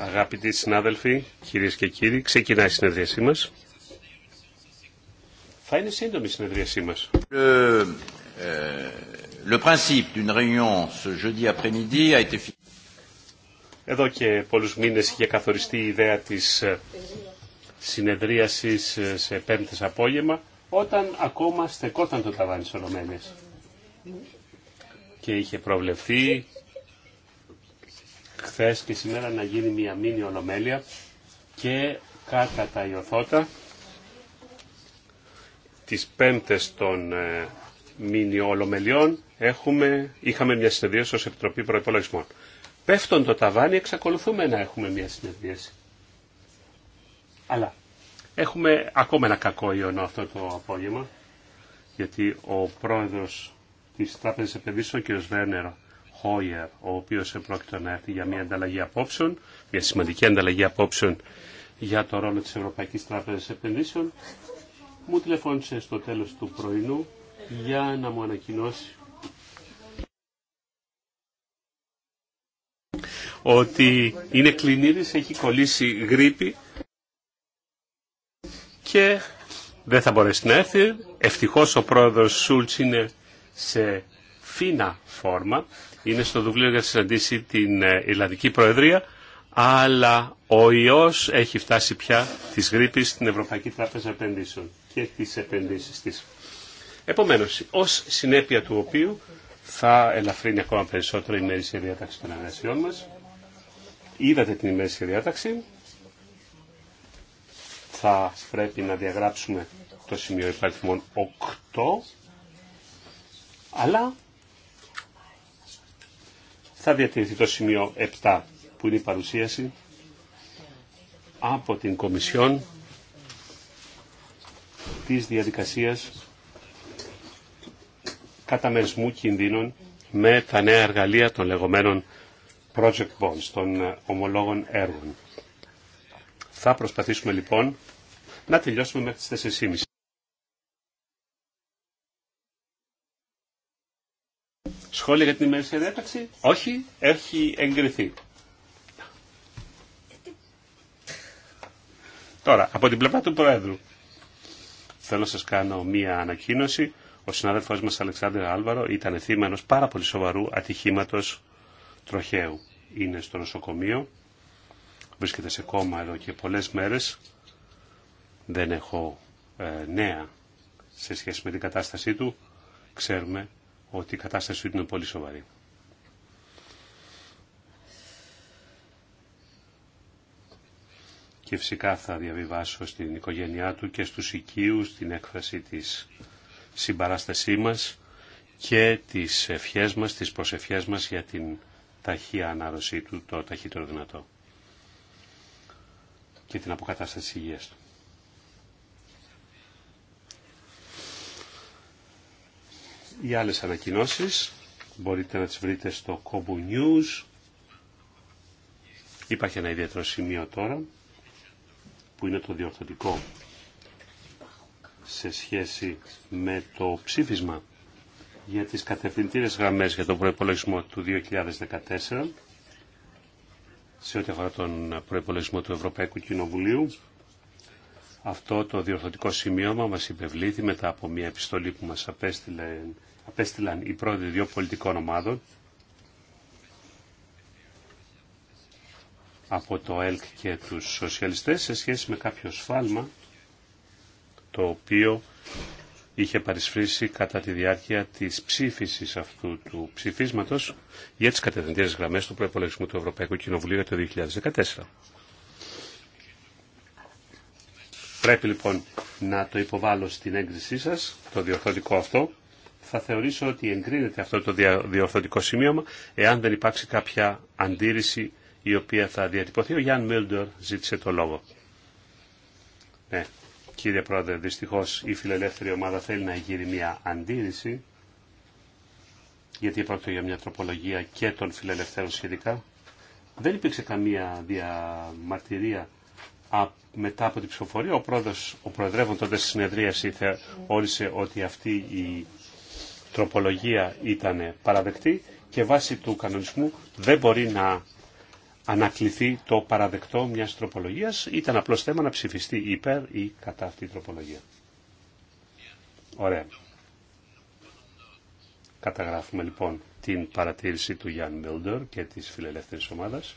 Αγαπητοί συνάδελφοι, κυρίες και κύριοι, ξεκινάει η συνεδρίασή μας. Θα είναι σύντομη η συνεδρίασή μας. Ε, ε, le, principe d'une Εδώ και πολλούς μήνες είχε καθοριστεί η ιδέα της ε, συνεδρίασης σε πέμπτες απόγευμα, όταν ακόμα στεκόταν το ταβάνι της Και είχε προβλεφθεί χθε και σήμερα να γίνει μια μήνυ ολομέλεια και κάτα τα Ιωθώτα τις πέμπτες των ε, μήνυ ολομελιών έχουμε, είχαμε μια συνεδρίαση ως Επιτροπή Προϋπολογισμών. Πέφτον το ταβάνι εξακολουθούμε να έχουμε μια συνεδρίαση. Αλλά έχουμε ακόμα ένα κακό ιονό αυτό το απόγευμα γιατί ο πρόεδρος της Τράπεζας Επενδύσεων, ο κ. Βέρνερο, ο οποίος επρόκειτο να έρθει για μια ανταλλαγή απόψεων, μια σημαντική ανταλλαγή απόψεων για το ρόλο τη Ευρωπαϊκή Τράπεζα Επενδύσεων, μου τηλεφώνησε στο τέλος του πρωινού για να μου ανακοινώσει ότι είναι κλινήρης, έχει κολλήσει γρήπη και δεν θα μπορέσει να έρθει. Ευτυχώς ο πρόεδρος Σούλτς είναι σε φίνα φόρμα είναι στο Δουβλίνο για να συναντήσει την Ελλαδική Προεδρία, αλλά ο ιός έχει φτάσει πια της γρήπης στην Ευρωπαϊκή Τράπεζα Επενδύσεων και τις επενδύσεις της. Επομένως, ως συνέπεια του οποίου θα ελαφρύνει ακόμα περισσότερο η ημερήσια διάταξη των εργασιών μας. Είδατε την ημερήσια διάταξη. Θα πρέπει να διαγράψουμε το σημείο υπαριθμών 8, αλλά θα διατηρηθεί το σημείο 7 που είναι η παρουσίαση από την Κομισιόν της διαδικασίας καταμερισμού κινδύνων με τα νέα εργαλεία των λεγόμενων project bonds, των ε, ομολόγων έργων. Θα προσπαθήσουμε λοιπόν να τελειώσουμε μέχρι τις 4.30. Σχόλια για την της Όχι, έχει εγκριθεί. Τώρα, από την πλευρά του Προέδρου, θέλω να σας κάνω μία ανακοίνωση. Ο συνάδελφός μας Αλεξάνδρ Άλβαρο ήταν θύμα ενός πάρα πολύ σοβαρού ατυχήματος τροχαίου. Είναι στο νοσοκομείο, βρίσκεται σε κόμμα εδώ και πολλές μέρες. Δεν έχω ε, νέα σε σχέση με την κατάστασή του. Ξέρουμε ότι η κατάσταση του είναι πολύ σοβαρή. Και φυσικά θα διαβιβάσω στην οικογένειά του και στους οικείου την έκφραση της συμπαράστασή μας και τις ευχές μας, τις προσευχές μας για την ταχεία ανάρρωσή του, το ταχύτερο δυνατό και την αποκατάσταση της υγείας του. Οι άλλες ανακοινώσεις μπορείτε να τις βρείτε στο Kobo News. Υπάρχει ένα ιδιαίτερο σημείο τώρα που είναι το διορθωτικό σε σχέση με το ψήφισμα για τις κατευθυντήρες γραμμές για τον προϋπολογισμό του 2014 σε ό,τι αφορά τον προϋπολογισμό του Ευρωπαϊκού Κοινοβουλίου αυτό το διορθωτικό σημείωμα μας υπευλήθη μετά από μια επιστολή που μας απέστειλαν, απέστειλαν οι πρώτοι δύο πολιτικών ομάδων από το ΕΛΚ και τους σοσιαλιστές σε σχέση με κάποιο σφάλμα το οποίο είχε παρισφρήσει κατά τη διάρκεια της ψήφισης αυτού του ψηφίσματος για τις κατευθυντήρες γραμμές του προϋπολογισμού του Ευρωπαϊκού Κοινοβουλίου για το 2014. Πρέπει λοιπόν να το υποβάλω στην έγκρισή σας, το διορθωτικό αυτό. Θα θεωρήσω ότι εγκρίνεται αυτό το διορθωτικό σημείωμα, εάν δεν υπάρξει κάποια αντίρρηση η οποία θα διατυπωθεί. Ο Γιάνν Μίλντορ ζήτησε το λόγο. Ναι, κύριε Πρόεδρε, δυστυχώς η φιλελεύθερη ομάδα θέλει να γύρει μια αντίρρηση, γιατί πρόκειται για μια τροπολογία και των φιλελευθέρων σχετικά. Δεν υπήρξε καμία διαμαρτυρία μετά από την ψηφοφορία ο πρόεδρος, ο προεδρεύων τότε στη συνεδρίαση όρισε ότι αυτή η τροπολογία ήταν παραδεκτή και βάσει του κανονισμού δεν μπορεί να ανακληθεί το παραδεκτό μιας τροπολογίας. Ήταν απλώς θέμα να ψηφιστεί υπέρ ή κατά αυτή η τροπολογία. Ωραία. Καταγράφουμε λοιπόν την παρατήρηση του Γιάννη Μιλντορ και της φιλελεύθερης ομάδας.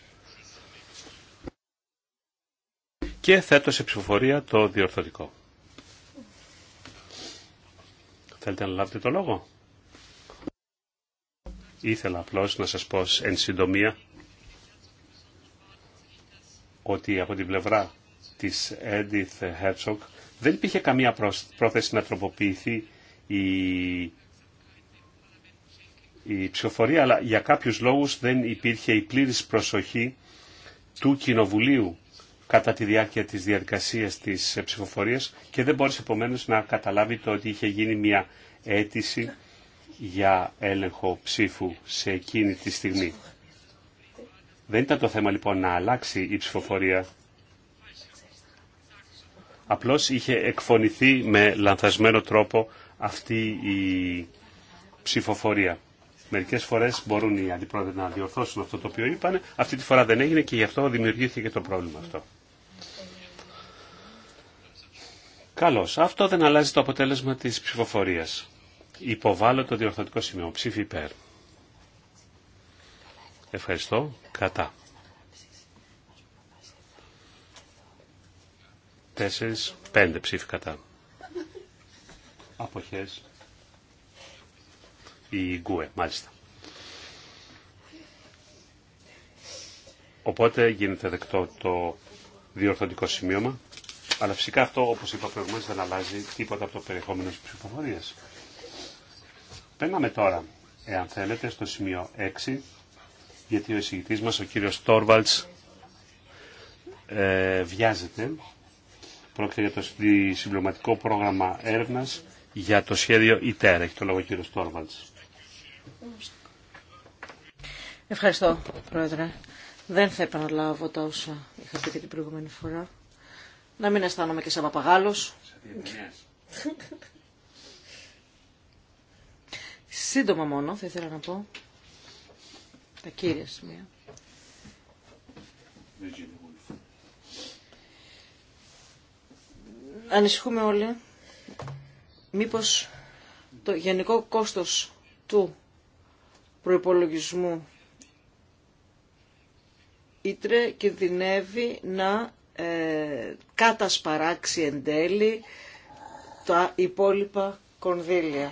και θέτω σε ψηφοφορία το διορθωτικό. Θέλετε να λάβετε το λόγο. Ήθελα απλώς να σας πω εν συντομία ότι από την πλευρά της Edith Herzog δεν υπήρχε καμία πρόθεση να τροποποιηθεί η, η ψηφοφορία, αλλά για κάποιους λόγους δεν υπήρχε η πλήρης προσοχή του Κοινοβουλίου κατά τη διάρκεια της διαδικασίας της ψηφοφορίας και δεν μπόρεσε επομένω να καταλάβει το ότι είχε γίνει μια αίτηση για έλεγχο ψήφου σε εκείνη τη στιγμή. Δεν ήταν το θέμα λοιπόν να αλλάξει η ψηφοφορία. Απλώς είχε εκφωνηθεί με λανθασμένο τρόπο αυτή η ψηφοφορία. Μερικέ φορέ μπορούν οι αντιπρόεδροι να διορθώσουν αυτό το οποίο είπαν. Αυτή τη φορά δεν έγινε και γι' αυτό δημιουργήθηκε το πρόβλημα αυτό. Καλώς. Αυτό δεν αλλάζει το αποτέλεσμα της ψηφοφορίας. Υποβάλλω το διορθωτικό σημείο. Ψήφι υπέρ. Ευχαριστώ. Κατά. Τέσσερις, πέντε ψήφι κατά. Αποχές. Η Γκουε, μάλιστα. Οπότε γίνεται δεκτό το διορθωτικό σημείωμα. Αλλά φυσικά αυτό, όπω είπα προηγουμένω, δεν αλλάζει τίποτα από το περιεχόμενο της ψηφοφορία. Παίρναμε τώρα, εάν θέλετε, στο σημείο 6, γιατί ο εισηγητή μα ο κύριο Τόρβαλτ, ε, βιάζεται. Πρόκειται για το συμπληρωματικό πρόγραμμα έρευνα για το σχέδιο ΙΤΕΡ. Έχει το λόγο ο κύριο Τόρβαλτ. Ευχαριστώ, Πρόεδρε. Δεν θα επαναλάβω τα όσα είχα πει και την προηγούμενη φορά. Να μην αισθάνομαι και σαν παπαγάλος. Σύντομα μόνο θα ήθελα να πω τα κύρια σημεία. Ανησυχούμε όλοι μήπως το γενικό κόστος του προϋπολογισμού ήτρε κινδυνεύει να ε, κατασπαράξει εν τέλει τα υπόλοιπα κονδύλια.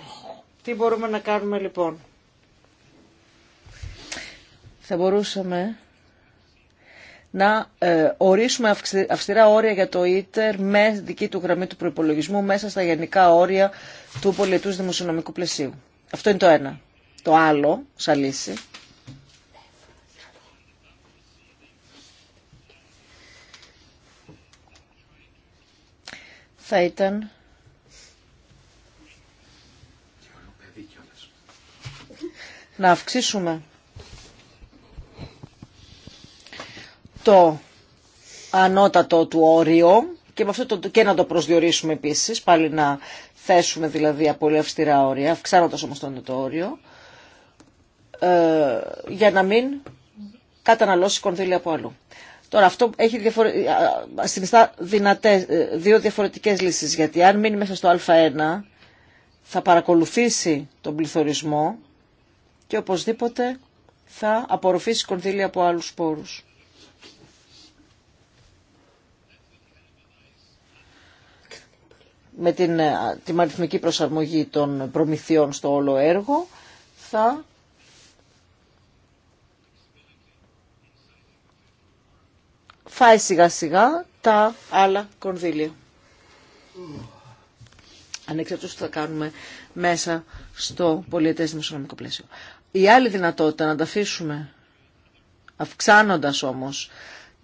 Τι μπορούμε να κάνουμε λοιπόν. Θα μπορούσαμε να ε, ορίσουμε αυστηρά όρια για το ίτερ με δική του γραμμή του προϋπολογισμού μέσα στα γενικά όρια του πολιτούς δημοσιονομικού πλαισίου. Αυτό είναι το ένα. Το άλλο, σαν λύση, θα ήταν να αυξήσουμε το ανώτατο του όριο και, με αυτό το, και να το προσδιορίσουμε επίσης, πάλι να θέσουμε δηλαδή πολύ αυστηρά όρια, αυξάνοντας όμως το όριο, ε, για να μην καταναλώσει κονδύλια από αλλού. Τώρα αυτό έχει διαφορε... συνιστά ε, δύο διαφορετικές λύσεις, γιατί αν μείνει μέσα στο α1 θα παρακολουθήσει τον πληθωρισμό και οπωσδήποτε θα απορροφήσει κονδύλια από άλλους σπόρους. Με την, ε, την αριθμική προσαρμογή των προμηθειών στο όλο έργο θα φάει σιγά σιγά τα άλλα κονδύλια. Ανεξαρτήτως τι θα κάνουμε μέσα στο πολιετές δημοσιονομικό πλαίσιο. Η άλλη δυνατότητα να τα αφήσουμε, αυξάνοντας όμως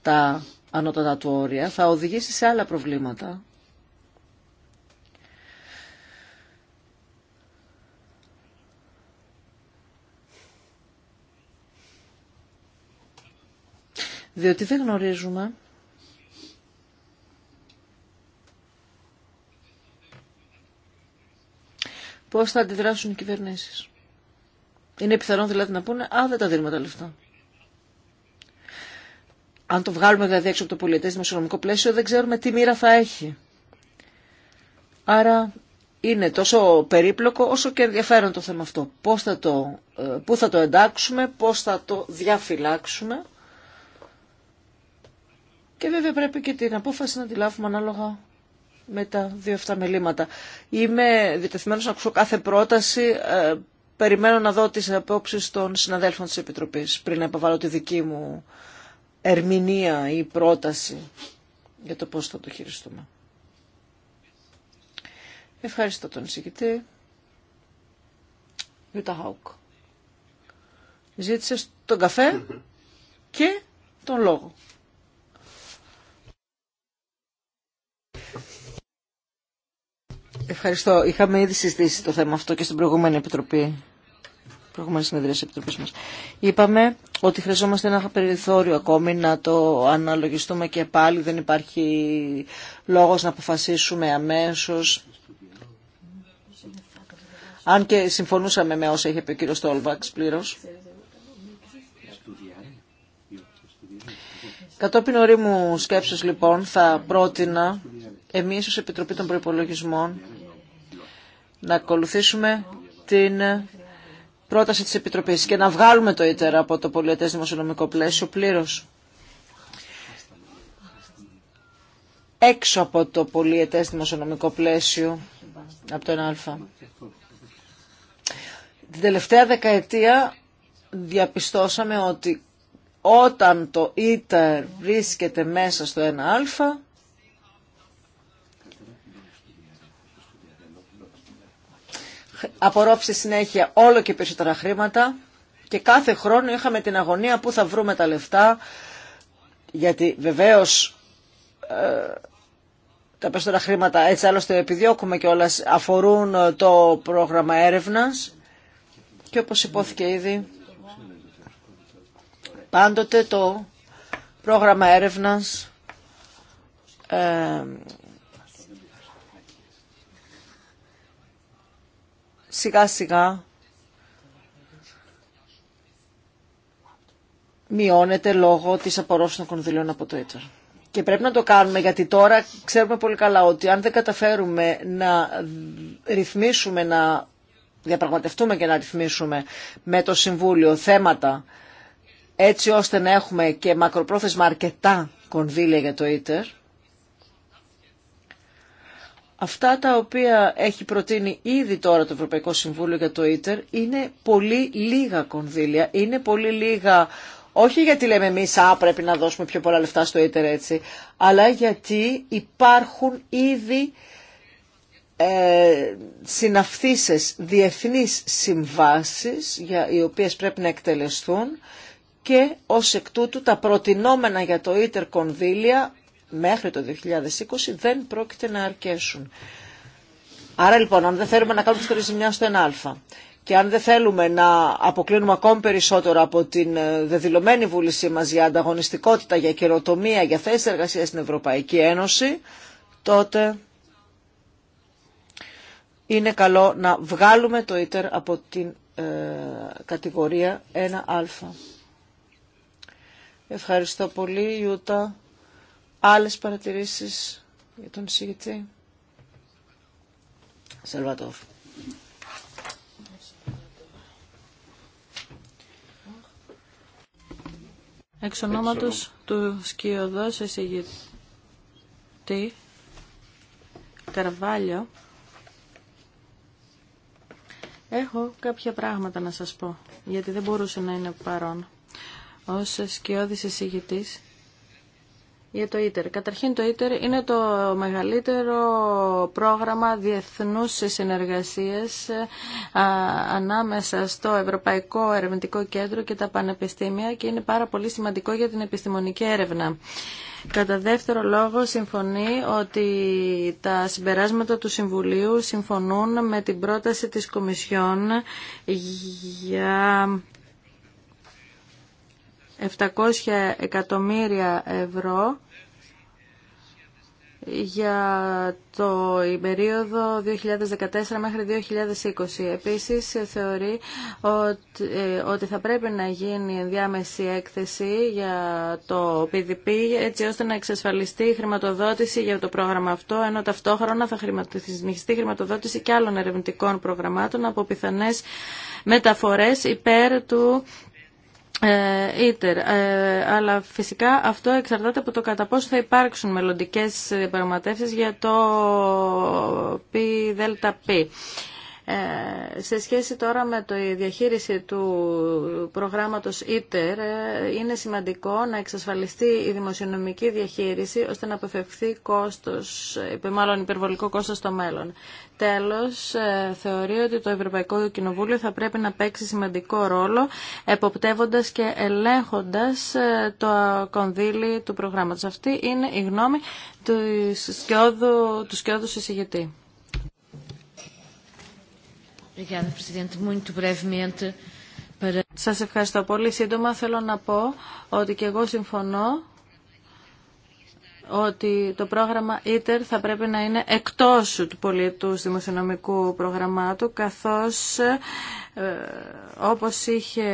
τα ανώτατα του όρια, θα οδηγήσει σε άλλα προβλήματα διότι δεν γνωρίζουμε πώς θα αντιδράσουν οι κυβερνήσεις. Είναι πιθανό δηλαδή να πούνε, α, δεν τα δίνουμε τα λεφτά. Αν το βγάλουμε δηλαδή έξω από το πολιτές δημοσιονομικό πλαίσιο, δεν ξέρουμε τι μοίρα θα έχει. Άρα είναι τόσο περίπλοκο όσο και ενδιαφέρον το θέμα αυτό. Πώς θα το, ε, πού θα το εντάξουμε, πώς θα το διαφυλάξουμε. Και βέβαια πρέπει και την απόφαση να τη λάβουμε ανάλογα με τα δύο αυτά μελήματα. Είμαι διτεθειμένος να ακούσω κάθε πρόταση. Ε, περιμένω να δω τις απόψεις των συναδέλφων της Επιτροπής πριν να υποβάλω τη δική μου ερμηνεία ή πρόταση για το πώς θα το χειριστούμε. Ευχαριστώ τον εισηγητή. Γιούτα Χάουκ. Ζήτησε τον καφέ mm-hmm. και τον λόγο. Ευχαριστώ. Είχαμε ήδη συζητήσει το θέμα αυτό και στην προηγούμενη επιτροπή. Προηγούμενη συνεδρία τη επιτροπή μα. Είπαμε ότι χρειαζόμαστε ένα περιθώριο ακόμη να το αναλογιστούμε και πάλι. Δεν υπάρχει λόγο να αποφασίσουμε αμέσω. Αν και συμφωνούσαμε με όσα είχε πει ο κύριο Στόλβαξ πλήρω. Κατόπιν ορίμου σκέψεως λοιπόν θα πρότεινα εμείς ως Επιτροπή των Προϋπολογισμών να ακολουθήσουμε την πρόταση της Επιτροπής και να βγάλουμε το ΙΤΕΡ από το πολιετές δημοσιονομικό πλαίσιο πλήρως. Έξω από το πολιετές δημοσιονομικό πλαίσιο, από τον Α. Την τελευταία δεκαετία διαπιστώσαμε ότι όταν το ΙΤΕΡ βρίσκεται μέσα στο 1α, απορρόψει συνέχεια όλο και περισσότερα χρήματα και κάθε χρόνο είχαμε την αγωνία που θα βρούμε τα λεφτά γιατί βεβαίως ε, τα περισσότερα χρήματα έτσι άλλωστε επιδιώκουμε και όλα αφορούν ε, το πρόγραμμα έρευνας και όπως υπόθηκε ήδη πάντοτε το πρόγραμμα έρευνας ε, σιγά σιγά μειώνεται λόγω της απορρόφησης των κονδυλίων από το Twitter. Και πρέπει να το κάνουμε γιατί τώρα ξέρουμε πολύ καλά ότι αν δεν καταφέρουμε να ρυθμίσουμε, να διαπραγματευτούμε και να ρυθμίσουμε με το Συμβούλιο θέματα έτσι ώστε να έχουμε και μακροπρόθεσμα αρκετά κονδύλια για το Ίτερ, Αυτά τα οποία έχει προτείνει ήδη τώρα το Ευρωπαϊκό Συμβούλιο για το ίτερ είναι πολύ λίγα κονδύλια, είναι πολύ λίγα όχι γιατί λέμε εμείς α, πρέπει να δώσουμε πιο πολλά λεφτά στο ίτερ έτσι, αλλά γιατί υπάρχουν ήδη ε, συναυθήσεις διεθνείς συμβάσεις για, οι οποίες πρέπει να εκτελεστούν και ως εκ τούτου τα προτινόμενα για το ίτερ κονδύλια μέχρι το 2020 δεν πρόκειται να αρκέσουν. Άρα λοιπόν, αν δεν θέλουμε να κάνουμε τη ζημιά στο 1α και αν δεν θέλουμε να αποκλίνουμε ακόμη περισσότερο από την ε, δεδηλωμένη βούλησή μας για ανταγωνιστικότητα, για καιροτομία, για θέσεις εργασία στην Ευρωπαϊκή Ένωση, τότε είναι καλό να βγάλουμε το ίτερ από την ε, κατηγορία 1α. Ευχαριστώ πολύ, Ιούτα. Άλλες παρατηρήσεις για τον εισηγητή. Σερβατόφ. Εξ ονόματος του σκιωδός εισηγητή Καρβάλιο έχω κάποια πράγματα να σας πω γιατί δεν μπορούσε να είναι παρόν ως σκιώδης εισηγητής για το ITER. Καταρχήν το ITER είναι το μεγαλύτερο πρόγραμμα διεθνούς συνεργασίας ανάμεσα στο Ευρωπαϊκό Ερευνητικό Κέντρο και τα Πανεπιστήμια και είναι πάρα πολύ σημαντικό για την επιστημονική έρευνα. Κατά δεύτερο λόγο συμφωνεί ότι τα συμπεράσματα του Συμβουλίου συμφωνούν με την πρόταση της Κομισιόν για 700 εκατομμύρια ευρώ για το περίοδο 2014 μέχρι 2020. Επίσης θεωρεί ότι, ε, ότι θα πρέπει να γίνει διάμεση έκθεση για το PDP έτσι ώστε να εξασφαλιστεί η χρηματοδότηση για το πρόγραμμα αυτό ενώ ταυτόχρονα θα χρηματοδοτηθεί η χρηματοδότηση και άλλων ερευνητικών προγραμμάτων από πιθανές μεταφορές υπέρ του Ήτερ. Ε, ε, αλλά φυσικά αυτό εξαρτάται από το κατά πόσο θα υπάρξουν μελλοντικέ διαπραγματεύσει για το ΠΔΠ. Ε, σε σχέση τώρα με το, διαχείριση του προγράμματος ITER, ε, είναι σημαντικό να εξασφαλιστεί η δημοσιονομική διαχείριση ώστε να αποφευχθεί κόστος, μάλλον υπερβολικό κόστος στο μέλλον. Τέλος, ε, θεωρεί ότι το Ευρωπαϊκό Κοινοβούλιο θα πρέπει να παίξει σημαντικό ρόλο εποπτεύοντας και ελέγχοντας το κονδύλι του προγράμματος. Αυτή είναι η γνώμη του σκιώδου, του σκιώδου σας ευχαριστώ πολύ. Σύντομα θέλω να πω ότι και εγώ συμφωνώ ότι το πρόγραμμα ITER θα πρέπει να είναι εκτός του πολιτού δημοσιονομικού προγραμμάτου καθώς ε, όπως είχε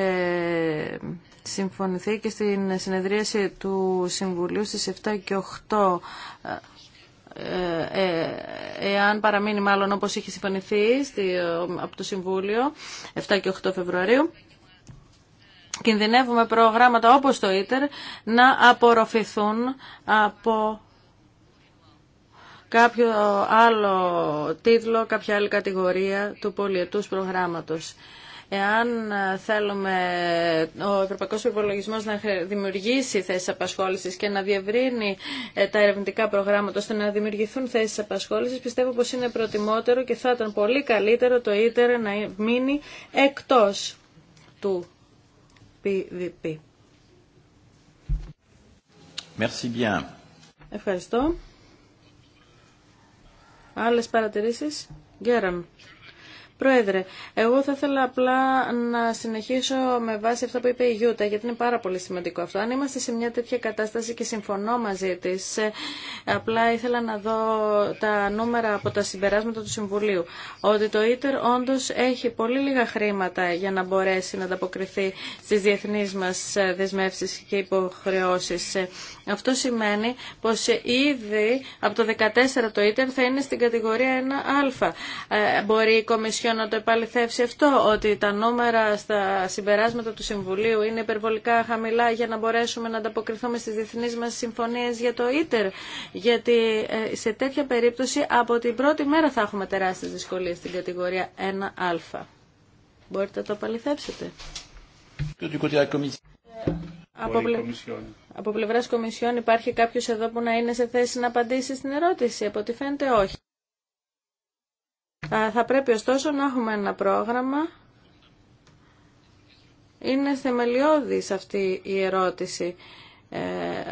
συμφωνηθεί και στην συνεδρίαση του Συμβουλίου στις 7 και 8 ε, ε, εάν παραμείνει μάλλον όπως είχε συμφωνηθεί από το Συμβούλιο 7 και 8 Φεβρουαρίου κινδυνεύουμε προγράμματα όπως το ίτερ να απορροφηθούν από κάποιο άλλο τίτλο, κάποια άλλη κατηγορία του πολιετούς προγράμματος. Εάν ε, θέλουμε ο Ευρωπαϊκό Υπολογισμό να δημιουργήσει θέσει απασχόληση και να διευρύνει ε, τα ερευνητικά προγράμματα ώστε να δημιουργηθούν θέσει απασχόληση, πιστεύω πω είναι προτιμότερο και θα ήταν πολύ καλύτερο το ίτερ να μείνει εκτό του PVP. Merci bien. Ευχαριστώ. Άλλες παρατηρήσεις. Γκέραν. Πρόεδρε, εγώ θα ήθελα απλά να συνεχίσω με βάση αυτά που είπε η Γιούτα, γιατί είναι πάρα πολύ σημαντικό αυτό. Αν είμαστε σε μια τέτοια κατάσταση και συμφωνώ μαζί τη, ε, απλά ήθελα να δω τα νούμερα από τα συμπεράσματα του Συμβουλίου. Ότι το ΙΤΕΡ όντω έχει πολύ λίγα χρήματα για να μπορέσει να ανταποκριθεί στι διεθνεί μα ε, δεσμεύσει και υποχρεώσει. Ε, αυτό σημαίνει πως ήδη από το 14 το ίτερ θα είναι στην κατηγορία 1α. Ε, μπορεί η Κομισιό να το επαληθεύσει αυτό, ότι τα νούμερα στα συμπεράσματα του Συμβουλίου είναι υπερβολικά χαμηλά για να μπορέσουμε να ανταποκριθούμε στις διεθνείς μας συμφωνίες για το ίτερ. Γιατί ε, σε τέτοια περίπτωση από την πρώτη μέρα θα έχουμε τεράστιες δυσκολίες στην κατηγορία 1α. Μπορείτε να το επαληθεύσετε από, πλε... από πλευράς Κομισιόν υπάρχει κάποιος εδώ που να είναι σε θέση να απαντήσει στην ερώτηση. Από ό,τι φαίνεται όχι. Θα πρέπει ωστόσο να έχουμε ένα πρόγραμμα. Είναι θεμελιώδη αυτή η ερώτηση, ε,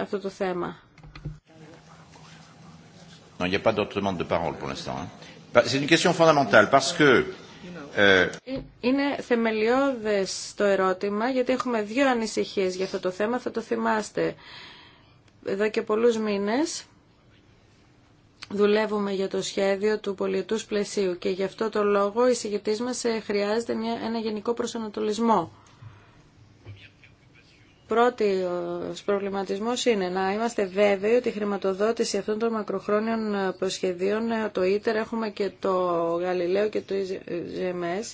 αυτό το θέμα. Non, il n'y a pas d'autre demande de parole pour l'instant. C'est une question fondamentale parce que ε, Είναι θεμελιώδες το ερώτημα, γιατί έχουμε δύο ανησυχίες για αυτό το θέμα, θα το θυμάστε. Εδώ και πολλούς μήνες δουλεύουμε για το σχέδιο του πολιετούς πλαισίου και γι' αυτό το λόγο η συγκεκριτές μας ε, χρειάζεται ένα γενικό προσανατολισμό πρώτη προβληματισμό είναι να είμαστε βέβαιοι ότι η χρηματοδότηση αυτών των μακροχρόνιων προσχεδίων, ε, το ΙΤΕΡ, έχουμε και το Γαλιλαίο και το GMS, ε,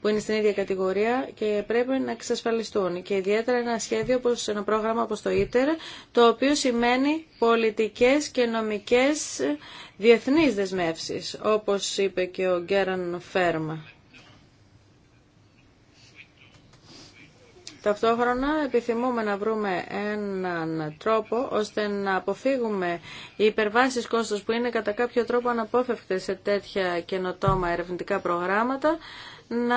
που είναι στην ίδια κατηγορία και πρέπει να εξασφαλιστούν. Και ιδιαίτερα ένα σχέδιο, όπως, ένα πρόγραμμα όπως το ΙΤΕΡ, το οποίο σημαίνει πολιτικές και νομικές διεθνείς δεσμεύσεις, όπως είπε και ο Γκέραν Φέρμα. Ταυτόχρονα επιθυμούμε να βρούμε έναν τρόπο ώστε να αποφύγουμε οι υπερβάσεις κόστος που είναι κατά κάποιο τρόπο αναπόφευκτες σε τέτοια καινοτόμα ερευνητικά προγράμματα να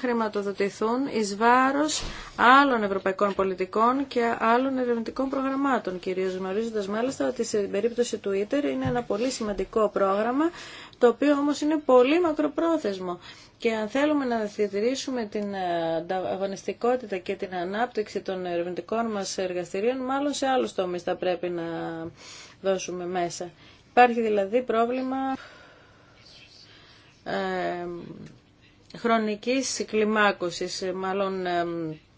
χρηματοδοτηθούν εις βάρος άλλων ευρωπαϊκών πολιτικών και άλλων ερευνητικών προγραμμάτων, κυρίως γνωρίζοντας μάλιστα ότι σε περίπτωση του είναι ένα πολύ σημαντικό πρόγραμμα, το οποίο όμως είναι πολύ μακροπρόθεσμο. Και αν θέλουμε να διατηρήσουμε την ε, ανταγωνιστικότητα και την ανάπτυξη των ερευνητικών μας εργαστηρίων, μάλλον σε άλλους τομείς θα πρέπει να δώσουμε μέσα. Υπάρχει δηλαδή πρόβλημα ε, χρονικής κλιμάκωσης, μάλλον ε,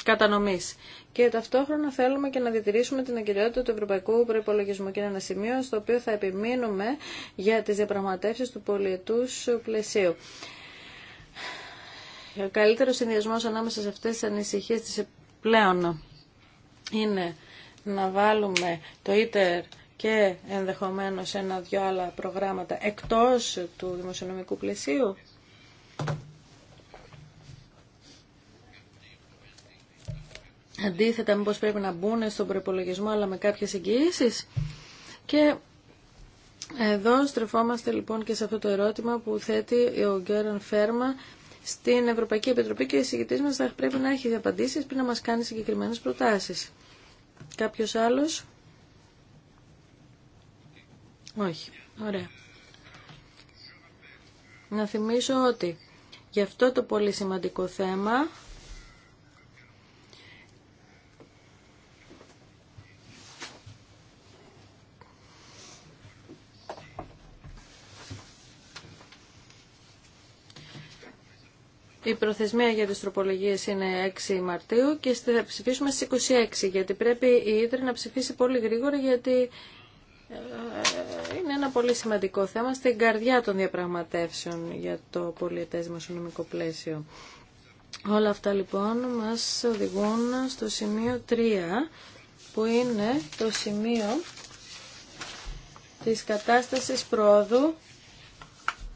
κατανομής. Και ταυτόχρονα θέλουμε και να διατηρήσουμε την αγκαιριότητα του ευρωπαϊκού προπολογισμού και είναι ένα σημείο στο οποίο θα επιμείνουμε για τις διαπραγματεύσεις του πολιετούς πλαισίου. Ο καλύτερος συνδυασμός ανάμεσα σε αυτές τις ανησυχίες της πλέον είναι να βάλουμε το ίτερ και ενδεχομένως ένα-δυο άλλα προγράμματα εκτός του δημοσιονομικού πλαισίου. Αντίθετα, μήπως πρέπει να μπουν στον προπολογισμό αλλά με κάποιες εγγυήσεις. Και εδώ στρεφόμαστε λοιπόν και σε αυτό το ερώτημα που θέτει ο Γκέραν Φέρμα στην Ευρωπαϊκή Επιτροπή και ο εισηγητή μα θα πρέπει να έχει απαντήσει πριν να μα κάνει συγκεκριμένε προτάσει. Κάποιο άλλο. Όχι. Ωραία. Να θυμίσω ότι για αυτό το πολύ σημαντικό θέμα Η προθεσμία για τις τροπολογίες είναι 6 Μαρτίου και θα ψηφίσουμε στις 26 γιατί πρέπει η Ήτρη να ψηφίσει πολύ γρήγορα γιατί ε, είναι ένα πολύ σημαντικό θέμα στην καρδιά των διαπραγματεύσεων για το πολιετές δημοσιονομικό πλαίσιο. Όλα αυτά λοιπόν μας οδηγούν στο σημείο 3 που είναι το σημείο της κατάστασης πρόοδου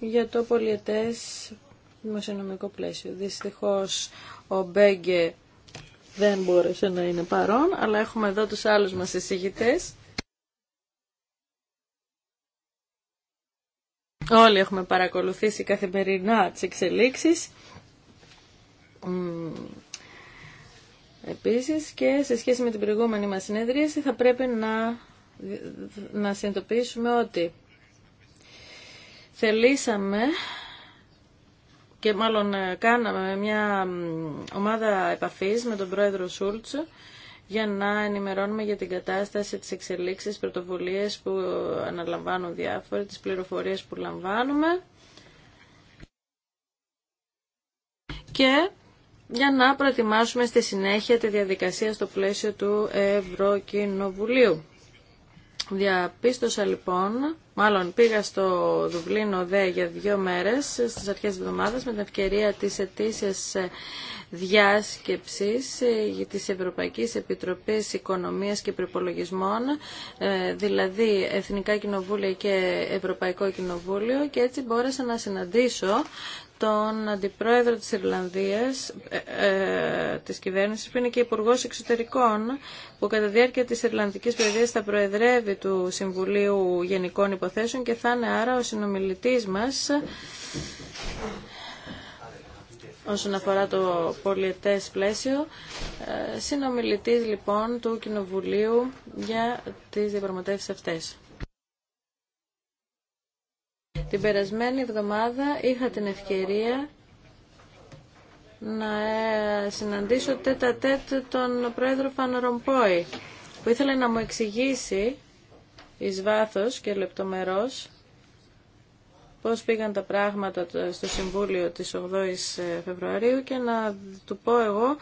για το πολιετές δημοσιονομικό πλαίσιο. Δυστυχώς ο Μπέγκε δεν μπόρεσε να είναι παρόν, αλλά έχουμε εδώ τους άλλους μας εισηγητές. Όλοι έχουμε παρακολουθήσει καθημερινά τις εξελίξεις. Επίσης και σε σχέση με την προηγούμενη μας συνεδρίαση θα πρέπει να, να συνειδητοποιήσουμε ότι θελήσαμε και μάλλον ε, κάναμε μια ομάδα επαφής με τον πρόεδρο Σούλτς για να ενημερώνουμε για την κατάσταση, τις εξελίξεις, πρωτοβουλίες που αναλαμβάνουν διάφοροι, τις πληροφορίες που λαμβάνουμε και για να προετοιμάσουμε στη συνέχεια τη διαδικασία στο πλαίσιο του Ευρωκοινοβουλίου. Διαπίστωσα λοιπόν Μάλλον πήγα στο Δουβλίνο ΔΕ για δύο μέρες στις αρχές εβδομάδας με την ευκαιρία της ετήσιας διάσκεψης ε, της Ευρωπαϊκής Επιτροπής Οικονομίας και Προπολογισμών, ε, δηλαδή Εθνικά Κοινοβούλια και Ευρωπαϊκό Κοινοβούλιο και έτσι μπόρεσα να συναντήσω τον αντιπρόεδρο της Ιρλανδίας, ε, ε, της κυβέρνησης, που είναι και υπουργό εξωτερικών, που κατά διάρκεια της Ιρλανδικής Προεδρίας θα προεδρεύει του Συμβουλίου Γενικών Υποθέσεων και θα είναι άρα ο συνομιλητής μας όσον αφορά το πολιετές πλαίσιο, ε, συνομιλητής λοιπόν του Κοινοβουλίου για τις διαπραγματεύσεις αυτές. Την περασμένη εβδομάδα είχα την ευκαιρία να ε, συναντήσω τέτα τέτ τον πρόεδρο Φανρομπόη που ήθελε να μου εξηγήσει εις βάθος και λεπτομερώς πώς πήγαν τα πράγματα στο Συμβούλιο της 8ης ε, Φεβρουαρίου και να του πω εγώ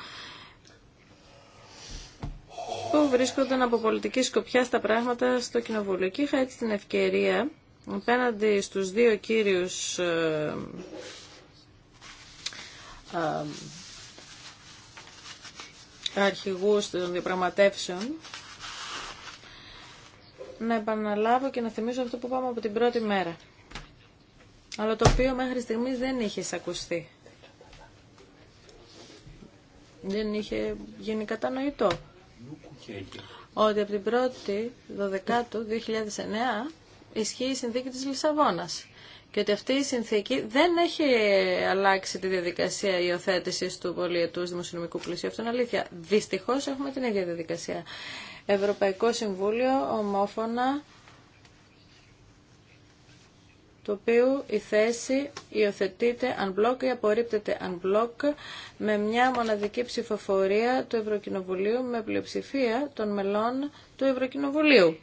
που βρίσκονταν από πολιτική σκοπιά στα πράγματα στο Κοινοβούλιο. Και είχα έτσι την ευκαιρία Απέναντι στους δύο κύριους ε, ε, αρχηγούς των διαπραγματεύσεων, να επαναλάβω και να θυμίσω αυτό που πάμε από την πρώτη μέρα, αλλά το οποίο μέχρι στιγμής δεν είχε ακουστεί. Δεν είχε γίνει κατανοητό. Ότι από την πρώτη 12 2009 ισχύει η συνθήκη της Λισαβόνας και ότι αυτή η συνθήκη δεν έχει αλλάξει τη διαδικασία υιοθέτηση του πολιετούς δημοσιονομικού πλαισίου. Αυτό είναι αλήθεια. Δυστυχώς έχουμε την ίδια διαδικασία. Ευρωπαϊκό Συμβούλιο ομόφωνα το οποίο η θέση υιοθετείται unblock ή απορρίπτεται unblock με μια μοναδική ψηφοφορία του Ευρωκοινοβουλίου με πλειοψηφία των μελών του Ευρωκοινοβουλίου.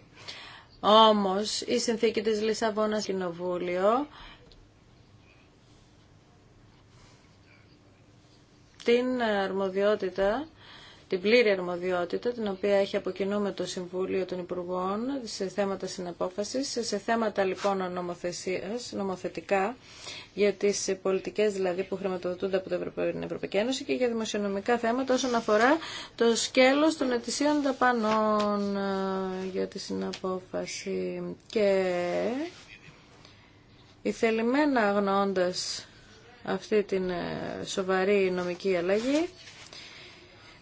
Όμως η συνθήκη της Λισαβόνας Κοινοβούλιο την αρμοδιότητα την πλήρη αρμοδιότητα την οποία έχει από με το Συμβούλιο των Υπουργών σε θέματα συναπόφασης, σε θέματα λοιπόν νομοθεσίας, νομοθετικά για τις πολιτικές δηλαδή που χρηματοδοτούνται από την Ευρωπαϊκή Ένωση και για δημοσιονομικά θέματα όσον αφορά το σκέλος των ετησίων ταπανών ε, για τη συναπόφαση και η θελημένα αγνοώντας αυτή την ε, σοβαρή νομική αλλαγή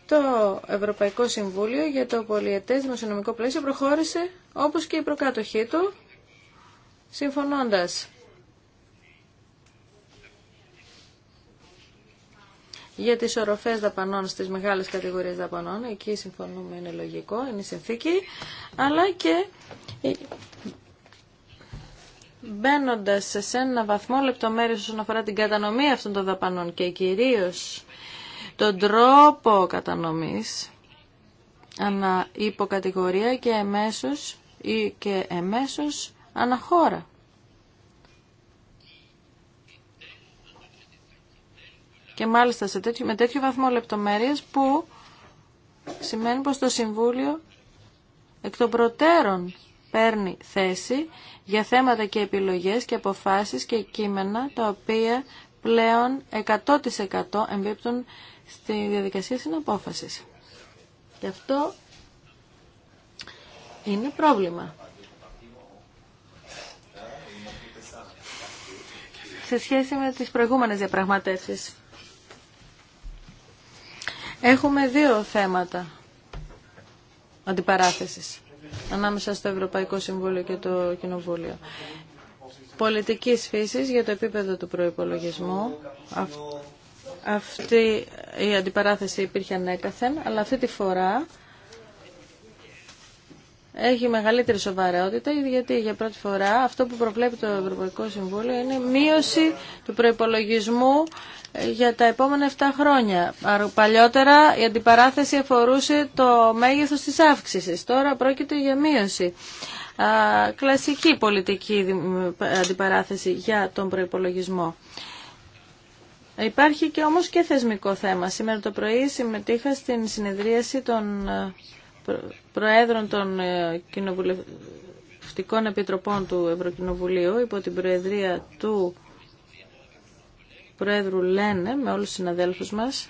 το Ευρωπαϊκό Συμβούλιο για το πολιετές δημοσιονομικό πλαίσιο προχώρησε όπως και η προκάτοχή του, συμφωνώντας για τις οροφές δαπανών στις μεγάλες κατηγορίες δαπανών, εκεί συμφωνούμε είναι λογικό, είναι η συνθήκη, αλλά και μπαίνοντας σε ένα βαθμό λεπτομέρειες όσον αφορά την κατανομή αυτών των δαπανών και κυρίως τον τρόπο κατανομής ανα υποκατηγορία και εμέσως ή και εμέσως αναχώρα. Και μάλιστα σε τέτοιο, με τέτοιο βαθμό λεπτομέρειας που σημαίνει πως το Συμβούλιο εκ των προτέρων παίρνει θέση για θέματα και επιλογές και αποφάσεις και κείμενα τα οποία πλέον 100% εμπίπτουν στη διαδικασία συναπόφασης. Και αυτό είναι πρόβλημα. Σε σχέση με τις προηγούμενες διαπραγματεύσεις. Έχουμε δύο θέματα αντιπαράθεσης ανάμεσα στο Ευρωπαϊκό Συμβούλιο και το Κοινοβούλιο. Πολιτικής φύσης για το επίπεδο του προϋπολογισμού. Αυτή η αντιπαράθεση υπήρχε ανέκαθεν, αλλά αυτή τη φορά έχει μεγαλύτερη σοβαρότητα, γιατί για πρώτη φορά αυτό που προβλέπει το Ευρωπαϊκό Συμβούλιο είναι μείωση του προϋπολογισμού για τα επόμενα 7 χρόνια. Παλιότερα η αντιπαράθεση αφορούσε το μέγεθος της αύξησης. Τώρα πρόκειται για μείωση. Κλασική πολιτική αντιπαράθεση για τον προϋπολογισμό. Υπάρχει και όμως και θεσμικό θέμα. Σήμερα το πρωί συμμετείχα στην συνεδρίαση των ε, Προέδρων των ε, Κοινοβουλευτικών Επιτροπών του Ευρωκοινοβουλίου υπό την Προεδρία του Προέδρου Λένε με όλους τους συναδέλφους μας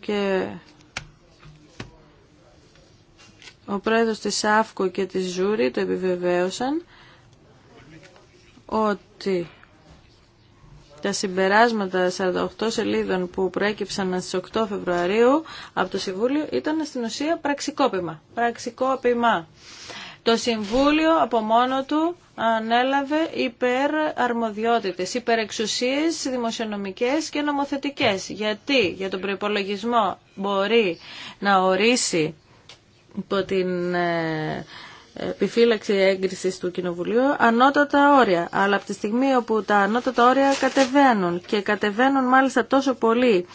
και ο πρόεδρος της ΑΦΚΟ και της Ζούρι το επιβεβαίωσαν ότι τα συμπεράσματα 48 σελίδων που προέκυψαν στις 8 Φεβρουαρίου από το Συμβούλιο ήταν στην ουσία πραξικόπημα. Πραξικόπημα. Το Συμβούλιο από μόνο του ανέλαβε υπεραρμοδιότητες, υπερεξουσίες δημοσιονομικές και νομοθετικές. Γιατί για τον προϋπολογισμό μπορεί να ορίσει υπό την ε, επιφύλαξη έγκριση του Κοινοβουλίου ανώτατα όρια. Αλλά από τη στιγμή όπου τα ανώτατα όρια κατεβαίνουν και κατεβαίνουν μάλιστα τόσο πολύ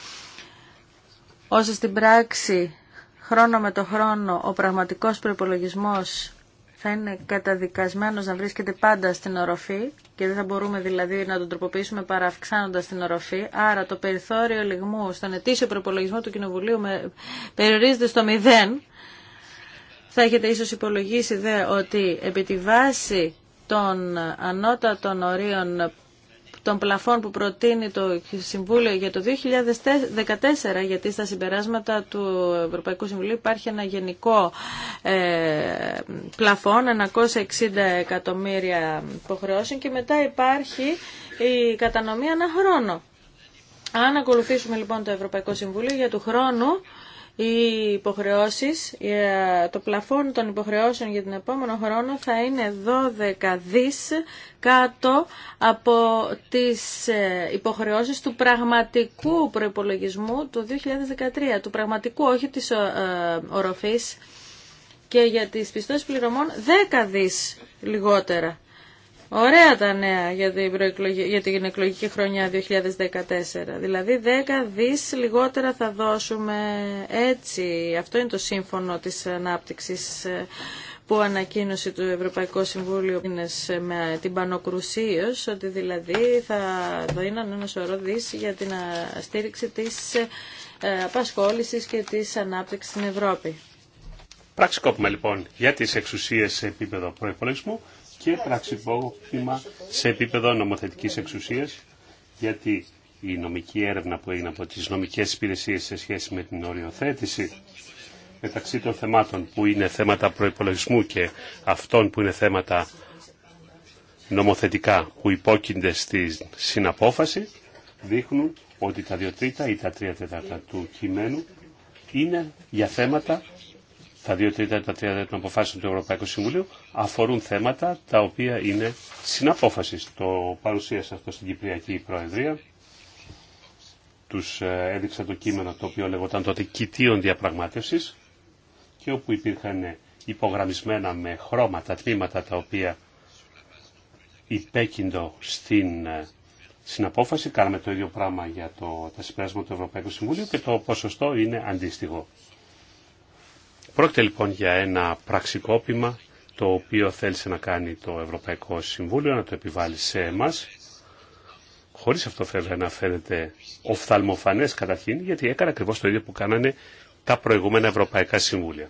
όσο στην πράξη χρόνο με το χρόνο ο πραγματικός προϋπολογισμός θα είναι καταδικασμένος να βρίσκεται πάντα στην οροφή και δεν θα μπορούμε δηλαδή να τον τροποποιήσουμε παρά την οροφή. Άρα το περιθώριο λιγμού στον ετήσιο προπολογισμό του Κοινοβουλίου περιορίζεται στο μηδέν θα έχετε ίσως υπολογίσει δε ότι επί τη βάση των ανώτατων ορίων των πλαφών που προτείνει το Συμβούλιο για το 2014, γιατί στα συμπεράσματα του Ευρωπαϊκού Συμβουλίου υπάρχει ένα γενικό ε, πλαφόν, 160 εκατομμύρια υποχρεώσεων και μετά υπάρχει η κατανομή ένα χρόνο. Αν ακολουθήσουμε λοιπόν το Ευρωπαϊκό Συμβούλιο για του χρόνου, οι υποχρεώσεις, ε, το πλαφόν των υποχρεώσεων για τον επόμενο χρόνο θα είναι 12 δις κάτω από τις ε, υποχρεώσεις του πραγματικού προϋπολογισμού του 2013, του πραγματικού όχι της ε, οροφής και για τις πιστώσεις πληρωμών 10 δις λιγότερα. Ωραία τα νέα για την, για εκλογική χρονιά 2014. Δηλαδή 10 δις λιγότερα θα δώσουμε έτσι. Αυτό είναι το σύμφωνο της ανάπτυξης ε, που ανακοίνωσε το Ευρωπαϊκό Συμβούλιο ε, με ε, την Πανοκρουσίως, ότι δηλαδή θα δίναν ένα σωρό δις για την στήριξη της απασχόλησης και της ανάπτυξης στην Ευρώπη. κόπημα λοιπόν για τις εξουσίες σε επίπεδο προϋπολογισμού και πραξιπόκτημα σε επίπεδο νομοθετικής εξουσίας, γιατί η νομική έρευνα που έγινε από τις νομικές υπηρεσίες σε σχέση με την οριοθέτηση μεταξύ των θεμάτων που είναι θέματα προϋπολογισμού και αυτών που είναι θέματα νομοθετικά που υπόκεινται στη συναπόφαση δείχνουν ότι τα δύο τρίτα ή τα τρία τέταρτα του κειμένου είναι για θέματα τα δύο τρίτα τα τρία των αποφάσεων του Ευρωπαϊκού Συμβουλίου αφορούν θέματα τα οποία είναι συναπόφαση. Το παρουσίασα αυτό στην Κυπριακή Προεδρία. Του ε, έδειξα το κείμενο το οποίο λεγόταν τότε κοιτίων διαπραγμάτευση και όπου υπήρχαν υπογραμμισμένα με χρώματα τμήματα τα οποία υπέκυντο στην ε, συναπόφαση κάναμε το ίδιο πράγμα για το, τα συμπεράσματα του Ευρωπαϊκού Συμβουλίου και το ποσοστό είναι αντίστοιχο. Πρόκειται λοιπόν για ένα πραξικόπημα το οποίο θέλησε να κάνει το Ευρωπαϊκό Συμβούλιο, να το επιβάλλει σε εμάς, χωρίς αυτό βέβαια να φαίνεται οφθαλμοφανές καταρχήν, γιατί έκανε ακριβώ το ίδιο που κάνανε τα προηγούμενα Ευρωπαϊκά Συμβούλια.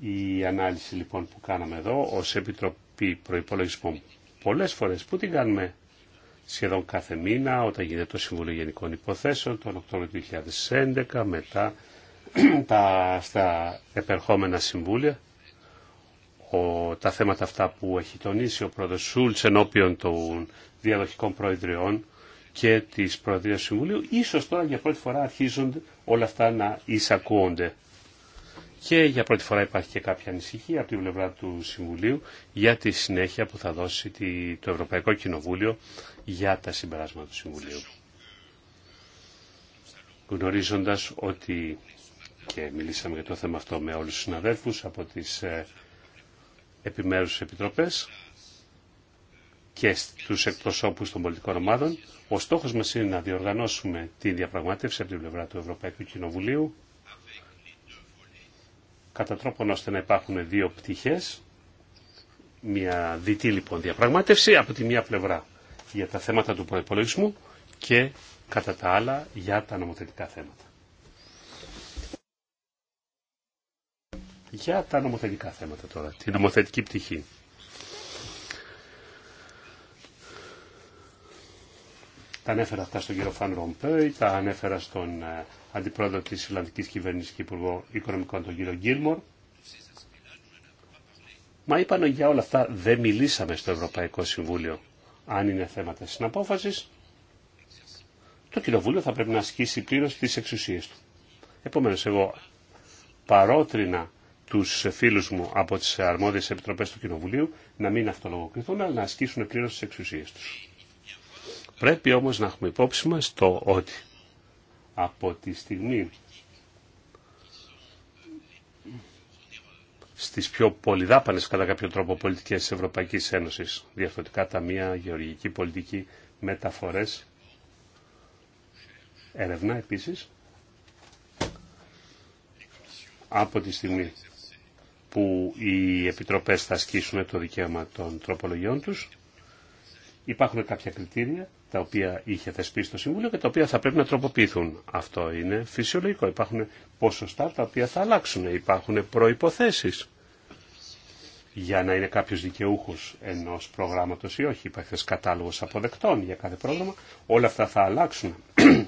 Η ανάλυση λοιπόν που κάναμε εδώ ως Επιτροπή Προϋπολογισμών πολλές φορές που την κάνουμε σχεδόν κάθε μήνα όταν γίνεται το Συμβούλιο Γενικών Υποθέσεων τον Οκτώβριο του 2011 μετά τα, στα επερχόμενα συμβούλια. Ο, τα θέματα αυτά που έχει τονίσει ο πρόεδρος Σούλτς ενώπιον των διαδοχικών προεδριών και της Προεδρίας Συμβουλίου, ίσως τώρα για πρώτη φορά αρχίζουν όλα αυτά να εισακούονται. Και για πρώτη φορά υπάρχει και κάποια ανησυχία από την πλευρά του Συμβουλίου για τη συνέχεια που θα δώσει το Ευρωπαϊκό Κοινοβούλιο για τα συμπεράσματα του Συμβουλίου. Γνωρίζοντας ότι και μιλήσαμε για το θέμα αυτό με όλους τους συναδέλφους από τις ε, επιμέρους επιτροπές και στους εκπροσώπους των πολιτικών ομάδων. Ο στόχος μας είναι να διοργανώσουμε τη διαπραγμάτευση από την πλευρά του Ευρωπαϊκού Κοινοβουλίου κατά τρόπον ώστε να υπάρχουν δύο πτυχές, μια διτή λοιπόν διαπραγμάτευση από τη μία πλευρά για τα θέματα του προϋπολογισμού και κατά τα άλλα για τα νομοθετικά θέματα. Για τα νομοθετικά θέματα τώρα, Τη νομοθετική πτυχή. Τα ανέφερα αυτά στον κύριο Φαν Ρομπέι, τα ανέφερα στον ε, αντιπρόεδρο της Ιρλανδικής Κυβέρνησης και Υπουργό Οικονομικών, τον κύριο Γκίλμορ. Μα είπαν για όλα αυτά δεν μιλήσαμε στο Ευρωπαϊκό Συμβούλιο. Αν είναι θέματα συναπόφασης, το Κοινοβούλιο θα πρέπει να ασκήσει πλήρως τις εξουσίες του. Επομένως, εγώ παρότρινα τους φίλους μου από τις αρμόδιες επιτροπές του Κοινοβουλίου να μην αυτολογοκριθούν αλλά να ασκήσουν πλήρως τις εξουσίες τους. Πρέπει όμως να έχουμε υπόψη μας το ότι από τη στιγμή στις πιο πολυδάπανες κατά κάποιο τρόπο πολιτικές της Ευρωπαϊκής Ένωσης, διαφορετικά ταμεία, γεωργική πολιτική, μεταφορές, έρευνα επίσης, από τη στιγμή που οι επιτροπές θα ασκήσουν το δικαίωμα των τροπολογιών τους. Υπάρχουν κάποια κριτήρια τα οποία είχε θεσπίσει το Συμβούλιο και τα οποία θα πρέπει να τροποποιηθούν. Αυτό είναι φυσιολογικό. Υπάρχουν ποσοστά τα οποία θα αλλάξουν. Υπάρχουν προϋποθέσεις για να είναι κάποιος δικαιούχος ενός προγράμματος ή όχι. Υπάρχει κατάλογος αποδεκτών για κάθε πρόγραμμα. Όλα αυτά θα αλλάξουν.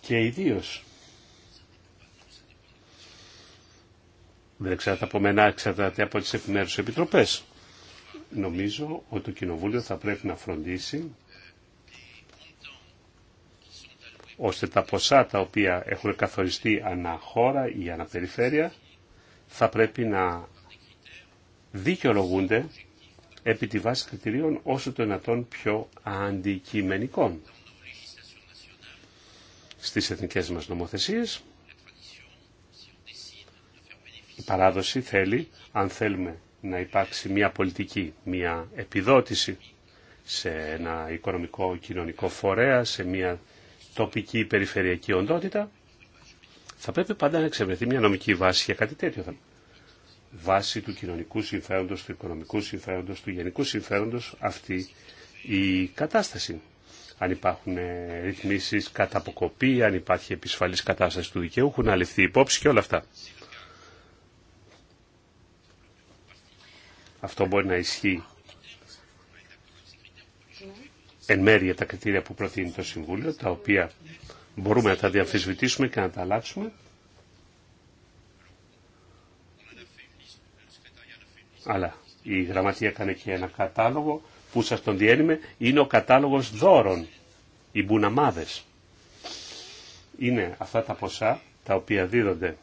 και ιδίως δεν εξαρτάται από μένα, εξαρτάται από τις επιμέρους επιτροπές. Νομίζω ότι το Κοινοβούλιο θα πρέπει να φροντίσει ώστε τα ποσά τα οποία έχουν καθοριστεί ανά χώρα ή ανά περιφέρεια θα πρέπει να δικαιολογούνται επί τη βάση κριτηρίων όσο το δυνατόν πιο αντικειμενικών στις εθνικές μας νομοθεσίες η παράδοση θέλει, αν θέλουμε να υπάρξει μια πολιτική, μια επιδότηση σε ένα οικονομικό κοινωνικό φορέα, σε μια τοπική περιφερειακή οντότητα, θα πρέπει πάντα να εξευρεθεί μια νομική βάση για κάτι τέτοιο. Βάση του κοινωνικού συμφέροντος, του οικονομικού συμφέροντος, του γενικού συμφέροντος αυτή η κατάσταση. Αν υπάρχουν ε, ρυθμίσεις κατά αποκοπή, αν υπάρχει επισφαλής κατάσταση του δικαιούχου, να ληφθεί υπόψη και όλα αυτά. Αυτό μπορεί να ισχύει εν μέρει για τα κριτήρια που προτείνει το Συμβούλιο, τα οποία μπορούμε να τα διαμφισβητήσουμε και να τα αλλάξουμε. Αλλά η γραμματεία κάνει και ένα κατάλογο που σας τον διένυμε. Είναι ο κατάλογος δώρων, οι μπουναμάδες. Είναι αυτά τα ποσά τα οποία δίδονται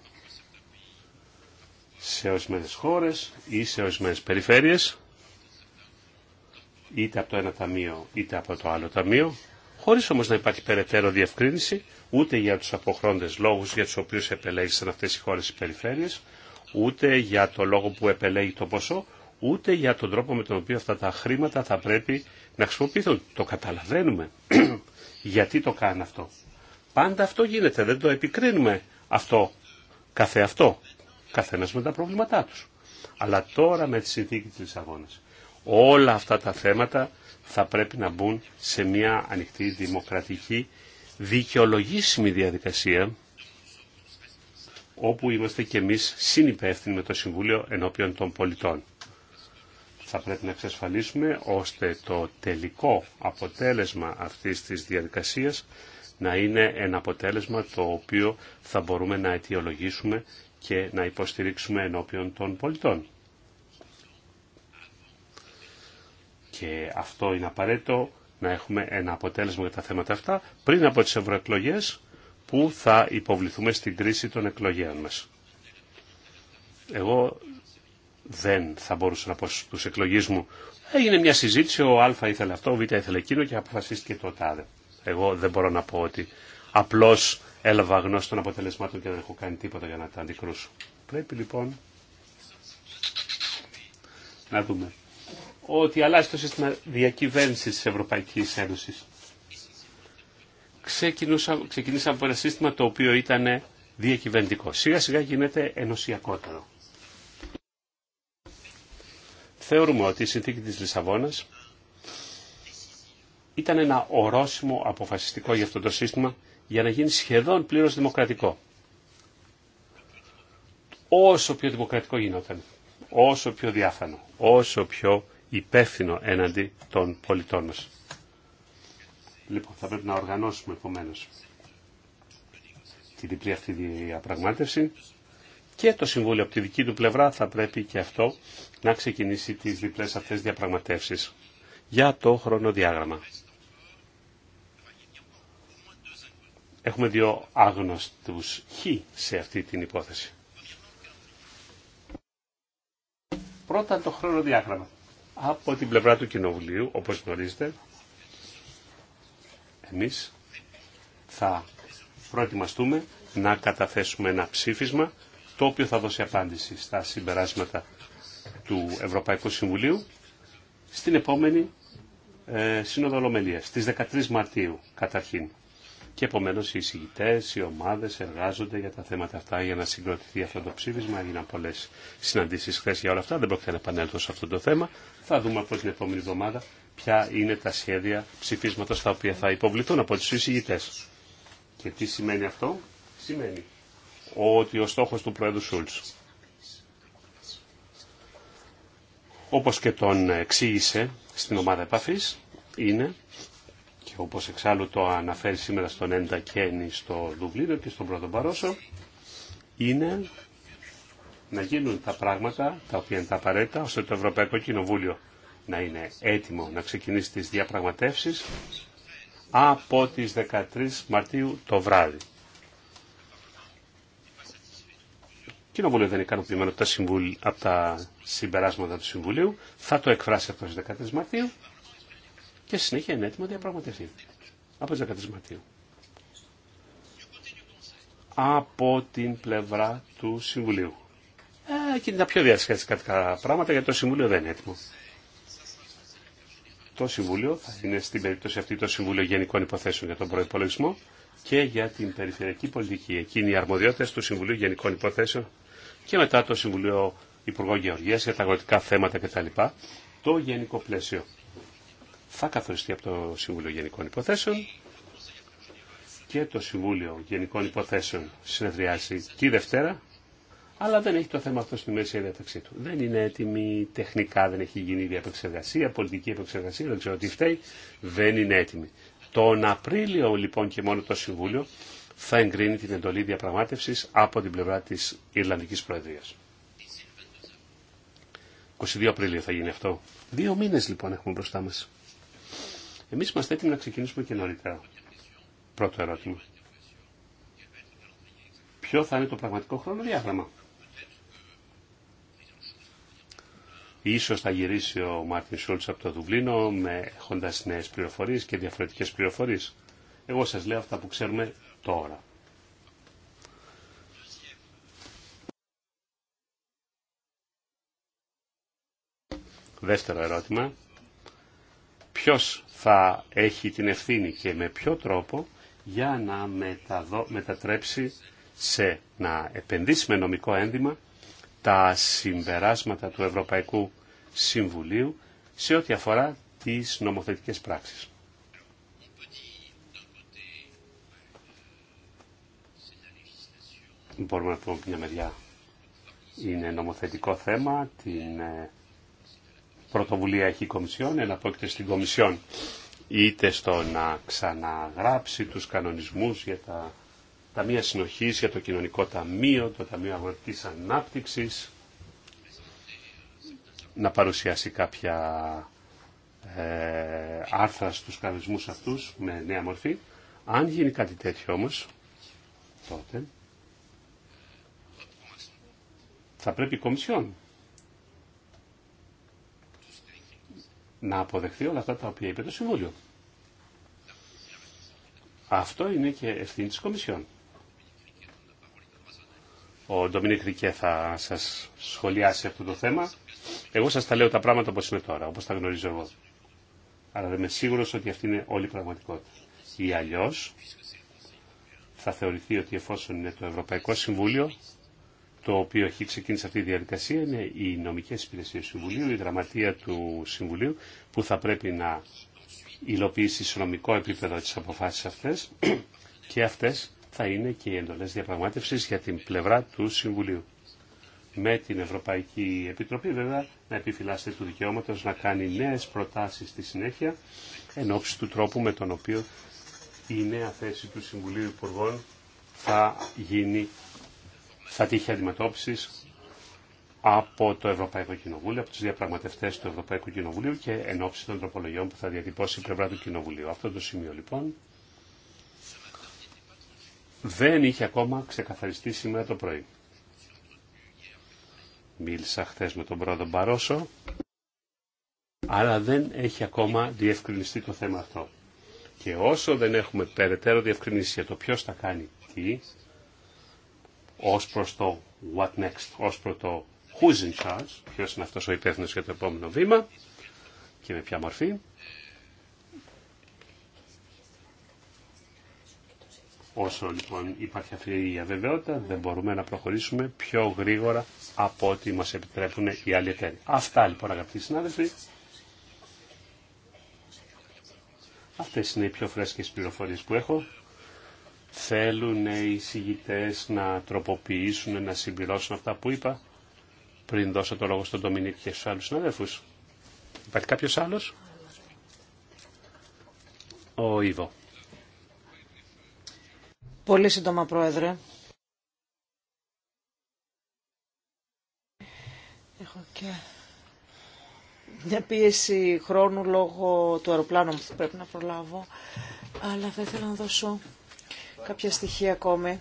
σε ορισμένες χώρες ή σε ορισμένες περιφέρειες είτε από το ένα ταμείο είτε από το άλλο ταμείο χωρίς όμως να υπάρχει περαιτέρω διευκρίνηση ούτε για τους αποχρόντες λόγους για τους οποίους επελέγησαν αυτές οι χώρες οι περιφέρειες ούτε για το λόγο που επελέγει το ποσό ούτε για τον τρόπο με τον οποίο αυτά τα χρήματα θα πρέπει να χρησιμοποιηθούν. Το καταλαβαίνουμε γιατί το κάνει αυτό. Πάντα αυτό γίνεται, δεν το επικρίνουμε αυτό καθεαυτό. Καθένα με τα προβλήματά τους. Αλλά τώρα με τη συνθήκη της Λισαβόνα. Όλα αυτά τα θέματα θα πρέπει να μπουν σε μια ανοιχτή δημοκρατική δικαιολογήσιμη διαδικασία όπου είμαστε και εμείς συνυπεύθυνοι με το Συμβούλιο ενώπιον των πολιτών. Θα πρέπει να εξασφαλίσουμε ώστε το τελικό αποτέλεσμα αυτής της διαδικασίας να είναι ένα αποτέλεσμα το οποίο θα μπορούμε να αιτιολογήσουμε και να υποστηρίξουμε ενώπιον των πολιτών. Και αυτό είναι απαραίτητο να έχουμε ένα αποτέλεσμα για τα θέματα αυτά πριν από τις ευρωεκλογέ που θα υποβληθούμε στην κρίση των εκλογέων μας. Εγώ δεν θα μπορούσα να πω στους εκλογείς μου έγινε μια συζήτηση, ο Α ήθελε αυτό, ο Β ήθελε εκείνο και αποφασίστηκε το τάδε. Εγώ δεν μπορώ να πω ότι απλώς έλαβα γνώση των αποτελεσμάτων και δεν έχω κάνει τίποτα για να τα αντικρούσω. Πρέπει λοιπόν να δούμε ότι αλλάζει το σύστημα διακυβέρνησης της Ευρωπαϊκής Ένωσης. ξεκινήσαμε από ένα σύστημα το οποίο ήταν διακυβερνητικό. Σιγά σιγά γίνεται ενωσιακότερο. Θεωρούμε ότι η συνθήκη της Λισαβόνας ήταν ένα ορόσημο αποφασιστικό για αυτό το σύστημα για να γίνει σχεδόν πλήρως δημοκρατικό. Όσο πιο δημοκρατικό γινόταν, όσο πιο διάφανο, όσο πιο υπεύθυνο έναντι των πολιτών μας. Λοιπόν, θα πρέπει να οργανώσουμε επομένω τη διπλή αυτή διαπραγμάτευση και το Συμβούλιο από τη δική του πλευρά θα πρέπει και αυτό να ξεκινήσει τις διπλές αυτές διαπραγματεύσεις για το χρονοδιάγραμμα. Έχουμε δύο άγνωστους χ σε αυτή την υπόθεση. Πρώτα το χρονοδιάγραμμα. Από την πλευρά του Κοινοβουλίου, όπως γνωρίζετε, εμείς θα προετοιμαστούμε να καταθέσουμε ένα ψήφισμα το οποίο θα δώσει απάντηση στα συμπεράσματα του Ευρωπαϊκού Συμβουλίου στην επόμενη ε, Σύνοδο στις 13 Μαρτίου καταρχήν. Και επομένω οι εισηγητέ, οι ομάδε εργάζονται για τα θέματα αυτά για να συγκροτηθεί αυτό το ψήφισμα. Έγιναν πολλέ συναντήσει χθε για όλα αυτά. Δεν πρόκειται να επανέλθω σε αυτό το θέμα. Θα δούμε από την επόμενη εβδομάδα ποια είναι τα σχέδια ψηφίσματο τα οποία θα υποβληθούν από του εισηγητέ. Και τι σημαίνει αυτό, Σημαίνει ότι ο στόχο του Πρόεδρου Σούλτ, όπω και τον εξήγησε στην ομάδα επαφή, είναι όπως εξάλλου το αναφέρει σήμερα στον Έντα Κέννη στο Λουβλίνο και στον Πρώτο Παρόσο, είναι να γίνουν τα πράγματα τα οποία είναι τα απαραίτητα, ώστε το Ευρωπαϊκό Κοινοβούλιο να είναι έτοιμο να ξεκινήσει τις διαπραγματεύσεις από τις 13 Μαρτίου το βράδυ. Το Κοινοβούλιο δεν είναι ικανοποιημένο από τα, από τα συμπεράσματα του Συμβουλίου, θα το εκφράσει αυτό στις 13 Μαρτίου και συνέχεια είναι έτοιμο να διαπραγματευτεί από τι 10 Μαρτίου. Από την πλευρά του Συμβουλίου. Ε, εκεί είναι τα πιο διασκέστικα πράγματα γιατί το Συμβούλιο δεν είναι έτοιμο. Το Συμβούλιο θα είναι στην περίπτωση αυτή το Συμβούλιο Γενικών Υποθέσεων για τον Προπολογισμό και για την Περιφερειακή Πολιτική. Εκείνη οι αρμοδιότητε του Συμβουλίου Γενικών Υποθέσεων και μετά το Συμβουλίο Υπουργών Γεωργία για τα αγροτικά θέματα κτλ. Το γενικό πλαίσιο θα καθοριστεί από το Συμβούλιο Γενικών Υποθέσεων και το Συμβούλιο Γενικών Υποθέσεων συνεδριάζει τη Δευτέρα, αλλά δεν έχει το θέμα αυτό στη μέση διάταξή του. Δεν είναι έτοιμη τεχνικά, δεν έχει γίνει η διαπεξεργασία, πολιτική επεξεργασία, δεν ξέρω τι φταίει, δεν είναι έτοιμη. Τον Απρίλιο λοιπόν και μόνο το Συμβούλιο θα εγκρίνει την εντολή διαπραγμάτευση από την πλευρά τη Ιρλανδικής Προεδρία. 22 Απριλίου θα γίνει αυτό. Δύο μήνες λοιπόν έχουμε μπροστά μα. Εμείς είμαστε έτοιμοι να ξεκινήσουμε και νωρίτερα. Πρώτο ερώτημα. Ποιο θα είναι το πραγματικό χρονοδιάγραμμα. Ίσως θα γυρίσει ο Μάρτιν Σούλτς από το Δουβλίνο με έχοντας νέες και διαφορετικές πληροφορίες. Εγώ σας λέω αυτά που ξέρουμε τώρα. Δεύτερο ερώτημα ποιος θα έχει την ευθύνη και με ποιο τρόπο για να μετατρέψει σε να επενδύσει με νομικό ένδυμα τα συμπεράσματα του Ευρωπαϊκού Συμβουλίου σε ό,τι αφορά τις νομοθετικές πράξεις. Μπορούμε να πούμε μια μεριά είναι νομοθετικό θέμα, την ε, πρωτοβουλία έχει η Κομισιόν, εναπόκειται στην Κομισιόν είτε στο να ξαναγράψει τους κανονισμούς για τα Ταμεία Συνοχής, για το Κοινωνικό Ταμείο, το Ταμείο Αγροτικής Ανάπτυξης, να παρουσιάσει κάποια ε, άρθρα στους κανονισμούς αυτούς με νέα μορφή. Αν γίνει κάτι τέτοιο όμως, τότε θα πρέπει η Κομισιόν να αποδεχθεί όλα αυτά τα οποία είπε το Συμβούλιο. Αυτό είναι και ευθύνη της Κομισιόν. Ο Ντομινίκ Ρικέ θα σας σχολιάσει αυτό το θέμα. Εγώ σας τα λέω τα πράγματα όπως είναι τώρα, όπως τα γνωρίζω εγώ. Αλλά δεν είμαι σίγουρος ότι αυτή είναι όλη η πραγματικότητα. Ή αλλιώς θα θεωρηθεί ότι εφόσον είναι το Ευρωπαϊκό Συμβούλιο το οποίο έχει ξεκίνησει αυτή η διαδικασία είναι οι νομικές υπηρεσίες του Συμβουλίου, η γραμματεία του Συμβουλίου που θα πρέπει να υλοποιήσει σε νομικό επίπεδο τις αποφάσεις αυτές και αυτές θα είναι και οι εντολές διαπραγμάτευσης για την πλευρά του Συμβουλίου. Με την Ευρωπαϊκή Επιτροπή βέβαια να επιφυλάσσεται του δικαιώματο να κάνει νέες προτάσεις στη συνέχεια εν ώψη του τρόπου με τον οποίο η νέα θέση του Συμβουλίου Υπουργών θα γίνει θα τύχει αντιμετώπιση από το Ευρωπαϊκό Κοινοβούλιο, από του διαπραγματευτέ του Ευρωπαϊκού Κοινοβουλίου και εν ώψη των τροπολογιών που θα διατυπώσει η πλευρά του Κοινοβουλίου. Αυτό το σημείο λοιπόν δεν είχε ακόμα ξεκαθαριστεί σήμερα το πρωί. Μίλησα χθε με τον πρόεδρο Μπαρόσο, αλλά δεν έχει ακόμα διευκρινιστεί το θέμα αυτό. Και όσο δεν έχουμε περαιτέρω διευκρινίσει για το ποιο θα κάνει τι, ως προς το what next, ως προς το who's in charge, ποιος είναι αυτός ο υπεύθυνος για το επόμενο βήμα και με ποια μορφή. Όσο λοιπόν υπάρχει αυτή η αβεβαιότητα, δεν μπορούμε να προχωρήσουμε πιο γρήγορα από ό,τι μας επιτρέπουν οι άλλοι εταίροι. Αυτά λοιπόν αγαπητοί συνάδελφοι. Αυτές είναι οι πιο φρέσκες πληροφορίες που έχω. Θέλουν οι συγητές να τροποποιήσουν, να συμπληρώσουν αυτά που είπα πριν δώσω το λόγο στον Ντομινίκ και στους άλλους συναδέλφους. Υπάρχει κάποιος άλλος? Ο Ήβο. Πολύ σύντομα, Πρόεδρε. Έχω και μια πίεση χρόνου λόγω του αεροπλάνου που πρέπει να προλάβω, αλλά θα ήθελα να δώσω κάποια στοιχεία ακόμη,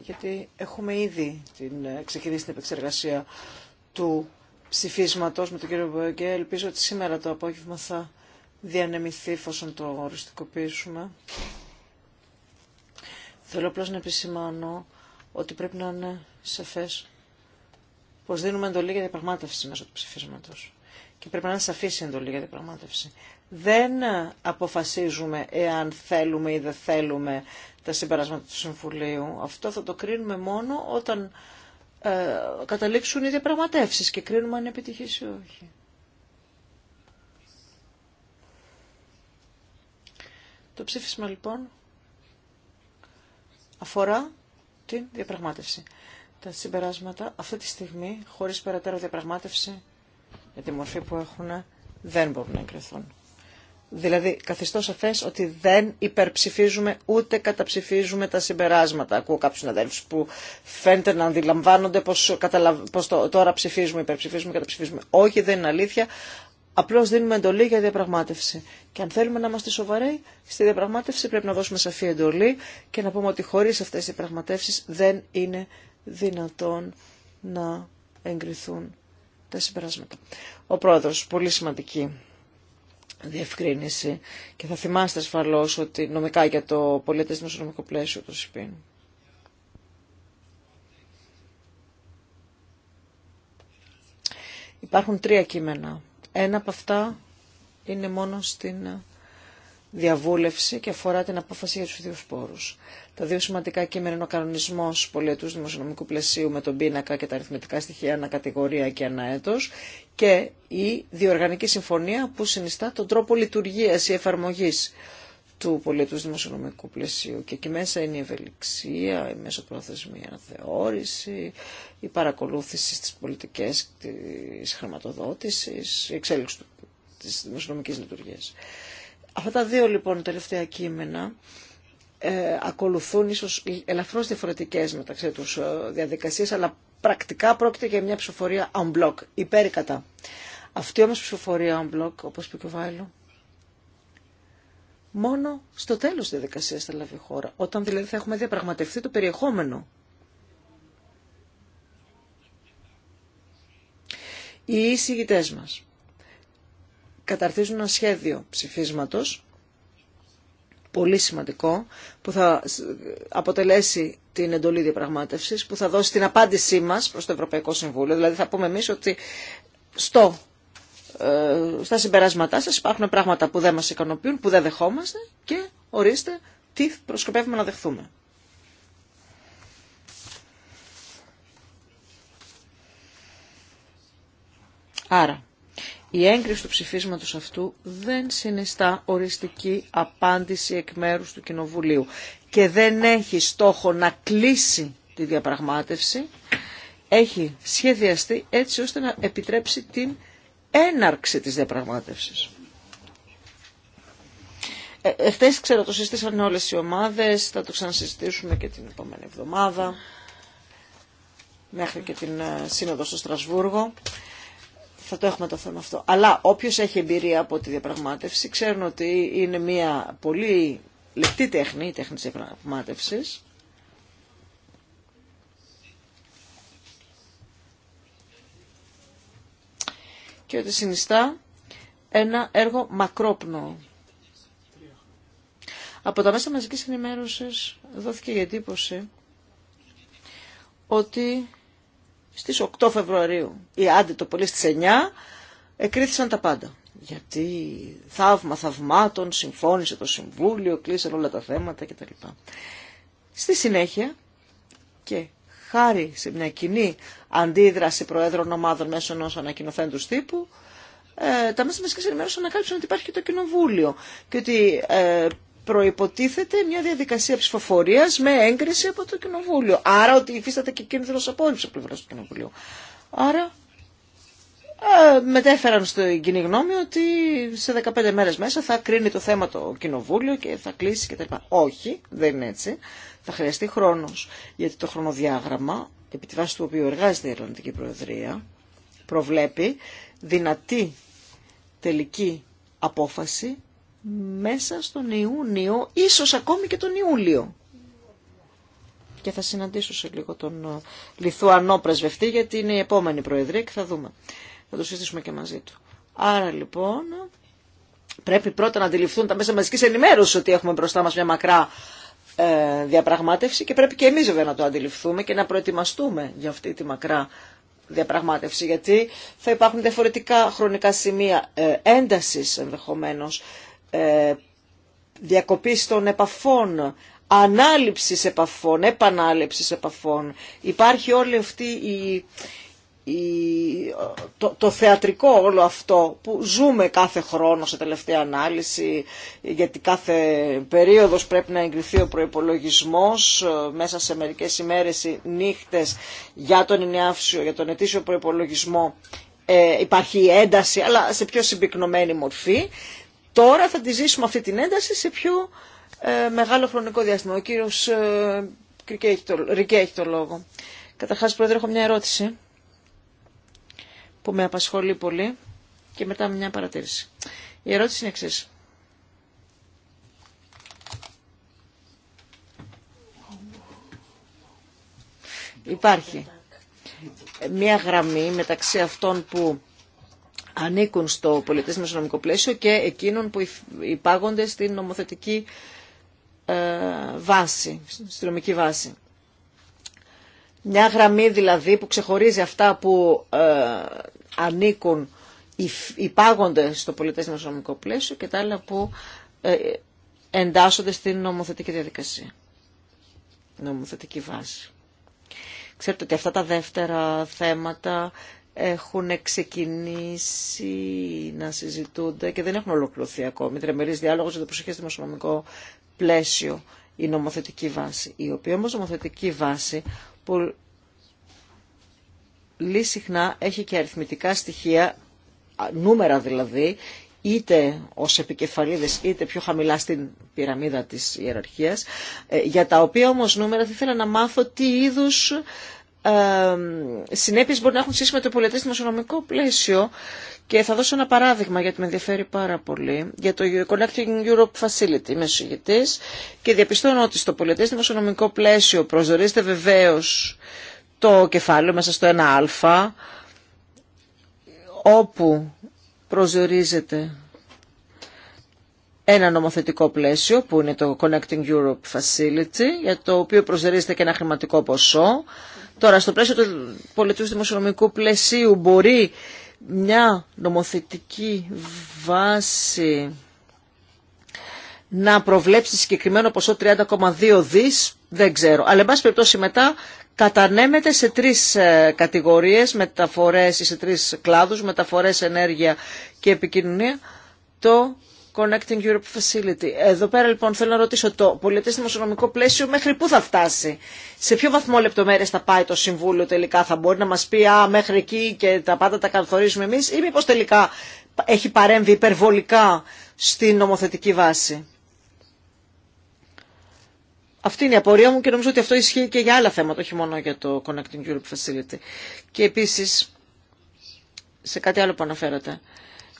γιατί έχουμε ήδη την, ε, ξεκινήσει την επεξεργασία του ψηφίσματος με τον κύριο Μπογκέ. Ελπίζω ότι σήμερα το απόγευμα θα διανεμηθεί, εφόσον το οριστικοποιήσουμε. Θέλω απλώς να επισημάνω ότι πρέπει να είναι σαφές πως δίνουμε εντολή για διαπραγμάτευση μέσω του ψηφίσματος. Και πρέπει να είναι σαφής η εντολή για διαπραγμάτευση δεν αποφασίζουμε εάν θέλουμε ή δεν θέλουμε τα συμπεράσματα του Συμβουλίου. Αυτό θα το κρίνουμε μόνο όταν ε, καταλήξουν οι διαπραγματεύσεις και κρίνουμε αν είναι επιτυχής ή όχι. Το ψήφισμα λοιπόν αφορά την διαπραγμάτευση. Τα συμπεράσματα αυτή τη στιγμή, χωρίς περαιτέρω διαπραγμάτευση, για τη μορφή που έχουν, δεν μπορούν να εγκριθούν. Δηλαδή, καθιστώ σαφέ ότι δεν υπερψηφίζουμε ούτε καταψηφίζουμε τα συμπεράσματα. Ακούω κάποιου συναδέλφου που φαίνεται να αντιλαμβάνονται πω τώρα ψηφίζουμε, υπερψηφίζουμε, καταψηφίζουμε. Όχι, δεν είναι αλήθεια. Απλώ δίνουμε εντολή για διαπραγμάτευση. Και αν θέλουμε να είμαστε σοβαροί, στη διαπραγμάτευση πρέπει να δώσουμε σαφή εντολή και να πούμε ότι χωρί αυτέ τι διαπραγματεύσει δεν είναι δυνατόν να εγκριθούν τα συμπεράσματα. Ο πρόεδρο, πολύ σημαντική διευκρίνηση και θα θυμάστε ασφαλώς ότι νομικά για το πολίτες νομικό πλαίσιο το ΣΥΠΗΝ. Υπάρχουν τρία κείμενα. Ένα από αυτά είναι μόνο στην διαβούλευση και αφορά την απόφαση για του ίδιου πόρου. Τα δύο σημαντικά κείμενα είναι ο κανονισμό πολιετού δημοσιονομικού πλαισίου με τον πίνακα και τα αριθμητικά στοιχεία ανακατηγορία και αναέτο και η διοργανική συμφωνία που συνιστά τον τρόπο λειτουργία ή εφαρμογή του πολιετού δημοσιονομικού πλαισίου. Και εκεί μέσα είναι η ευελιξία, η μεσοπρόθεσμη αναθεώρηση, η παρακολούθηση στι πολιτικέ τη χρηματοδότηση, η εξέλιξη τη δημοσιονομική λειτουργία. Αυτά τα δύο λοιπόν τελευταία κείμενα ε, ακολουθούν ίσως ελαφρώς διαφορετικές μεταξύ τους ε, διαδικασίες, αλλά πρακτικά πρόκειται για μια ψηφοφορία on block, υπέρ κατά. Αυτή όμως ψηφοφορία on block, όπως είπε ο Βάιλο, μόνο στο τέλος της διαδικασίας θα λάβει χώρα, όταν δηλαδή θα έχουμε διαπραγματευτεί το περιεχόμενο. Οι εισηγητές μας καταρτίζουν ένα σχέδιο ψηφίσματος, πολύ σημαντικό, που θα αποτελέσει την εντολή διαπραγμάτευσης, που θα δώσει την απάντησή μας προς το Ευρωπαϊκό Συμβούλιο. Δηλαδή θα πούμε εμείς ότι στο, ε, στα συμπεράσματά σας υπάρχουν πράγματα που δεν μας ικανοποιούν, που δεν δεχόμαστε και ορίστε τι προσκοπεύουμε να δεχθούμε. Άρα, η έγκριση του ψηφίσματος αυτού δεν συνιστά οριστική απάντηση εκ μέρους του Κοινοβουλίου και δεν έχει στόχο να κλείσει τη διαπραγμάτευση, έχει σχεδιαστεί έτσι ώστε να επιτρέψει την έναρξη της διαπραγμάτευσης. Ε, ξέρω, το συστήσαν όλες οι ομάδες, θα το ξανασυζητήσουμε και την επόμενη εβδομάδα, μέχρι και την ε, σύνοδο στο Στρασβούργο θα το έχουμε το θέμα αυτό. Αλλά όποιος έχει εμπειρία από τη διαπραγμάτευση ξέρουν ότι είναι μια πολύ λεπτή τέχνη, η τέχνη της διαπραγμάτευσης. Και ότι συνιστά ένα έργο μακρόπνο. Από τα μέσα μαζικής ενημέρωσης δόθηκε η εντύπωση ότι στις 8 Φεβρουαρίου ή άντε το πολύ στις 9 εκρίθησαν τα πάντα. Γιατί θαύμα θαυμάτων, συμφώνησε το Συμβούλιο, κλείσαν όλα τα θέματα κτλ. Στη συνέχεια και χάρη σε μια κοινή αντίδραση προέδρων ομάδων μέσω ενό ανακοινοθέντους τύπου, ε, τα μέσα μας και ενημέρωση ανακάλυψαν ότι υπάρχει και το κοινοβούλιο και ότι ε, προϋποτίθεται μια διαδικασία ψηφοφορίας με έγκριση από το Κοινοβούλιο. Άρα ότι υφίσταται και κίνδυνος απόρριψη από πλευρά του Κοινοβουλίου. Άρα ε, μετέφεραν στην κοινή γνώμη ότι σε 15 μέρες μέσα θα κρίνει το θέμα το Κοινοβούλιο και θα κλείσει κτλ. Όχι, δεν είναι έτσι. Θα χρειαστεί χρόνος. Γιατί το χρονοδιάγραμμα, επί τη βάση του οποίου εργάζεται η Ιρλανδική Προεδρία, προβλέπει δυνατή τελική απόφαση μέσα στον Ιούνιο, ίσως ακόμη και τον Ιούλιο. Και θα συναντήσω σε λίγο τον ε, Λιθουανό πρεσβευτή, γιατί είναι η επόμενη Προεδρία και θα δούμε. Θα το συζητήσουμε και μαζί του. Άρα λοιπόν, πρέπει πρώτα να αντιληφθούν τα μέσα μαζικής ενημέρωσης ότι έχουμε μπροστά μας μια μακρά ε, διαπραγμάτευση και πρέπει και εμείς βέβαια να το αντιληφθούμε και να προετοιμαστούμε για αυτή τη μακρά διαπραγμάτευση γιατί θα υπάρχουν διαφορετικά χρονικά σημεία ε, έντασης ενδεχομένως ε, διακοπής των επαφών, ανάληψης επαφών, επανάληψης επαφών. Υπάρχει όλη αυτή η, το, θεατρικό όλο αυτό που ζούμε κάθε χρόνο σε τελευταία ανάλυση γιατί κάθε περίοδος πρέπει να εγκριθεί ο προϋπολογισμός ε, μέσα σε μερικές ημέρες ή νύχτες για τον ενιάυσιο, για τον ετήσιο προϋπολογισμό ε, υπάρχει ένταση αλλά σε πιο συμπυκνωμένη μορφή Τώρα θα τη ζήσουμε αυτή την ένταση σε πιο ε, μεγάλο χρονικό διάστημα. Ο κύριος ε, Ρικέ έχει, το, λόγο. Καταρχάς, Πρόεδρε, έχω μια ερώτηση που με απασχολεί πολύ και μετά μια παρατήρηση. Η ερώτηση είναι εξής. Υπάρχει μια γραμμή μεταξύ αυτών που ανήκουν στο πολιτισμο νομικό πλαίσιο και εκείνων που υπάγονται στην νομοθετική ε, βάση, στην νομική βάση. Μια γραμμή δηλαδή που ξεχωρίζει αυτά που ε, ανήκουν, υπάγονται στο πολιτισμο νομικό πλαίσιο και τα άλλα που ε, εντάσσονται στην νομοθετική διαδικασία, νομοθετική βάση. Ξέρετε ότι αυτά τα δεύτερα θέματα έχουν ξεκινήσει να συζητούνται και δεν έχουν ολοκληρωθεί ακόμη Τρεμερή διάλογο για το προσεχές δημοσιονομικό πλαίσιο, η νομοθετική βάση, η οποία όμω νομοθετική βάση πολύ συχνά έχει και αριθμητικά στοιχεία, νούμερα δηλαδή, είτε ως επικεφαλίδες είτε πιο χαμηλά στην πυραμίδα της ιεραρχίας, ε, για τα οποία όμως νούμερα θα ήθελα να μάθω τι είδους συνέπειες μπορεί να έχουν σχέση με το πολιτές πλαίσιο και θα δώσω ένα παράδειγμα γιατί με ενδιαφέρει πάρα πολύ για το Connecting Europe Facility είμαι συγητής και διαπιστώνω ότι στο πολιτές δημοσιονομικό πλαίσιο προσδορίζεται βεβαίως το κεφάλαιο μέσα στο 1α όπου προσδιορίζεται ένα νομοθετικό πλαίσιο που είναι το Connecting Europe Facility για το οποίο προσδιορίζεται και ένα χρηματικό ποσό Τώρα, στο πλαίσιο του πολιτικού δημοσιονομικού πλαισίου μπορεί μια νομοθετική βάση να προβλέψει συγκεκριμένο ποσό 30,2 δις, δεν ξέρω. Αλλά, εν πάση περιπτώσει, μετά κατανέμεται σε τρεις ε, κατηγορίες, μεταφορές ή σε τρεις κλάδους, μεταφορές, ενέργεια και επικοινωνία, το Connecting Europe Facility. Εδώ πέρα λοιπόν θέλω να ρωτήσω το πολιτές δημοσιονομικό πλαίσιο μέχρι πού θα φτάσει. Σε ποιο βαθμό λεπτομέρειες θα πάει το Συμβούλιο τελικά. Θα μπορεί να μας πει α, μέχρι εκεί και τα πάντα τα καθορίζουμε εμείς ή μήπως τελικά έχει παρέμβει υπερβολικά στην νομοθετική βάση. Αυτή είναι η απορία μου και νομίζω ότι αυτό ισχύει και για άλλα θέματα, όχι μόνο για το Connecting Europe Facility. Και επίσης, σε κάτι άλλο που αναφέρατε,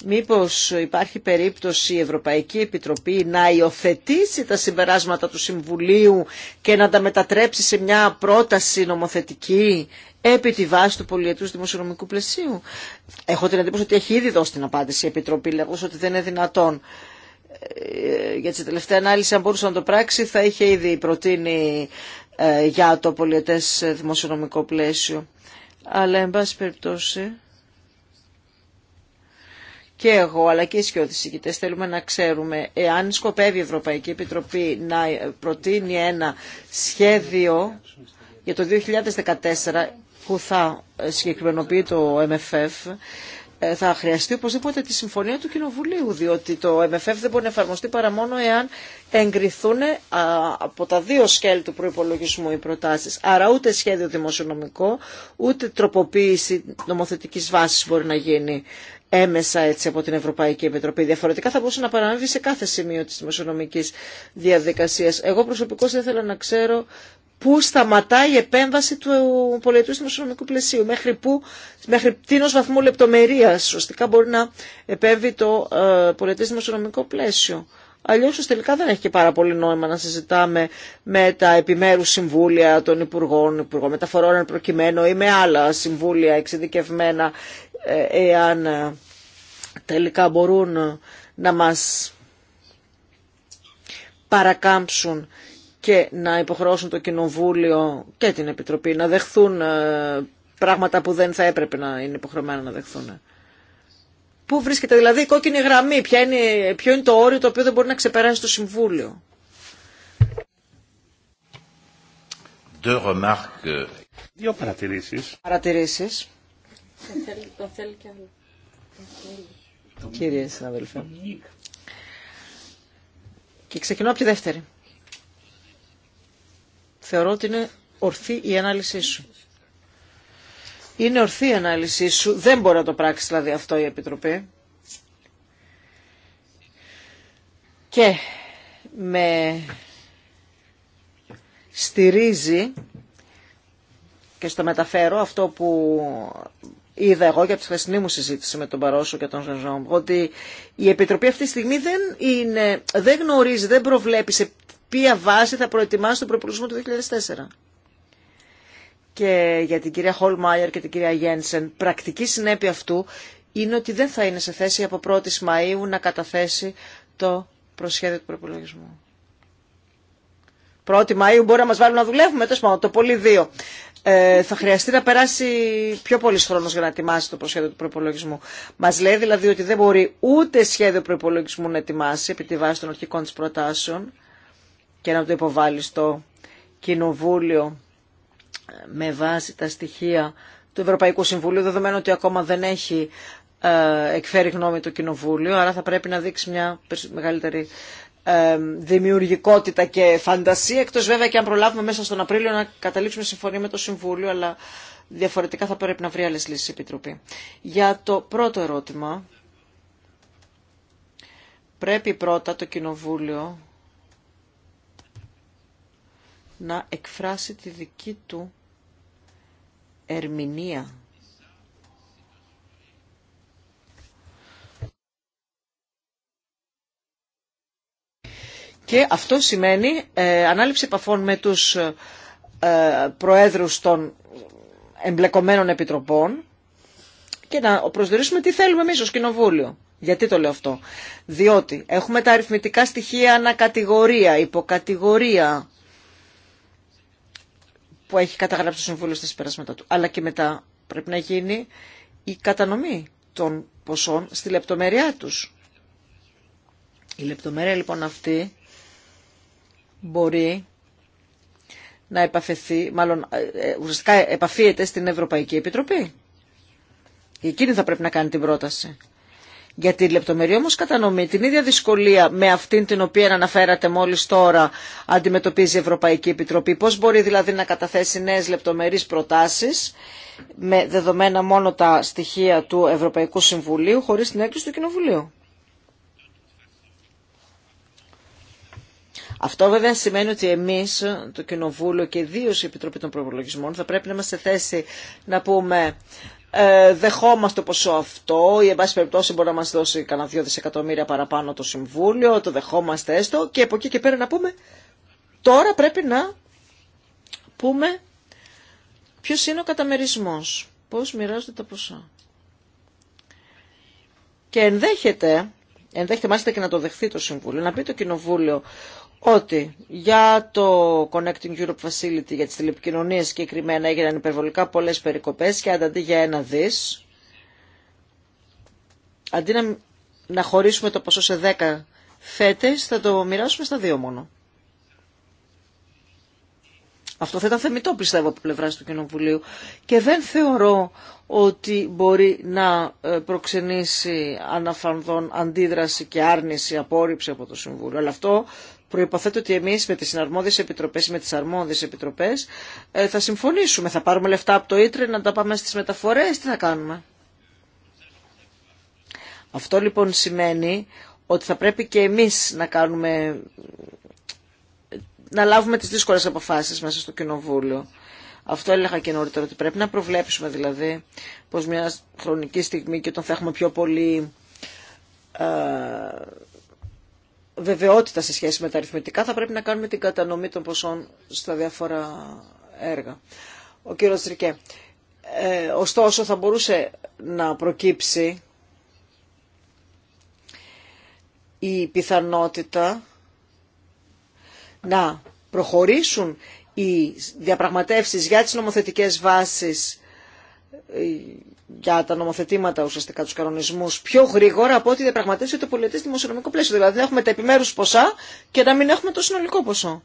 Μήπως υπάρχει περίπτωση η Ευρωπαϊκή Επιτροπή να υιοθετήσει τα συμπεράσματα του Συμβουλίου και να τα μετατρέψει σε μια πρόταση νομοθετική επί τη βάση του πολιετούς δημοσιονομικού πλαισίου. Έχω την εντύπωση ότι έχει ήδη δώσει την απάντηση η Επιτροπή λέγοντας ότι δεν είναι δυνατόν. Ε, για τη τελευταία ανάλυση, αν μπορούσε να το πράξει, θα είχε ήδη προτείνει ε, για το πολιετές δημοσιονομικό πλαίσιο. Αλλά, εν πάση περιπτώσει, και εγώ αλλά και οι σκιώδεις θέλουμε να ξέρουμε εάν σκοπεύει η Ευρωπαϊκή Επιτροπή να προτείνει ένα σχέδιο για το 2014 που θα συγκεκριμενοποιεί το MFF ε, θα χρειαστεί οπωσδήποτε τη συμφωνία του Κοινοβουλίου, διότι το MFF δεν μπορεί να εφαρμοστεί παρά μόνο εάν εγκριθούν ε, από τα δύο σκέλη του προπολογισμού οι προτάσει. Άρα ούτε σχέδιο δημοσιονομικό, ούτε τροποποίηση νομοθετική βάση μπορεί να γίνει έμεσα έτσι από την Ευρωπαϊκή Επιτροπή. Διαφορετικά θα μπορούσε να παραμείνει σε κάθε σημείο της δημοσιονομικής διαδικασίας. Εγώ προσωπικώς δεν ήθελα να ξέρω πού σταματάει η επέμβαση του πολιτού δημοσιονομικού πλαισίου, μέχρι, που, μέχρι του πολιτικού βαθμού λεπτομερίας σωστικά μπορεί να επέμβει το ε, πολιτικό δημοσιονομικό πλαίσιο. Αλλιώς τελικά δεν έχει και πάρα πολύ νόημα να συζητάμε με τα επιμέρους συμβούλια των Υπουργών, Υπουργών Μεταφορών προκειμένου ή με άλλα συμβούλια εξειδικευμένα ε, εάν ε, τελικά μπορούν να μας παρακάμψουν και να υποχρεώσουν το Κοινοβούλιο και την Επιτροπή να δεχθούν ε, πράγματα που δεν θα έπρεπε να είναι υποχρεωμένα να δεχθούν. Πού βρίσκεται δηλαδή η κόκκινη γραμμή, ποιο είναι το όριο το οποίο δεν μπορεί να ξεπεράσει το Συμβούλιο. Δύο παρατηρήσεις. Παρατηρήσεις. θέλει και άλλο. Κύριε συναδελφέ. Και ξεκινώ από τη δεύτερη. Θεωρώ ότι είναι ορθή η ανάλυση σου. Είναι ορθή η ανάλυση σου. Δεν μπορεί να το πράξει δηλαδή αυτό η Επιτροπή. Και με στηρίζει και στο μεταφέρω αυτό που είδα εγώ για τη χθεσινή μου συζήτηση με τον Παρόσο και τον Ζεζόμ, ότι η Επιτροπή αυτή τη στιγμή δεν, είναι, δεν γνωρίζει, δεν προβλέπει σε ποια βάση θα προετοιμάσει τον προπολογισμό του 2004 και για την κυρία Χολμάιερ και την κυρία Γένσεν, πρακτική συνέπεια αυτού είναι ότι δεν θα είναι σε θέση από 1η Μαΐου να καταθέσει το προσχέδιο του προπολογισμού. 1η Μαΐου μπορεί να μας βάλουν να δουλεύουμε, τόσο πάνω, το πολύ δύο. Ε, θα χρειαστεί να περάσει πιο πολύ χρόνο για να ετοιμάσει το προσχέδιο του προπολογισμού. Μα λέει δηλαδή ότι δεν μπορεί ούτε σχέδιο προπολογισμού να ετοιμάσει επί τη βάση των αρχικών τη προτάσεων και να το υποβάλει στο κοινοβούλιο με βάση τα στοιχεία του Ευρωπαϊκού Συμβουλίου, δεδομένου ότι ακόμα δεν έχει ε, εκφέρει γνώμη το Κοινοβούλιο, άρα θα πρέπει να δείξει μια μεγαλύτερη ε, δημιουργικότητα και φαντασία, εκτός βέβαια και αν προλάβουμε μέσα στον Απρίλιο να καταλήξουμε συμφωνία με το Συμβούλιο, αλλά διαφορετικά θα πρέπει να βρει άλλες λύσεις η Επιτροπή. Για το πρώτο ερώτημα, πρέπει πρώτα το Κοινοβούλιο να εκφράσει τη δική του ερμηνεία. Και αυτό σημαίνει ε, ανάληψη επαφών με τους ε, προέδρους των εμπλεκομένων επιτροπών και να προσδιορίσουμε τι θέλουμε εμείς ως κοινοβούλιο. Γιατί το λέω αυτό. Διότι έχουμε τα αριθμητικά στοιχεία ανακατηγορία, υποκατηγορία, που έχει καταγράψει το Συμβούλιο στα συμπεράσματα του. Αλλά και μετά πρέπει να γίνει η κατανομή των ποσών στη λεπτομέρειά τους. Η λεπτομέρεια λοιπόν αυτή μπορεί να επαφεθεί, μάλλον ε, ε, ουσιαστικά επαφείεται στην Ευρωπαϊκή Επιτροπή. Εκείνη θα πρέπει να κάνει την πρόταση. Γιατί τη λεπτομερή όμως κατανομή, την ίδια δυσκολία με αυτήν την οποία αναφέρατε μόλις τώρα αντιμετωπίζει η Ευρωπαϊκή Επιτροπή. Πώς μπορεί δηλαδή να καταθέσει νέες λεπτομερείς προτάσεις με δεδομένα μόνο τα στοιχεία του Ευρωπαϊκού Συμβουλίου χωρίς την έκκληση του Κοινοβουλίου. Αυτό βέβαια σημαίνει ότι εμεί, το Κοινοβούλιο και ιδίω η Επιτροπή των Προπολογισμών, θα πρέπει να είμαστε θέση να πούμε ε, δεχόμαστε το ποσό αυτό ή εν πάση περιπτώσει μπορεί να μας δώσει κανένα δύο δισεκατομμύρια παραπάνω το Συμβούλιο, το δεχόμαστε έστω και από εκεί και πέρα να πούμε τώρα πρέπει να πούμε ποιος είναι ο καταμερισμός, πώς μοιράζονται τα ποσά. Και ενδέχεται, ενδέχεται μάλιστα και να το δεχθεί το Συμβούλιο, να πει το Κοινοβούλιο ότι για το Connecting Europe Facility για τις τηλεπικοινωνίες συγκεκριμένα έγιναν υπερβολικά πολλές περικοπές και αντί για ένα δις, αντί να, να χωρίσουμε το ποσό σε 10 φέτες, θα το μοιράσουμε στα δύο μόνο. Αυτό θα ήταν θεμητό πιστεύω από πλευρά του Κοινοβουλίου και δεν θεωρώ ότι μπορεί να ε, προξενήσει αναφανδόν αντίδραση και άρνηση, απόρριψη από το Συμβούλιο. Αλλά αυτό προϋποθέτει ότι εμείς με τις συναρμόδιες επιτροπές ή με τις αρμόδιες επιτροπές ε, θα συμφωνήσουμε. Θα πάρουμε λεφτά από το Ήτρε να τα πάμε στις μεταφορές, τι θα κάνουμε. Αυτό λοιπόν σημαίνει ότι θα πρέπει και εμείς να κάνουμε να λάβουμε τις δύσκολες αποφάσεις μέσα στο Κοινοβούλιο. Αυτό έλεγα και νωρίτερα, ότι πρέπει να προβλέψουμε δηλαδή πως μια χρονική στιγμή και όταν θα έχουμε πιο πολύ ε, βεβαιότητα σε σχέση με τα αριθμητικά θα πρέπει να κάνουμε την κατανομή των ποσών στα διάφορα έργα. Ο κύριος Τρικέ, ε, ωστόσο θα μπορούσε να προκύψει η πιθανότητα να προχωρήσουν οι διαπραγματεύσεις για τις νομοθετικές βάσεις ε, για τα νομοθετήματα ουσιαστικά του κανονισμού πιο γρήγορα από ό,τι διαπραγματεύσει το πολιτή δημοσιονομικό πλαίσιο. Δηλαδή να έχουμε τα επιμέρου ποσά και να μην έχουμε το συνολικό ποσό.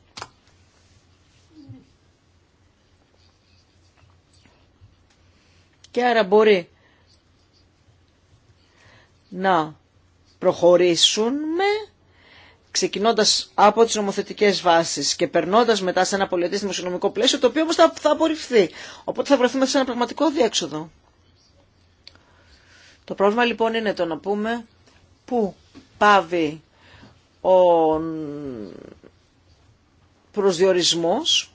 Και άρα μπορεί να προχωρήσουμε ξεκινώντας από τις νομοθετικές βάσεις και περνώντας μετά σε ένα πολιτικό δημοσιονομικό πλαίσιο, το οποίο όμως θα, θα απορριφθεί. Οπότε θα βρεθούμε σε ένα πραγματικό διέξοδο. Το πρόβλημα λοιπόν είναι το να πούμε πού πάβει ο προσδιορισμός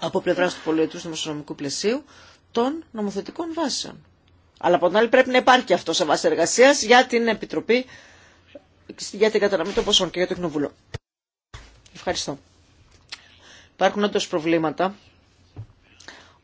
από πλευρά του πολιτικού δημοσιονομικού πλαισίου των νομοθετικών βάσεων. Αλλά από την άλλη πρέπει να υπάρχει αυτό σε βάση εργασία για την Επιτροπή για την καταναμή των ποσών και για το κοινοβούλιο. Ευχαριστώ. Υπάρχουν όντω προβλήματα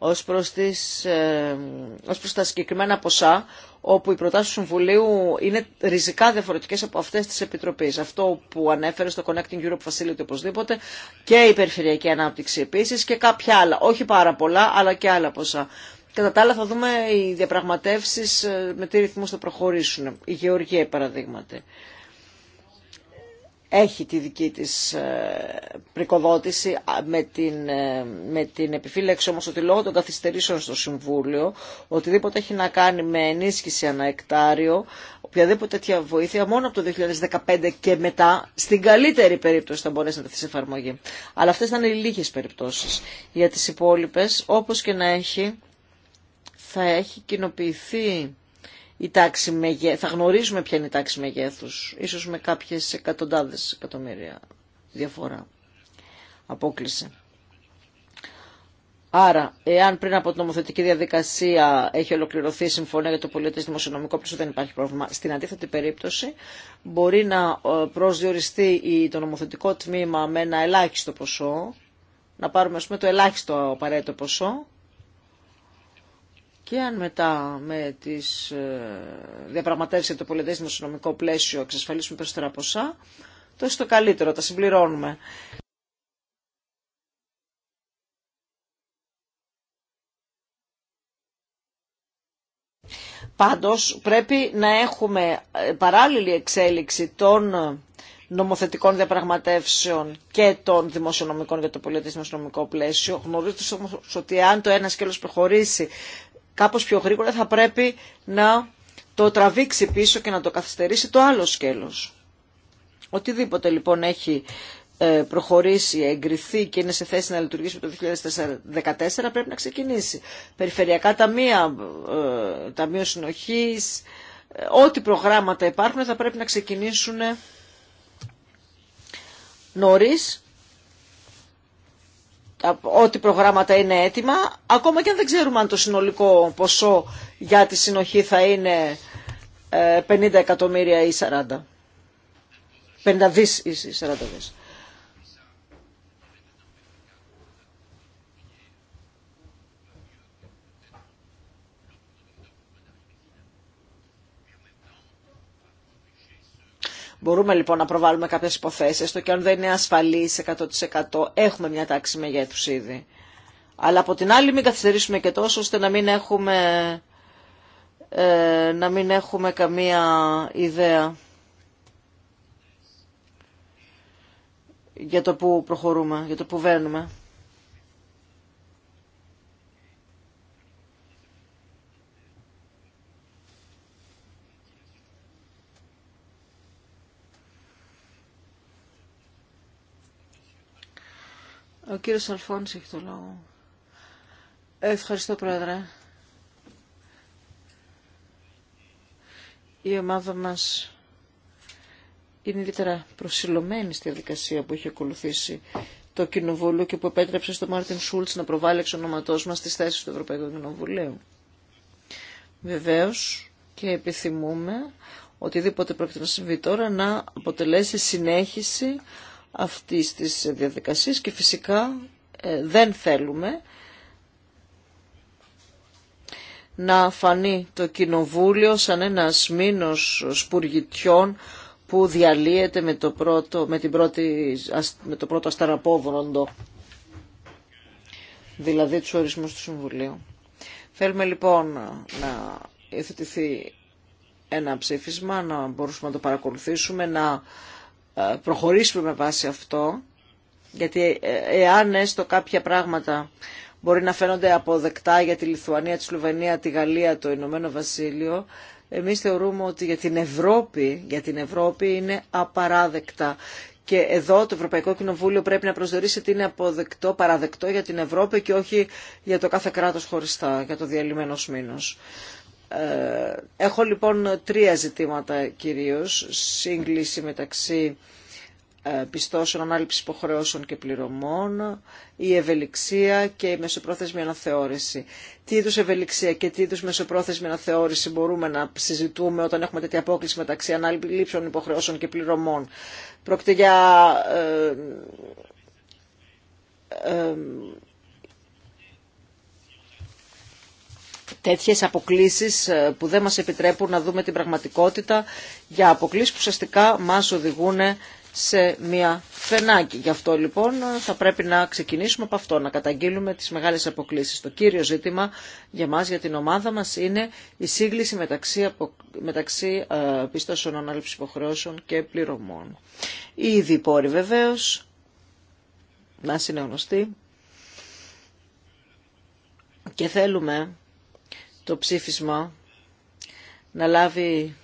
ως προς, τις, ε, ως προς τα συγκεκριμένα ποσά, όπου οι προτάσεις του Συμβουλίου είναι ριζικά διαφορετικές από αυτές της Επιτροπής. Αυτό που ανέφερε στο Connecting Europe Facility οπωσδήποτε και η περιφερειακή ανάπτυξη επίση και κάποια άλλα, όχι πάρα πολλά, αλλά και άλλα ποσά. Κατά τα άλλα θα δούμε οι διαπραγματεύσεις ε, με τι ρυθμούς θα προχωρήσουν. Η Γεωργία, παραδείγματι έχει τη δική της ε, πρικοδότηση με την, ε, με την επιφύλαξη όμως ότι λόγω των καθυστερήσεων στο Συμβούλιο οτιδήποτε έχει να κάνει με ενίσχυση ανά εκτάριο οποιαδήποτε τέτοια βοήθεια μόνο από το 2015 και μετά στην καλύτερη περίπτωση θα μπορέσει να τεθεί σε εφαρμογή. Αλλά αυτές ήταν οι λίγες περιπτώσεις. Για τις υπόλοιπες όπως και να έχει θα έχει κοινοποιηθεί η τάξη θα γνωρίζουμε ποια είναι η τάξη μεγέθου, ίσως με κάποιες εκατοντάδες εκατομμύρια διαφορά. Απόκληση. Άρα, εάν πριν από την νομοθετική διαδικασία έχει ολοκληρωθεί η συμφωνία για το Πολιτικό δημοσιονομικό πλαίσιο, δεν υπάρχει πρόβλημα. Στην αντίθετη περίπτωση, μπορεί να ε, προσδιοριστεί το νομοθετικό τμήμα με ένα ελάχιστο ποσό, να πάρουμε το ελάχιστο απαραίτητο ποσό και αν μετά με τις ε, διαπραγματεύσεις το πολιτισμο συνομικό πλαίσιο εξασφαλίσουμε περισσότερα ποσά, τόσο το καλύτερο, τα συμπληρώνουμε. Πάντως πρέπει να έχουμε ε, παράλληλη εξέλιξη των ε, νομοθετικών διαπραγματεύσεων και των δημοσιονομικών για το πολιτισμό οσυνομικο πλαίσιο. Γνωρίζετε όμω ότι αν το ένα σκέλο προχωρήσει κάπως πιο γρήγορα θα πρέπει να το τραβήξει πίσω και να το καθυστερήσει το άλλο σκέλος. Οτιδήποτε λοιπόν έχει ε, προχωρήσει, εγκριθεί και είναι σε θέση να λειτουργήσει το 2014 πρέπει να ξεκινήσει. Περιφερειακά ταμεία, ε, ταμείο συνοχής, ε, ό,τι προγράμματα υπάρχουν θα πρέπει να ξεκινήσουν νωρίς ό,τι προγράμματα είναι έτοιμα, ακόμα και αν δεν ξέρουμε αν το συνολικό ποσό για τη συνοχή θα είναι 50 ε, εκατομμύρια ή 40. 50 δις ή 40 δις. Μπορούμε λοιπόν να προβάλλουμε κάποιες υποθέσεις, το και αν δεν είναι ασφαλής 100% έχουμε μια τάξη μεγέθους ήδη. Αλλά από την άλλη μην καθυστερήσουμε και τόσο ώστε να μην έχουμε, ε, να μην έχουμε καμία ιδέα για το που προχωρούμε, για το που βαίνουμε. Ο κύριος Αλφόνης έχει το λόγο. Ευχαριστώ, Πρόεδρε. Η ομάδα μας είναι ιδιαίτερα προσιλωμένη στη διαδικασία που έχει ακολουθήσει το Κοινοβούλιο και που επέτρεψε στο Μάρτιν Σούλτς να προβάλλει εξ ονοματός μας τις θέσεις του Ευρωπαϊκού Κοινοβουλίου. Βεβαίως και επιθυμούμε οτιδήποτε πρόκειται να συμβεί τώρα να αποτελέσει συνέχιση αυτής της διαδικασίας και φυσικά ε, δεν θέλουμε να φανεί το κοινοβούλιο σαν ένας μήνος σπουργητιών που διαλύεται με το πρώτο, με την πρώτη, με το πρώτο ασταραπόβροντο, δηλαδή τους ορισμού του Συμβουλίου. Θέλουμε λοιπόν να υιοθετηθεί ένα ψήφισμα, να μπορούμε να το παρακολουθήσουμε, να ε, προχωρήσουμε με βάση αυτό, γιατί ε, εάν έστω κάποια πράγματα μπορεί να φαίνονται αποδεκτά για τη Λιθουανία, τη Σλοβενία, τη Γαλλία, το Ηνωμένο Βασίλειο, εμείς θεωρούμε ότι για την Ευρώπη, για την Ευρώπη είναι απαράδεκτα. Και εδώ το Ευρωπαϊκό Κοινοβούλιο πρέπει να προσδιορίσει ότι είναι αποδεκτό, παραδεκτό για την Ευρώπη και όχι για το κάθε κράτος χωριστά, για το διαλυμένο μήνος. Ε, έχω λοιπόν τρία ζητήματα κυρίως, σύγκληση μεταξύ ε, πιστώσεων, ανάληψης υποχρεώσεων και πληρωμών, η ευελιξία και η μεσοπρόθεσμη αναθεώρηση. Τι είδους ευελιξία και τι είδους μεσοπρόθεσμη αναθεώρηση μπορούμε να συζητούμε όταν έχουμε τέτοια απόκληση μεταξύ ανάληψεων υποχρεώσεων και πληρωμών. Πρόκειται για ε, τέτοιες αποκλίσεις ε, που δεν μας επιτρέπουν να δούμε την πραγματικότητα για αποκλίσεις που ουσιαστικά μας οδηγούν σε μια φενάκη. Γι' αυτό λοιπόν ε, θα πρέπει να ξεκινήσουμε από αυτό, να καταγγείλουμε τις μεγάλες αποκλίσεις. Το κύριο ζήτημα για μας, για την ομάδα μας, είναι η σύγκληση μεταξύ, απο... μεταξύ ε, πίστασεων ανάληψης υποχρεώσεων και πληρωμών. Ήδη πόροι βεβαίω να είναι γνωστή. και θέλουμε το ψήφισμα να λάβει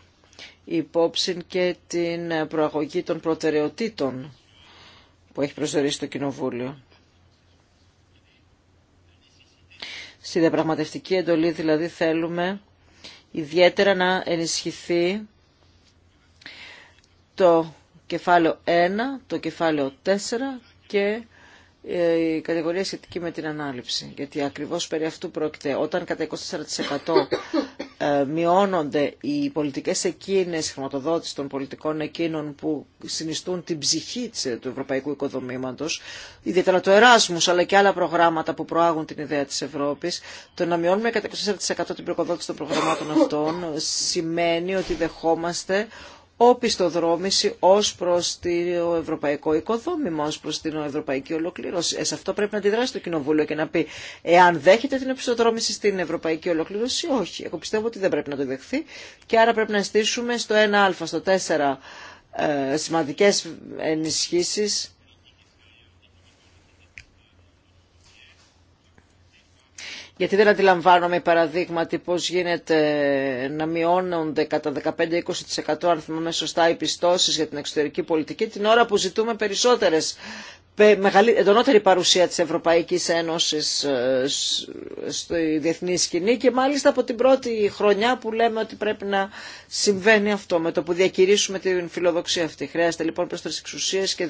υπόψη και την προαγωγή των προτεραιοτήτων που έχει προσδορίσει το Κοινοβούλιο. Στη διαπραγματευτική εντολή δηλαδή θέλουμε ιδιαίτερα να ενισχυθεί το κεφάλαιο 1, το κεφάλαιο 4 και ε, η κατηγορία σχετική με την ανάληψη. Γιατί ακριβώς περί αυτού πρόκειται. Όταν κατά 24% ε, μειώνονται οι πολιτικές εκείνες, η χρηματοδότηση των πολιτικών εκείνων που συνιστούν την ψυχή ε, του ευρωπαϊκού οικοδομήματος, ιδιαίτερα το Εράσμους αλλά και άλλα προγράμματα που προάγουν την ιδέα της Ευρώπης, το να μειώνουμε κατά 24% την προκοδότηση των προγραμμάτων αυτών σημαίνει ότι δεχόμαστε οπισθοδρόμηση ως προς το ευρωπαϊκό οικοδόμημα, ως προς την ευρωπαϊκή ολοκλήρωση. Ε, σε αυτό πρέπει να αντιδράσει το Κοινοβούλιο και να πει εάν δέχεται την οπισθοδρόμηση στην ευρωπαϊκή ολοκλήρωση όχι. Εγώ πιστεύω ότι δεν πρέπει να το δεχθεί και άρα πρέπει να στήσουμε στο 1α, στο 4 ε, σημαντικές ενισχύσεις γιατί δεν αντιλαμβάνομαι παραδείγματι πώς γίνεται να μειώνονται κατά 15-20% αν θυμάμαι σωστά οι πιστώσεις για την εξωτερική πολιτική την ώρα που ζητούμε περισσότερες εντονότερη παρουσία της Ευρωπαϊκής Ένωσης ε, στη διεθνή σκηνή και μάλιστα από την πρώτη χρονιά που λέμε ότι πρέπει να συμβαίνει αυτό με το που διακηρύσουμε την φιλοδοξία αυτή. Χρειάζεται λοιπόν περισσότερες εξουσίες και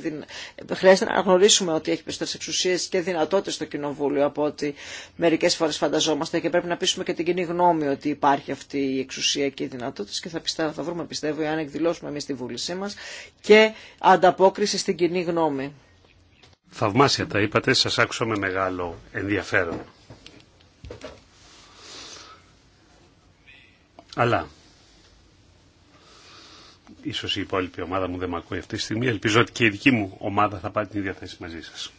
χρειάζεται να γνωρίσουμε ότι έχει περισσότερες εξουσίες και δυνατότητες στο Κοινοβούλιο από ότι μερικές φορές φανταζόμαστε και πρέπει να πείσουμε και την κοινή γνώμη ότι υπάρχει αυτή η εξουσία και οι δυνατότητες και θα, πιστεύω, θα βρούμε πιστεύω αν εκδηλώσουμε εμείς τη βούλησή μας και ανταπόκριση στην κοινή γνώμη. Θαυμάσια τα είπατε, σας άκουσα με μεγάλο ενδιαφέρον. Αλλά, ίσως η υπόλοιπη ομάδα μου δεν με ακούει αυτή τη στιγμή, ελπίζω ότι και η δική μου ομάδα θα πάρει την ίδια θέση μαζί σας.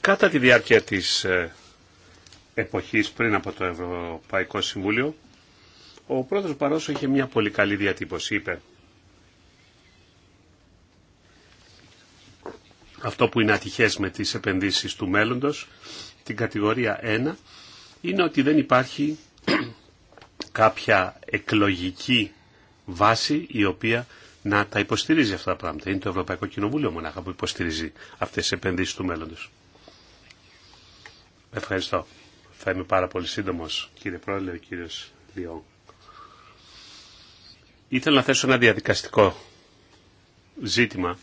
Κατά τη διάρκεια της ε, εποχής πριν από το Ευρωπαϊκό Συμβούλιο, ο πρόεδρος Παρόσο είχε μια πολύ καλή διατύπωση, είπε. Αυτό που είναι ατυχές με τις επενδύσεις του μέλλοντος, την κατηγορία 1, είναι ότι δεν υπάρχει κάποια εκλογική βάση η οποία να τα υποστηρίζει αυτά τα πράγματα. Είναι το Ευρωπαϊκό Κοινοβούλιο μονάχα που υποστηρίζει αυτές τις επενδύσεις του μέλλοντος. Ευχαριστώ. Θα είμαι πάρα πολύ σύντομος, κύριε Πρόεδρε, κύριος Διόγκ. Ήθελα να θέσω ένα διαδικαστικό ζήτημα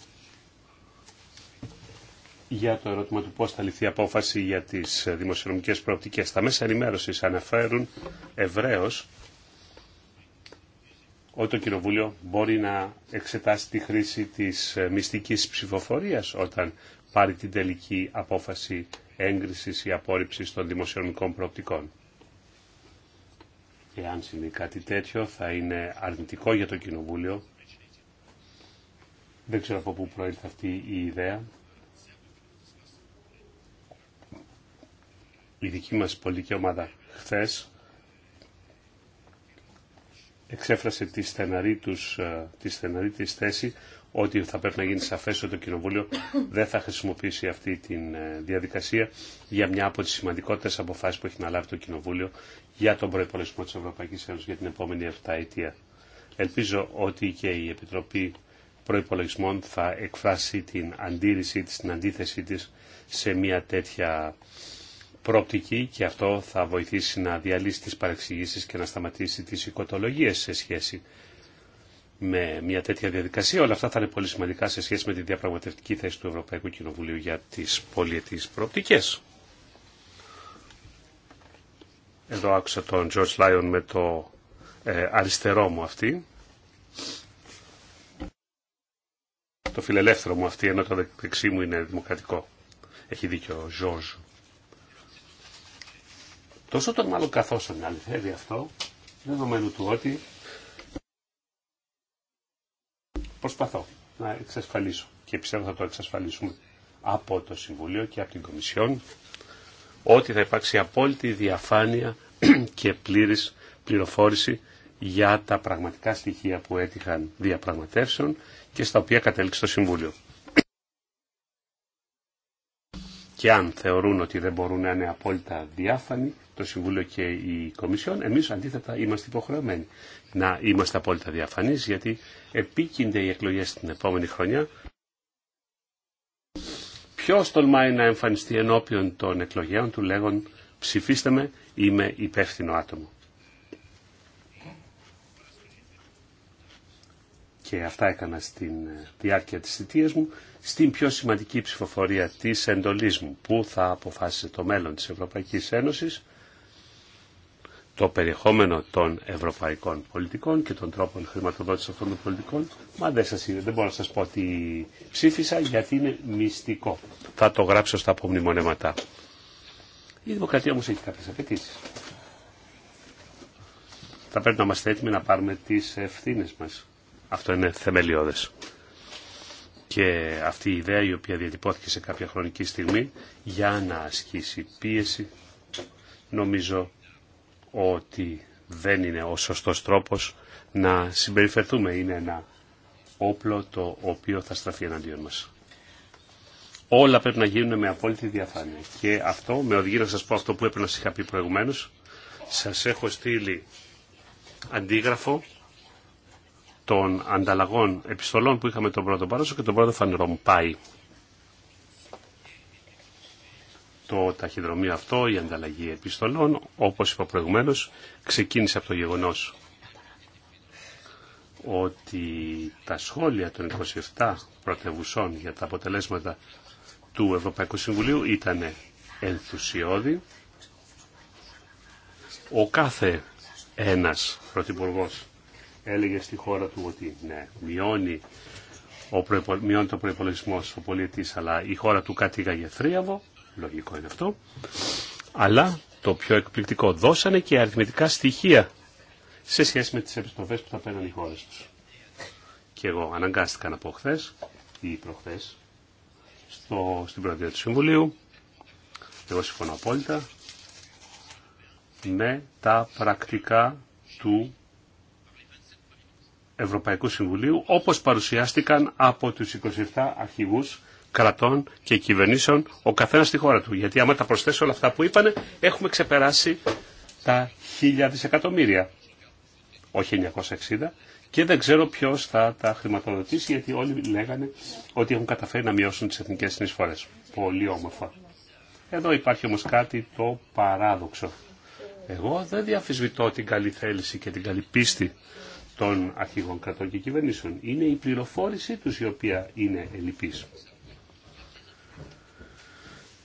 για το ερώτημα του πώς θα λυθεί η απόφαση για τις δημοσιονομικές προοπτικές. Τα μέσα ενημέρωσης αναφέρουν ευρέως ότι το Κοινοβούλιο μπορεί να εξετάσει τη χρήση της μυστικής ψηφοφορίας όταν πάρει την τελική απόφαση έγκρισης ή απόρριψης των δημοσιονομικών προοπτικών. Εάν συμβεί κάτι τέτοιο θα είναι αρνητικό για το Κοινοβούλιο. Δεν ξέρω από πού προήλθε αυτή η ιδέα. Η δική μας πολιτική ομάδα χθες εξέφρασε τη στεναρή, τους, ε, τη στεναρή της θέση ότι θα πρέπει να γίνει σαφές ότι το Κοινοβούλιο δεν θα χρησιμοποιήσει αυτή τη ε, διαδικασία για μια από τις σημαντικότερες αποφάσεις που έχει να λάβει το Κοινοβούλιο για τον προπολογισμό της Ευρωπαϊκή Ένωσης για την επόμενη 7 αιτία. Ελπίζω ότι και η Επιτροπή Προϋπολογισμών θα εκφράσει την αντίρρησή της, την αντίθεσή της σε μια τέτοια πρόπτικη και αυτό θα βοηθήσει να διαλύσει τις παρεξηγήσεις και να σταματήσει τις οικοτολογίες σε σχέση με μια τέτοια διαδικασία. Όλα αυτά θα είναι πολύ σημαντικά σε σχέση με τη διαπραγματευτική θέση του Ευρωπαϊκού Κοινοβουλίου για τις πολιτικές προοπτικές. Εδώ άκουσα τον George Lyon με το ε, αριστερό μου αυτή. Το φιλελεύθερο μου αυτή, ενώ το δεξί μου είναι δημοκρατικό. Έχει δίκιο ο George. Τόσο τον μάλλον καθώς αληθεύει δηλαδή αυτό, δεδομένου του ότι προσπαθώ να εξασφαλίσω και πιστεύω θα το εξασφαλίσουμε από το Συμβουλίο και από την Κομισιόν ότι θα υπάρξει απόλυτη διαφάνεια και πλήρης πληροφόρηση για τα πραγματικά στοιχεία που έτυχαν διαπραγματεύσεων και στα οποία κατέληξε το Συμβούλιο. Και αν θεωρούν ότι δεν μπορούν να είναι απόλυτα διάφανοι, το Συμβούλιο και η Κομισιόν, εμείς αντίθετα είμαστε υποχρεωμένοι να είμαστε απόλυτα διαφανείς, γιατί επίκυνται οι εκλογές την επόμενη χρονιά ποιο τολμάει να εμφανιστεί ενώπιον των εκλογέων του λέγον ψηφίστε με, είμαι υπεύθυνο άτομο. Και αυτά έκανα στην ε, διάρκεια της θητείας μου, στην πιο σημαντική ψηφοφορία της εντολής μου, που θα αποφάσισε το μέλλον της Ευρωπαϊκής Ένωσης, το περιεχόμενο των ευρωπαϊκών πολιτικών και των τρόπων χρηματοδότησης αυτών των πολιτικών. Μα δεν, σας δεν μπορώ να σας πω ότι ψήφισα γιατί είναι μυστικό. Θα το γράψω στα απομνημονέματά. Η δημοκρατία όμως έχει κάποιες απαιτήσει. Θα πρέπει να είμαστε έτοιμοι να πάρουμε τις ευθύνε μας. Αυτό είναι θεμελιώδες. Και αυτή η ιδέα η οποία διατυπώθηκε σε κάποια χρονική στιγμή για να ασκήσει πίεση νομίζω ότι δεν είναι ο σωστός τρόπος να συμπεριφερθούμε. Είναι ένα όπλο το οποίο θα στραφεί εναντίον μας. Όλα πρέπει να γίνουν με απόλυτη διαφάνεια. Και αυτό με οδηγεί να σας πω αυτό που έπρεπε να σας είχα πει προηγουμένως. Σας έχω στείλει αντίγραφο των ανταλλαγών επιστολών που είχαμε τον πρώτο Πάρασο και τον πρώτο πάει Το ταχυδρομείο αυτό, η ανταλλαγή επιστολών, όπως είπα προηγουμένως, ξεκίνησε από το γεγονός ότι τα σχόλια των 27 πρωτευουσών για τα αποτελέσματα του Ευρωπαϊκού Συμβουλίου ήταν ενθουσιώδη. Ο κάθε ένας πρωθυπουργός έλεγε στη χώρα του ότι ναι, μειώνει, ο προϋπο, μειώνει το προπολογισμό ο πολίτης, αλλά η χώρα του κάτι θρίαβο. Λογικό είναι αυτό. Αλλά το πιο εκπληκτικό, δώσανε και αριθμητικά στοιχεία σε σχέση με τις επιστροφές που θα παίρνουν οι χώρες τους. Και εγώ αναγκάστηκα να πω χθε ή προχθές στο, στην Προεδρία του Συμβουλίου εγώ συμφωνώ απόλυτα με τα πρακτικά του Ευρωπαϊκού Συμβουλίου όπως παρουσιάστηκαν από τους 27 αρχηγούς κρατών και κυβερνήσεων, ο καθένα στη χώρα του. Γιατί άμα τα προσθέσω όλα αυτά που είπανε, έχουμε ξεπεράσει τα χίλια δισεκατομμύρια. Όχι 960. Και δεν ξέρω ποιο θα τα χρηματοδοτήσει, γιατί όλοι λέγανε ότι έχουν καταφέρει να μειώσουν τι εθνικέ συνεισφορέ. Πολύ όμορφα. Εδώ υπάρχει όμω κάτι το παράδοξο. Εγώ δεν διαφυσβητώ την καλή θέληση και την καλή πίστη των αρχηγών κρατών και κυβερνήσεων. Είναι η πληροφόρησή τους η οποία είναι ελλειπής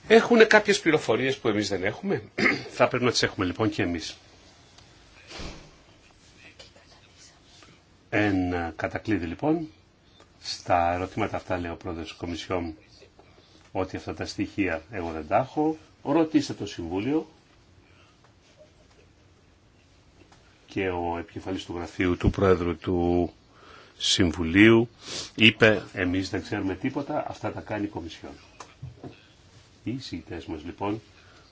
έχουν κάποιες πληροφορίες που εμείς δεν έχουμε. Θα πρέπει να τις έχουμε λοιπόν και εμείς. Εν κατακλείδη λοιπόν, στα ερωτήματα αυτά λέει ο πρόεδρος της Κομισιόν ότι αυτά τα στοιχεία εγώ δεν τα έχω. Ρωτήστε το Συμβούλιο και ο επικεφαλής του γραφείου του πρόεδρου του Συμβουλίου είπε εμείς δεν ξέρουμε τίποτα, αυτά τα κάνει η Κομισιόν. Οι εισηγητέ μα λοιπόν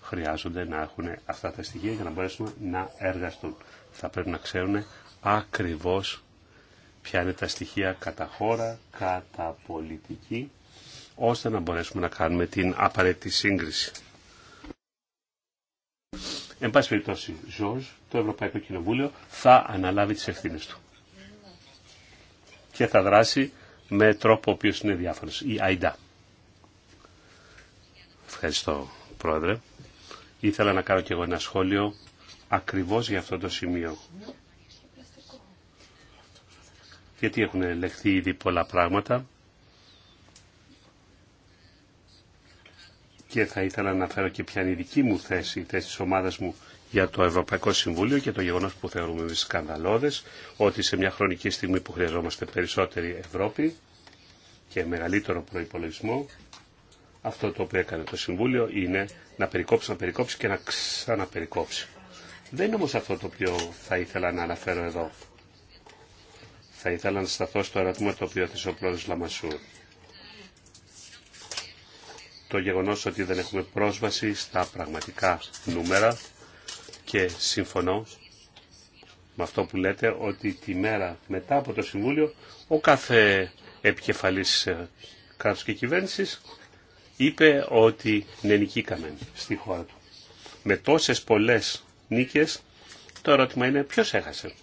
χρειάζονται να έχουν αυτά τα στοιχεία για να μπορέσουμε να εργαστούν. Θα πρέπει να ξέρουν ακριβώ ποια είναι τα στοιχεία κατά χώρα, κατά πολιτική, ώστε να μπορέσουμε να κάνουμε την απαραίτητη σύγκριση. Εν πάση περιπτώσει, Ζωζ, το Ευρωπαϊκό Κοινοβούλιο θα αναλάβει τις ευθύνες του και θα δράσει με τρόπο ο οποίος είναι διάφορος, η ΑΙΝΤΑ. Ευχαριστώ, Πρόεδρε. Ήθελα να κάνω κι εγώ ένα σχόλιο ακριβώς για αυτό το σημείο. Γιατί έχουν ελεγχθεί ήδη πολλά πράγματα και θα ήθελα να φέρω και ποια είναι η δική μου θέση, η θέση της ομάδας μου για το Ευρωπαϊκό Συμβούλιο και το γεγονός που θεωρούμε εμείς σκανδαλώδες, ότι σε μια χρονική στιγμή που χρειαζόμαστε περισσότερη Ευρώπη και μεγαλύτερο προϋπολογισμό, αυτό το οποίο έκανε το Συμβούλιο είναι να περικόψει, να περικόψει και να ξαναπερικόψει. Δεν είναι όμως αυτό το οποίο θα ήθελα να αναφέρω εδώ. Θα ήθελα να σταθώ στο ερώτημα το οποίο έθεσε ο πρόεδρος Λαμασούρ. Το γεγονός ότι δεν έχουμε πρόσβαση στα πραγματικά νούμερα και συμφωνώ με αυτό που λέτε ότι τη μέρα μετά από το Συμβούλιο ο κάθε επικεφαλής ε, κράτους και κυβέρνησης είπε ότι ναι νικήκαμε στη χώρα του. Με τόσες πολλές νίκες το ερώτημα είναι ποιος έχασε.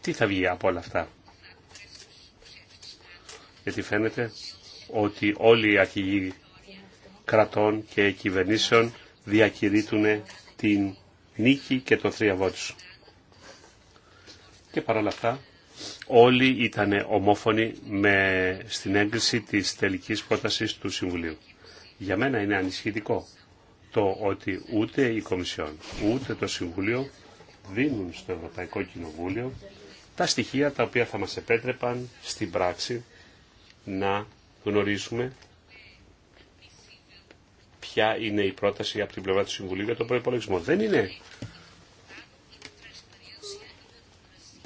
Τι θα βγει από όλα αυτά. Γιατί φαίνεται ότι όλοι οι αρχηγοί κρατών και κυβερνήσεων διακηρύττουν την νίκη και το θρίαβό τους. Και παρόλα αυτά όλοι ήταν ομόφωνοι με, στην έγκριση της τελικής πρότασης του Συμβουλίου. Για μένα είναι ανησυχητικό το ότι ούτε η Κομισιόν, ούτε το Συμβουλίο δίνουν στο Ευρωπαϊκό Κοινοβούλιο τα στοιχεία τα οποία θα μας επέτρεπαν στην πράξη να γνωρίσουμε ποια είναι η πρόταση από την πλευρά του Συμβουλίου για τον προπολογισμό. Δεν είναι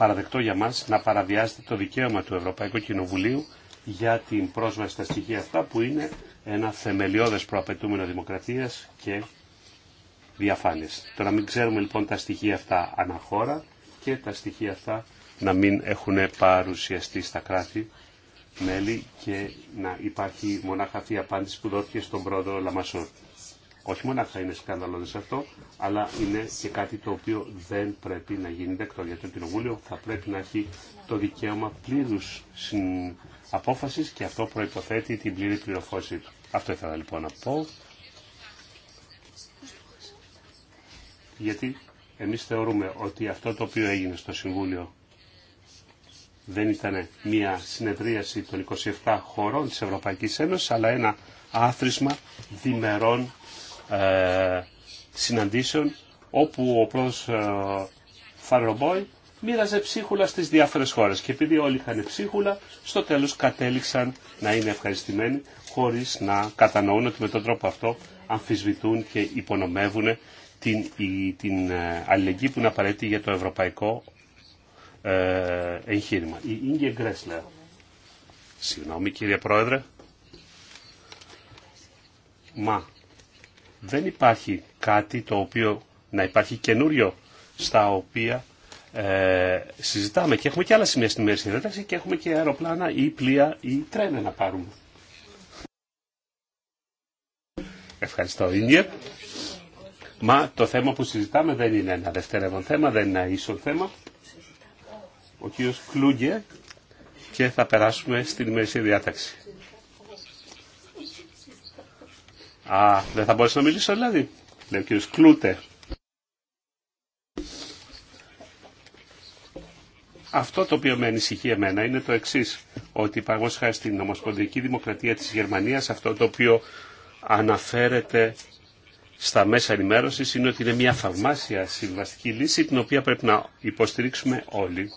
παραδεκτό για μας να παραβιάσετε το δικαίωμα του Ευρωπαϊκού Κοινοβουλίου για την πρόσβαση στα στοιχεία αυτά που είναι ένα θεμελιώδες προαπαιτούμενο δημοκρατίας και διαφάνειας. Το να μην ξέρουμε λοιπόν τα στοιχεία αυτά αναχώρα και τα στοιχεία αυτά να μην έχουν παρουσιαστεί στα κράτη μέλη και να υπάρχει μονάχα αυτή η απάντηση που δόθηκε στον πρόεδρο Λαμασόρ. Όχι μόνο θα είναι σε αυτό, αλλά είναι και κάτι το οποίο δεν πρέπει να γίνει δεκτό. Γιατί το Κοινοβούλιο θα πρέπει να έχει το δικαίωμα πλήρους απόφασης και αυτό προϋποθέτει την πλήρη πληροφόρηση του. Αυτό ήθελα λοιπόν να πω. Γιατί εμείς θεωρούμε ότι αυτό το οποίο έγινε στο Συμβούλιο δεν ήταν μια συνεδρίαση των 27 χωρών της Ευρωπαϊκής Ένωσης, αλλά ένα άθροισμα διμερών ε, συναντήσεων όπου ο πρόεδρος ε, Φαρρομπόι μοίραζε ψίχουλα στις διάφορες χώρες και επειδή όλοι είχαν ψίχουλα στο τέλος κατέληξαν να είναι ευχαριστημένοι χωρίς να κατανοούν ότι με τον τρόπο αυτό αμφισβητούν και υπονομεύουν την, την ε, αλληλεγγύη που είναι απαραίτητη για το ευρωπαϊκό ε, εγχείρημα. Η Ίγκε Γκρέσλερ. Συγγνώμη κύριε Πρόεδρε. Μα δεν υπάρχει κάτι το οποίο να υπάρχει καινούριο στα οποία ε, συζητάμε και έχουμε και άλλα σημεία στην ημέρηση διάταξη και έχουμε και αεροπλάνα ή πλοία ή τρένα να πάρουμε. Ευχαριστώ, Ίνγερ. Μα το θέμα που συζητάμε δεν είναι ένα δευτερεύον θέμα, δεν είναι ένα ίσον θέμα. Ο κύριος Κλούγκε και θα περάσουμε στην ημερησία διάταξη. Α, δεν θα μπορέσω να μιλήσω δηλαδή, λέει ο κύριος Κλούτε. Αυτό το οποίο με ανησυχεί εμένα είναι το εξή, ότι παραγωγή χάρη στην Ομοσπονδιακή Δημοκρατία της Γερμανίας αυτό το οποίο αναφέρεται στα μέσα ενημέρωση είναι ότι είναι μια θαυμάσια συμβαστική λύση την οποία πρέπει να υποστηρίξουμε όλοι.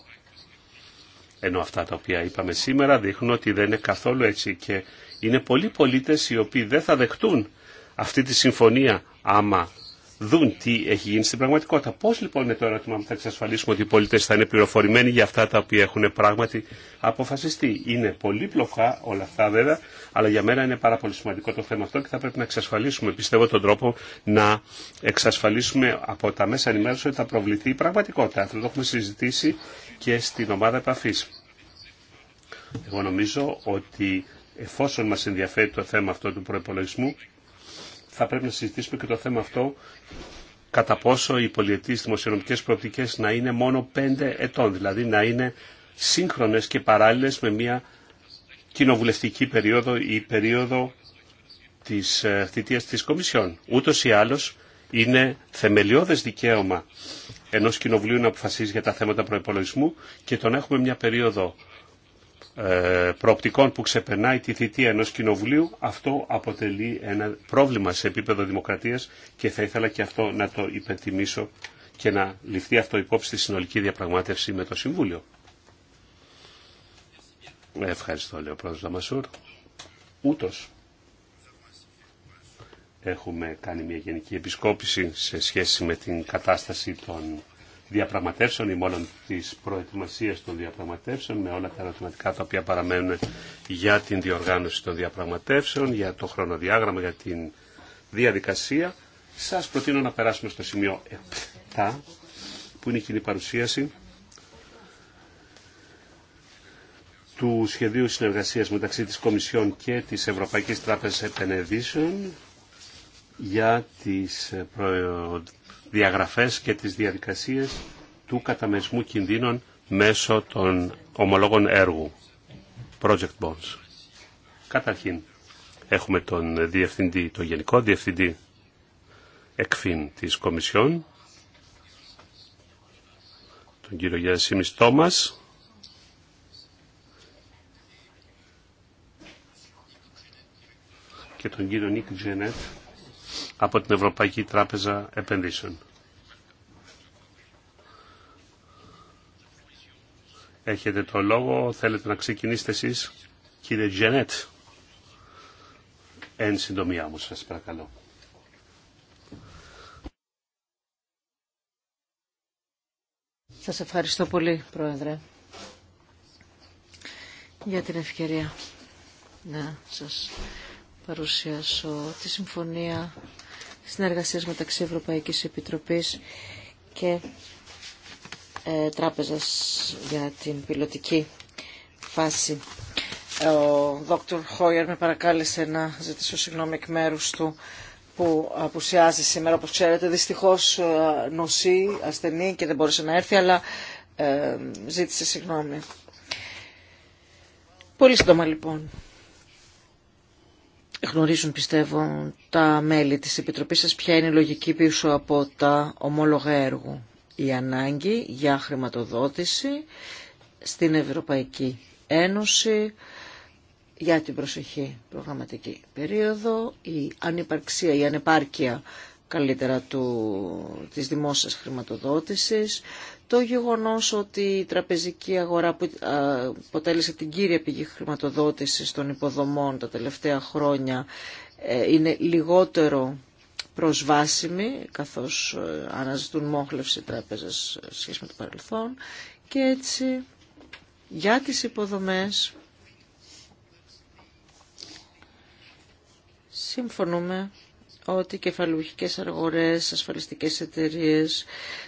Ενώ αυτά τα οποία είπαμε σήμερα δείχνουν ότι δεν είναι καθόλου έτσι και είναι πολλοί πολίτες οι οποίοι δεν θα δεχτούν αυτή τη συμφωνία άμα δουν τι έχει γίνει στην πραγματικότητα. Πώ λοιπόν είναι το ερώτημα που θα εξασφαλίσουμε ότι οι πολίτε θα είναι πληροφορημένοι για αυτά τα οποία έχουν πράγματι αποφασιστεί. Είναι πολύ πλοκά όλα αυτά βέβαια, αλλά για μένα είναι πάρα πολύ σημαντικό το θέμα αυτό και θα πρέπει να εξασφαλίσουμε, πιστεύω, τον τρόπο να εξασφαλίσουμε από τα μέσα ενημέρωση ότι θα προβληθεί η πραγματικότητα. Αυτό το έχουμε συζητήσει και στην ομάδα επαφή. Εγώ νομίζω ότι εφόσον μας ενδιαφέρει το θέμα αυτό του προπολογισμού, θα πρέπει να συζητήσουμε και το θέμα αυτό κατά πόσο οι πολιετής δημοσιονομικές προοπτικές να είναι μόνο πέντε ετών, δηλαδή να είναι σύγχρονες και παράλληλες με μια κοινοβουλευτική περίοδο ή περίοδο της ε, θητείας της Κομισιόν. Ούτως ή άλλως είναι θεμελιώδες δικαίωμα ενός κοινοβουλίου να αποφασίζει για τα θέματα προπολογισμού και τον έχουμε μια περίοδο ε, προοπτικών που ξεπερνάει τη θητεία ενός κοινοβουλίου, αυτό αποτελεί ένα πρόβλημα σε επίπεδο δημοκρατίας και θα ήθελα και αυτό να το υπενθυμίσω και να ληφθεί αυτό υπόψη στη συνολική διαπραγμάτευση με το Συμβούλιο. Ευχαριστώ, λέει ο πρόεδρος Δαμασούρ. Ούτως έχουμε κάνει μια γενική επισκόπηση σε σχέση με την κατάσταση των διαπραγματεύσεων ή μόνο τη προετοιμασία των διαπραγματεύσεων με όλα τα ερωτηματικά τα οποία παραμένουν για την διοργάνωση των διαπραγματεύσεων, για το χρονοδιάγραμμα, για την διαδικασία. Σας προτείνω να περάσουμε στο σημείο 7 που είναι η κοινή παρουσίαση του σχεδίου συνεργασίας μεταξύ της Κομισιόν και της Ευρωπαϊκής Τράπεζας Επενεδίσεων για τις διαγραφές και τις διαδικασίες του καταμερισμού κινδύνων μέσω των ομολόγων έργου. Project Bonds. Καταρχήν, έχουμε τον διευθυντή, τον γενικό διευθυντή Εκφίν της Κομισιόν, τον κύριο Γιάννη Τόμας, και τον κύριο Νίκ Τζένετ, από την Ευρωπαϊκή Τράπεζα Επενδύσεων. Έχετε το λόγο, θέλετε να ξεκινήσετε εσείς, κύριε Τζενέτ. Εν συντομία μου σας παρακαλώ. Σας ευχαριστώ πολύ, Πρόεδρε, για την ευκαιρία να σας παρουσιάσω τη συμφωνία Συνεργασία μεταξύ Ευρωπαϊκής Επιτροπής και ε, τράπεζας για την πιλωτική φάση. Ο Δόκτωρ Χόιερ με παρακάλεσε να ζητήσω συγγνώμη εκ μέρους του που απουσιάζει σήμερα, όπως ξέρετε. Δυστυχώς ε, νοσή, ασθενή και δεν μπορούσε να έρθει, αλλά ε, ζήτησε συγγνώμη. Πολύ σύντομα λοιπόν. Γνωρίζουν πιστεύω τα μέλη της Επιτροπής σας ποια είναι η λογική πίσω από τα ομόλογα έργου. Η ανάγκη για χρηματοδότηση στην Ευρωπαϊκή Ένωση για την προσεχή προγραμματική περίοδο, η ανυπαρξία, η ανεπάρκεια καλύτερα του, της δημόσιας χρηματοδότησης, το γεγονός ότι η τραπεζική αγορά που ε, αποτέλεσε την κύρια πηγή χρηματοδότησης των υποδομών τα τελευταία χρόνια ε, είναι λιγότερο προσβάσιμη, καθώς ε, αναζητούν μόχλευση τράπεζες σχέση με το παρελθόν και έτσι για τις υποδομές συμφωνούμε ότι κεφαλουχικές αγορές, ασφαλιστικές εταιρείες,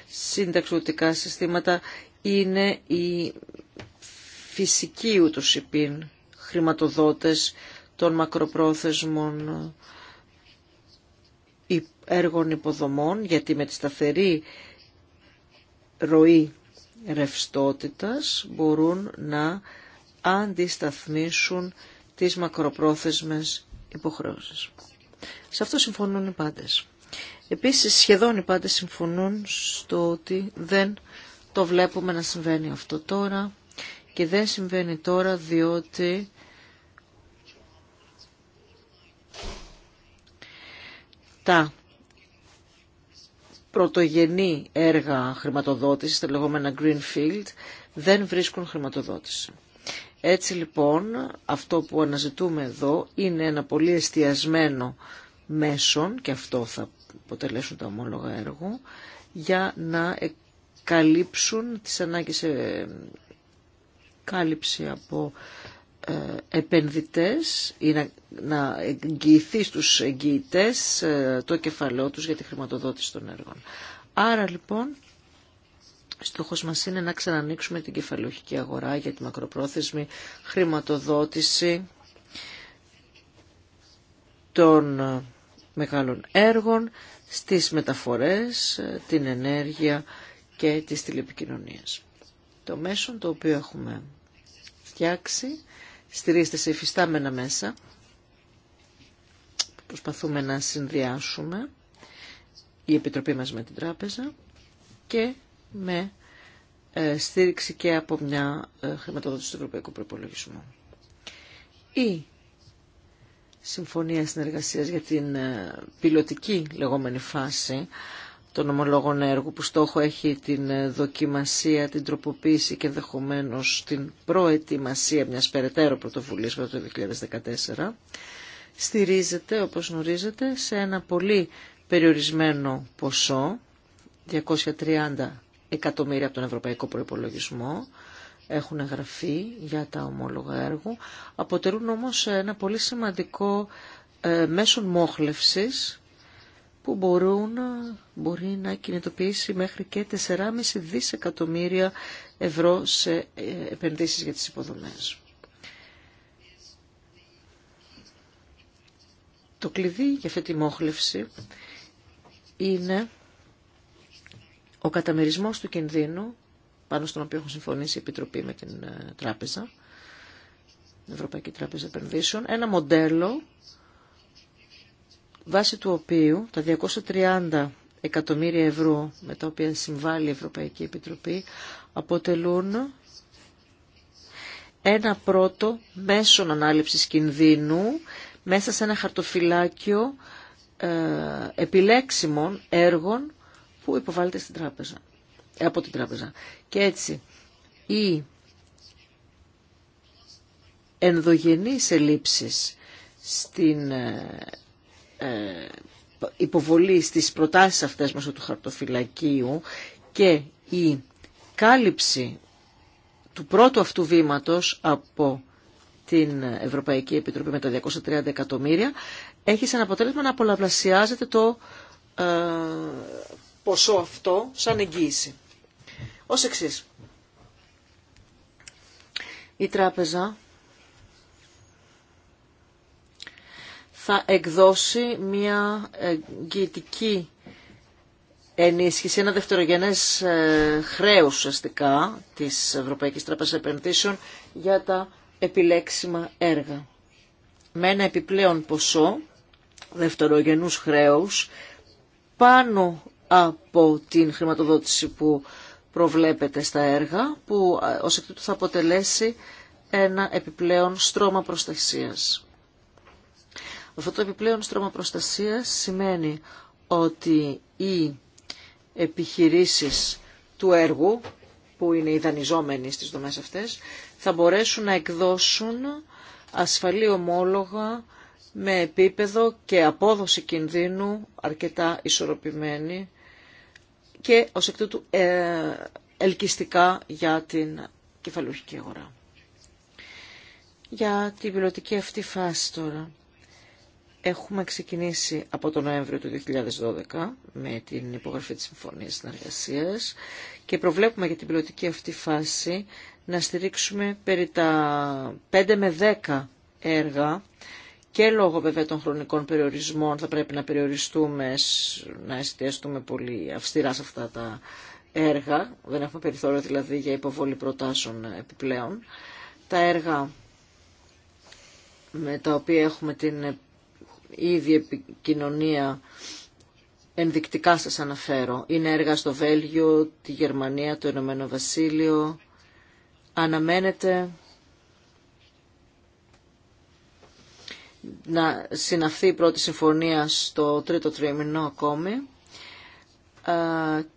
συνταξιωτικά συστήματα είναι οι φυσικοί ούτως υπήν χρηματοδότες των μακροπρόθεσμων έργων υποδομών, γιατί με τη σταθερή ροή ρευστότητας μπορούν να αντισταθμίσουν τις μακροπρόθεσμες υποχρεώσεις. Σε αυτό συμφωνούν οι πάντες. Επίσης σχεδόν οι πάντες συμφωνούν στο ότι δεν το βλέπουμε να συμβαίνει αυτό τώρα και δεν συμβαίνει τώρα διότι τα πρωτογενή έργα χρηματοδότησης, τα λεγόμενα Greenfield, δεν βρίσκουν χρηματοδότηση. Έτσι λοιπόν αυτό που αναζητούμε εδώ είναι ένα πολύ εστιασμένο μέσον και αυτό θα αποτελέσουν τα ομόλογα έργου για να καλύψουν τις ανάγκες ε, κάλυψη από ε, επενδυτές ή να, να εγγυηθεί στους εγγυητές ε, το κεφαλαίο τους για τη χρηματοδότηση των έργων. Άρα λοιπόν Στόχος μας είναι να ξανανοίξουμε την κεφαλαιοχική αγορά για τη μακροπρόθεσμη χρηματοδότηση των μεγάλων έργων στις μεταφορές, την ενέργεια και τις τηλεπικοινωνίες. Το μέσο το οποίο έχουμε φτιάξει στηρίζεται σε υφιστάμενα μέσα που προσπαθούμε να συνδυάσουμε η Επιτροπή μας με την Τράπεζα και με ε, στήριξη και από μια ε, χρηματοδότηση του Ευρωπαϊκού Προπολογισμού. Η Συμφωνία Συνεργασίας για την ε, πιλωτική λεγόμενη φάση των ομολόγων έργου που στόχο έχει την δοκιμασία, την τροποποίηση και ενδεχομένω την προετοιμασία μιας περαιτέρω πρωτοβουλίας μετά το 2014, στηρίζεται, όπως γνωρίζετε, σε ένα πολύ περιορισμένο ποσό, 230 εκατομμύρια από τον Ευρωπαϊκό Προϋπολογισμό έχουν εγγραφεί για τα ομόλογα έργου, αποτελούν όμως ένα πολύ σημαντικό ε, μέσο μόχλευσης που μπορούν, μπορεί να κινητοποιήσει μέχρι και 4,5 δισεκατομμύρια ευρώ σε ε, επενδύσεις για τις υποδομές. Το κλειδί για αυτή τη μόχλευση είναι ο καταμερισμός του κινδύνου, πάνω στον οποίο έχουν συμφωνήσει η Επιτροπή με την ε, Τράπεζα, την Ευρωπαϊκή Τράπεζα Επενδύσεων, ένα μοντέλο βάσει του οποίου τα 230 εκατομμύρια ευρώ με τα οποία συμβάλλει η Ευρωπαϊκή Επιτροπή αποτελούν ένα πρώτο μέσο ανάληψης κινδύνου μέσα σε ένα χαρτοφυλάκιο ε, επιλέξιμων έργων που υποβάλλεται στην τράπεζα, από την τράπεζα. Και έτσι οι ενδογενείς ελλείψεις στην ε, ε, υποβολή στις προτάσεις αυτές μέσω του χαρτοφυλακίου και η κάλυψη του πρώτου αυτού βήματος από την Ευρωπαϊκή Επιτροπή με τα 230 εκατομμύρια έχει σαν αποτέλεσμα να πολλαπλασιάζεται το ε, ποσό αυτό σαν εγγύηση. Ως εξή. Η τράπεζα θα εκδώσει μια εγγυητική ενίσχυση, ένα δευτερογενές ε, χρέος ουσιαστικά της Ευρωπαϊκής Τράπεζας Επενδύσεων για τα επιλέξιμα έργα. Με ένα επιπλέον ποσό δευτερογενούς χρέους πάνω από την χρηματοδότηση που προβλέπεται στα έργα, που ε, ως εκ τούτου θα αποτελέσει ένα επιπλέον στρώμα προστασίας. Αυτό το επιπλέον στρώμα προστασίας σημαίνει ότι οι επιχειρήσεις του έργου, που είναι οι δανειζόμενοι στις δομές αυτές, θα μπορέσουν να εκδώσουν ασφαλή ομόλογα με επίπεδο και απόδοση κινδύνου αρκετά ισορροπημένη και ως εκ τούτου ε, ελκυστικά για την κεφαλουργική αγορά. Για την πιλωτική αυτή φάση τώρα. Έχουμε ξεκινήσει από τον Νοέμβριο του 2012 με την υπογραφή της Συμφωνίας Συνεργασίας και προβλέπουμε για την πιλωτική αυτή φάση να στηρίξουμε περί τα 5 με 10 έργα και λόγω βέβαια των χρονικών περιορισμών θα πρέπει να περιοριστούμε, να εστιαστούμε πολύ αυστηρά σε αυτά τα έργα. Δεν έχουμε περιθώριο δηλαδή για υποβολή προτάσεων επιπλέον. Τα έργα με τα οποία έχουμε την ίδια επικοινωνία ενδεικτικά σας αναφέρω. Είναι έργα στο Βέλγιο, τη Γερμανία, το Ηνωμένο Βασίλειο. Αναμένεται να συναυθεί η πρώτη συμφωνία στο τρίτο τρίμηνο ακόμη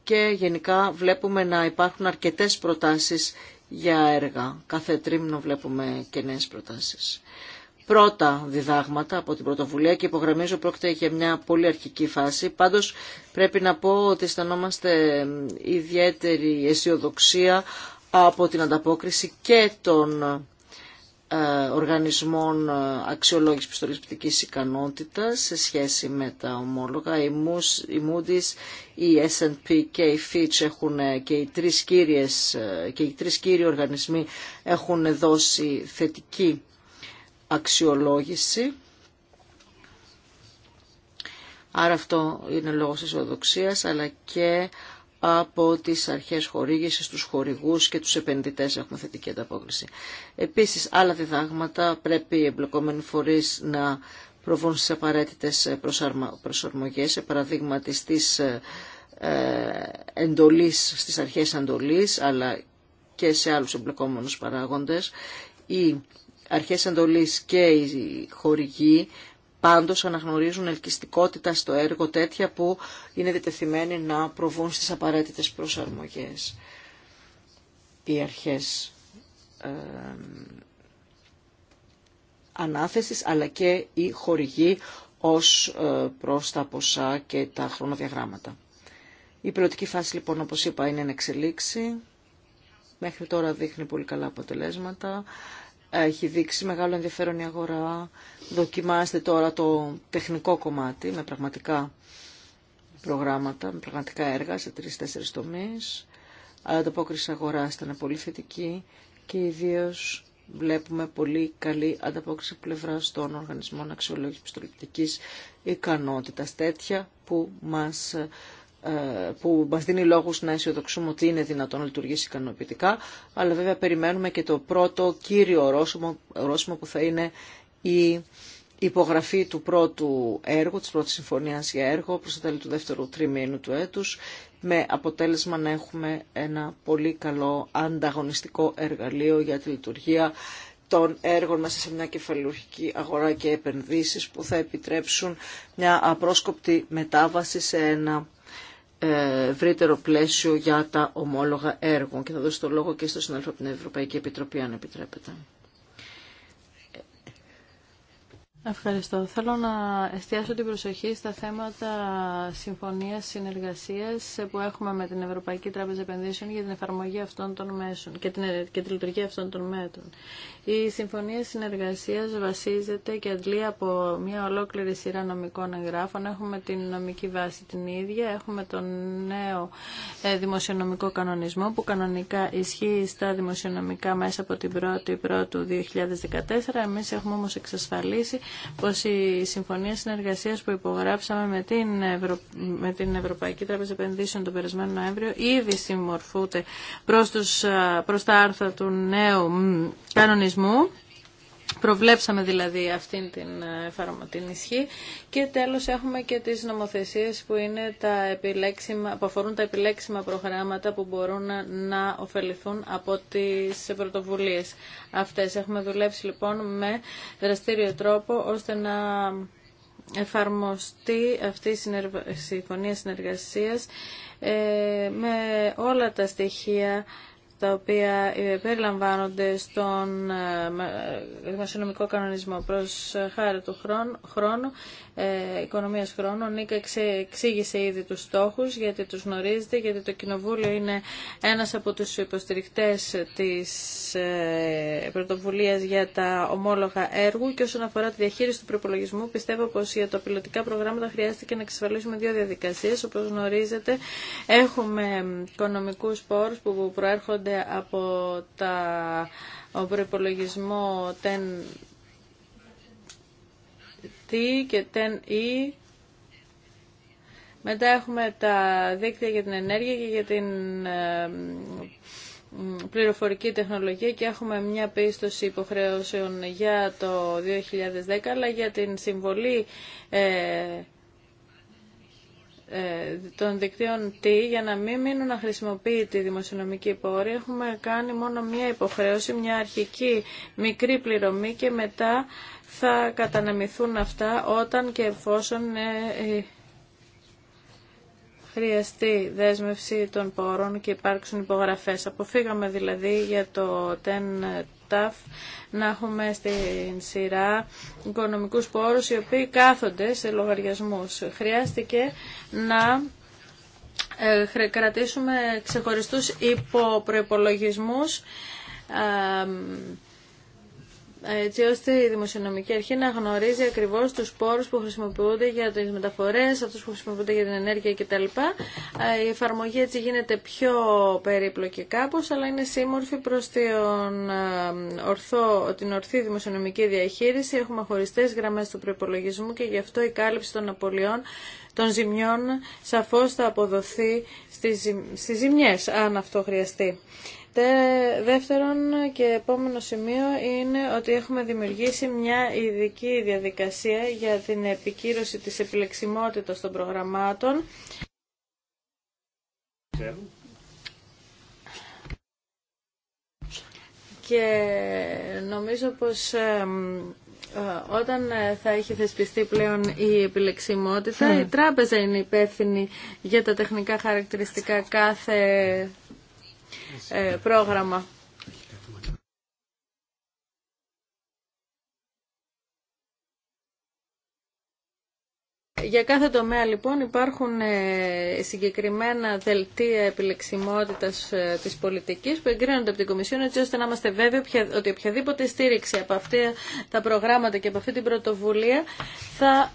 και γενικά βλέπουμε να υπάρχουν αρκετές προτάσεις για έργα. Κάθε τρίμηνο βλέπουμε και νέες προτάσεις. Πρώτα διδάγματα από την πρωτοβουλία και υπογραμμίζω πρόκειται για μια πολύ αρχική φάση. Πάντως πρέπει να πω ότι αισθανόμαστε ιδιαίτερη αισιοδοξία από την ανταπόκριση και των ε, οργανισμών ε, αξιολόγησης πιστοληπτικής ικανότητας σε σχέση με τα ομόλογα. Οι, Moody's, η S&P και η Fitch έχουν ε, και οι, τρεις κύριες, και οι τρεις κύριοι οργανισμοί έχουν δώσει θετική αξιολόγηση. Άρα αυτό είναι λόγος αισιοδοξία, αλλά και από τις αρχές χορήγησης, τους χορηγούς και τους επενδυτές έχουμε θετική ανταπόκριση. Επίσης, άλλα διδάγματα πρέπει οι εμπλεκόμενοι φορείς να προβούν στις απαραίτητες προσαρμογές, σε παραδείγματι στις ε, ε, εντολής, στις αρχές εντολής, αλλά και σε άλλους εμπλεκόμενους παράγοντες. Οι αρχές εντολής και οι χορηγοί πάντως αναγνωρίζουν ελκυστικότητα στο έργο τέτοια που είναι διτεθειμένοι να προβούν στις απαραίτητες προσαρμογές. Οι αρχές ανάθεσης αλλά και η χορηγή ως ε, προς τα ποσά και τα χρονοδιαγράμματα. Η πιλωτική φάση λοιπόν όπως είπα είναι εν εξελίξη. Μέχρι τώρα δείχνει πολύ καλά αποτελέσματα. Έχει δείξει μεγάλο ενδιαφέρον η αγορά. Δοκιμάστε τώρα το τεχνικό κομμάτι με πραγματικά προγράμματα, με πραγματικά έργα σε τρει-τέσσερι τομεί. Η ανταπόκριση αγορά ήταν πολύ θετική και ιδίω βλέπουμε πολύ καλή ανταπόκριση πλευρά των οργανισμών αξιολόγηση πιστοληπτική ικανότητα τέτοια που μας ε, που μας δίνει λόγους να αισιοδοξούμε ότι είναι δυνατόν να λειτουργήσει ικανοποιητικά, αλλά βέβαια περιμένουμε και το πρώτο κύριο ορόσημο, ορόσημο που θα είναι η υπογραφή του πρώτου έργου, της πρώτης συμφωνίας για έργο προς τα το τέλη του δεύτερου τριμήνου του έτους, με αποτέλεσμα να έχουμε ένα πολύ καλό ανταγωνιστικό εργαλείο για τη λειτουργία των έργων μέσα σε μια κεφαλουργική αγορά και επενδύσεις που θα επιτρέψουν μια απρόσκοπτη μετάβαση σε ένα ε, ευρύτερο πλαίσιο για τα ομόλογα έργων. Και θα δώσω το λόγο και στο συνάδελφο από την Ευρωπαϊκή Επιτροπή, αν επιτρέπετε. Ευχαριστώ. Θέλω να εστιάσω την προσοχή στα θέματα συμφωνίας συνεργασίας που έχουμε με την Ευρωπαϊκή Τράπεζα Επενδύσεων για την εφαρμογή αυτών των μέσων και την, και τη λειτουργία αυτών των μέτρων. Η Συμφωνία Συνεργασίας βασίζεται και αντλεί από μια ολόκληρη σειρά νομικών εγγράφων. Έχουμε την νομική βάση την ίδια, έχουμε τον νέο ε, δημοσιονομικό κανονισμό που κανονικά ισχύει στα δημοσιονομικά μέσα από την 1η Πρώτου 2014. Εμείς έχουμε όμως εξασφαλίσει πως η Συμφωνία Συνεργασίας που υπογράψαμε με την, με την Ευρωπαϊκή Τράπεζα Επενδύσεων τον περασμένο Νοέμβριο ήδη συμμορφούνται προς, ε, τα άρθρα του νέου κανονισμού Προβλέψαμε δηλαδή αυτή την, ε, την ισχύ και τέλος έχουμε και τις νομοθεσίες που, είναι τα επιλέξιμα, που αφορούν τα επιλέξιμα προγράμματα που μπορούν να, να ωφεληθούν από τις πρωτοβουλίε αυτές. Έχουμε δουλέψει λοιπόν με δραστήριο τρόπο ώστε να εφαρμοστεί αυτή η συμφωνία συνεργασίας ε, με όλα τα στοιχεία τα οποία ε, περιλαμβάνονται στον ε, ε, δημοσιονομικό κανονισμό προς χάρη του χρόνου ε, οικονομίας Χρόνου. Ο Νίκα εξήγησε ήδη τους στόχους γιατί τους γνωρίζετε, γιατί το Κοινοβούλιο είναι ένας από τους υποστηρικτές της ε, πρωτοβουλίας για τα ομόλογα έργου και όσον αφορά τη διαχείριση του προπολογισμού πιστεύω πως για τα πιλωτικά προγράμματα χρειάστηκε να εξασφαλίσουμε δύο διαδικασίες. Όπως γνωρίζετε έχουμε οικονομικούς πόρους που προέρχονται από τα ο προπολογισμό τι και τεν e. Μετά έχουμε τα δίκτυα για την ενέργεια και για την ε, πληροφορική τεχνολογία και έχουμε μια πίστοση υποχρεώσεων για το 2010 αλλά για την συμβολή ε, ε, των δικτύων τι για να μην μείνουν να χρησιμοποιεί τη δημοσιονομική πόρη. Έχουμε κάνει μόνο μία υποχρέωση, μια αρχική μικρή πληρωμή και μετά θα καταναμηθούν αυτά όταν και εφόσον ε, ε, χρειαστεί δέσμευση των πόρων και υπάρξουν υπογραφές. Αποφύγαμε δηλαδή για το TEN TAF να έχουμε στην σειρά οικονομικούς πόρους οι οποίοι κάθονται σε λογαριασμούς. Χρειάστηκε να ε, κρατήσουμε ξεχωριστούς υποπροϋπολογισμούς έτσι ώστε η Δημοσιονομική Αρχή να γνωρίζει ακριβώ του πόρου που χρησιμοποιούνται για τι μεταφορέ, αυτού που χρησιμοποιούνται για την ενέργεια κτλ. Ε, η εφαρμογή έτσι γίνεται πιο περίπλοκη κάπω, αλλά είναι σύμμορφη προ την, ε, την ορθή δημοσιονομική διαχείριση. Έχουμε χωριστέ γραμμέ του προπολογισμού και γι' αυτό η κάλυψη των απολειών των ζημιών σαφώ θα αποδοθεί στι ζημιέ, αν αυτό χρειαστεί δεύτερον και επόμενο σημείο είναι ότι έχουμε δημιουργήσει μια ειδική διαδικασία για την επικύρωση της επιλεξιμότητας των προγραμμάτων. Και νομίζω πως ε, όταν θα έχει θεσπιστεί πλέον η επιλεξιμότητα, η τράπεζα είναι υπεύθυνη για τα τεχνικά χαρακτηριστικά κάθε ε, πρόγραμμα. Για κάθε τομέα λοιπόν υπάρχουν ε, συγκεκριμένα δελτία επιλεξιμότητας ε, της πολιτικής που εγκρίνονται από την Κομισιόν έτσι ώστε να είμαστε βέβαιοι ότι οποιαδήποτε στήριξη από αυτά τα προγράμματα και από αυτή την πρωτοβουλία θα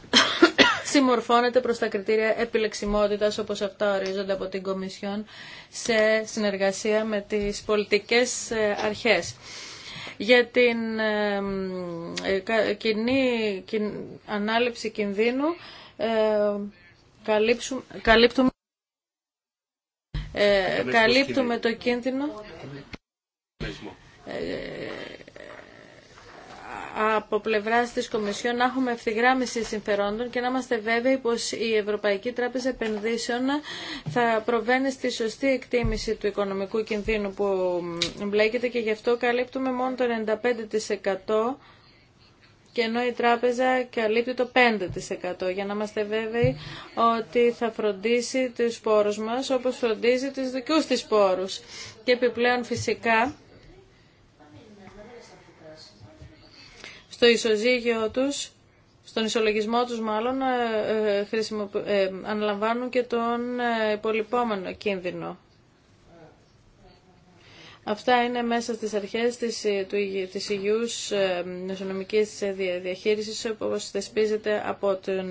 συμμορφώνεται προς τα κριτήρια επιλεξιμότητας όπως αυτά ορίζονται από την Κομισιόν σε συνεργασία με τις πολιτικές ε, αρχές για την ε, κοινή ανάληψη κινδύνου ε, καλύπτουμε, το κίνδυνο από πλευρά τη Κομισιόν να έχουμε ευθυγράμμιση συμφερόντων και να είμαστε βέβαιοι πω η Ευρωπαϊκή Τράπεζα Επενδύσεων θα προβαίνει στη σωστή εκτίμηση του οικονομικού κινδύνου που μπλέκεται και γι' αυτό καλύπτουμε μόνο το 95% και ενώ η τράπεζα καλύπτει το 5% για να είμαστε βέβαιοι ότι θα φροντίσει τους πόρους μας όπως φροντίζει τους δικούς της πόρους. Και επιπλέον φυσικά στο ισοζύγιο τους, στον ισολογισμό τους μάλλον, ε, ε, ε, αναλαμβάνουν και τον υπολοιπόμενο κίνδυνο. Αυτά είναι μέσα στις αρχές της, του, της υγιούς νοσονομικής διαχείρισης όπως θεσπίζεται από τον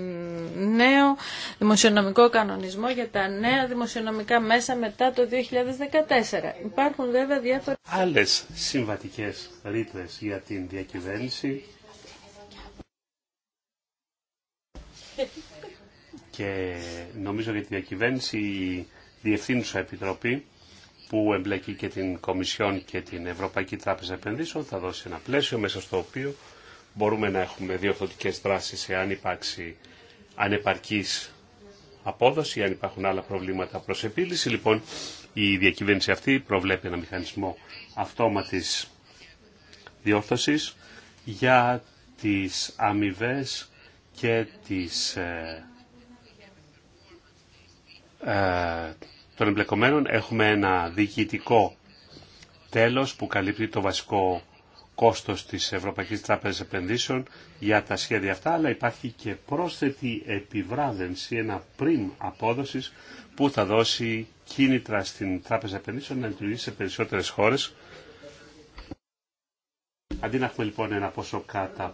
νέο δημοσιονομικό κανονισμό για τα νέα δημοσιονομικά μέσα μετά το 2014. Υπάρχουν βέβαια διάφορες... Άλλες συμβατικές ρήτρες για την διακυβέρνηση Και νομίζω για τη διακυβέρνηση η Διευθύνουσα Επιτροπή που εμπλέκει και την Κομισιόν και την Ευρωπαϊκή Τράπεζα Επενδύσεων θα δώσει ένα πλαίσιο μέσα στο οποίο μπορούμε να έχουμε διορθωτικές δράσεις εάν υπάρξει ανεπαρκής απόδοση, αν υπάρχουν άλλα προβλήματα προς επίλυση. Λοιπόν, η διακυβέρνηση αυτή προβλέπει ένα μηχανισμό αυτόματης διόρθωσης για τις αμοιβέ και της, ε, ε, των εμπλεκομένων. Έχουμε ένα διοικητικό τέλος που καλύπτει το βασικό κόστος της Ευρωπαϊκής Τράπεζας Επενδύσεων για τα σχέδια αυτά, αλλά υπάρχει και πρόσθετη επιβράδυνση, ένα πριμ απόδοσης που θα δώσει κίνητρα στην Τράπεζα Επενδύσεων να λειτουργήσει σε περισσότερες χώρες. Αντί να έχουμε λοιπόν ένα ποσό κατά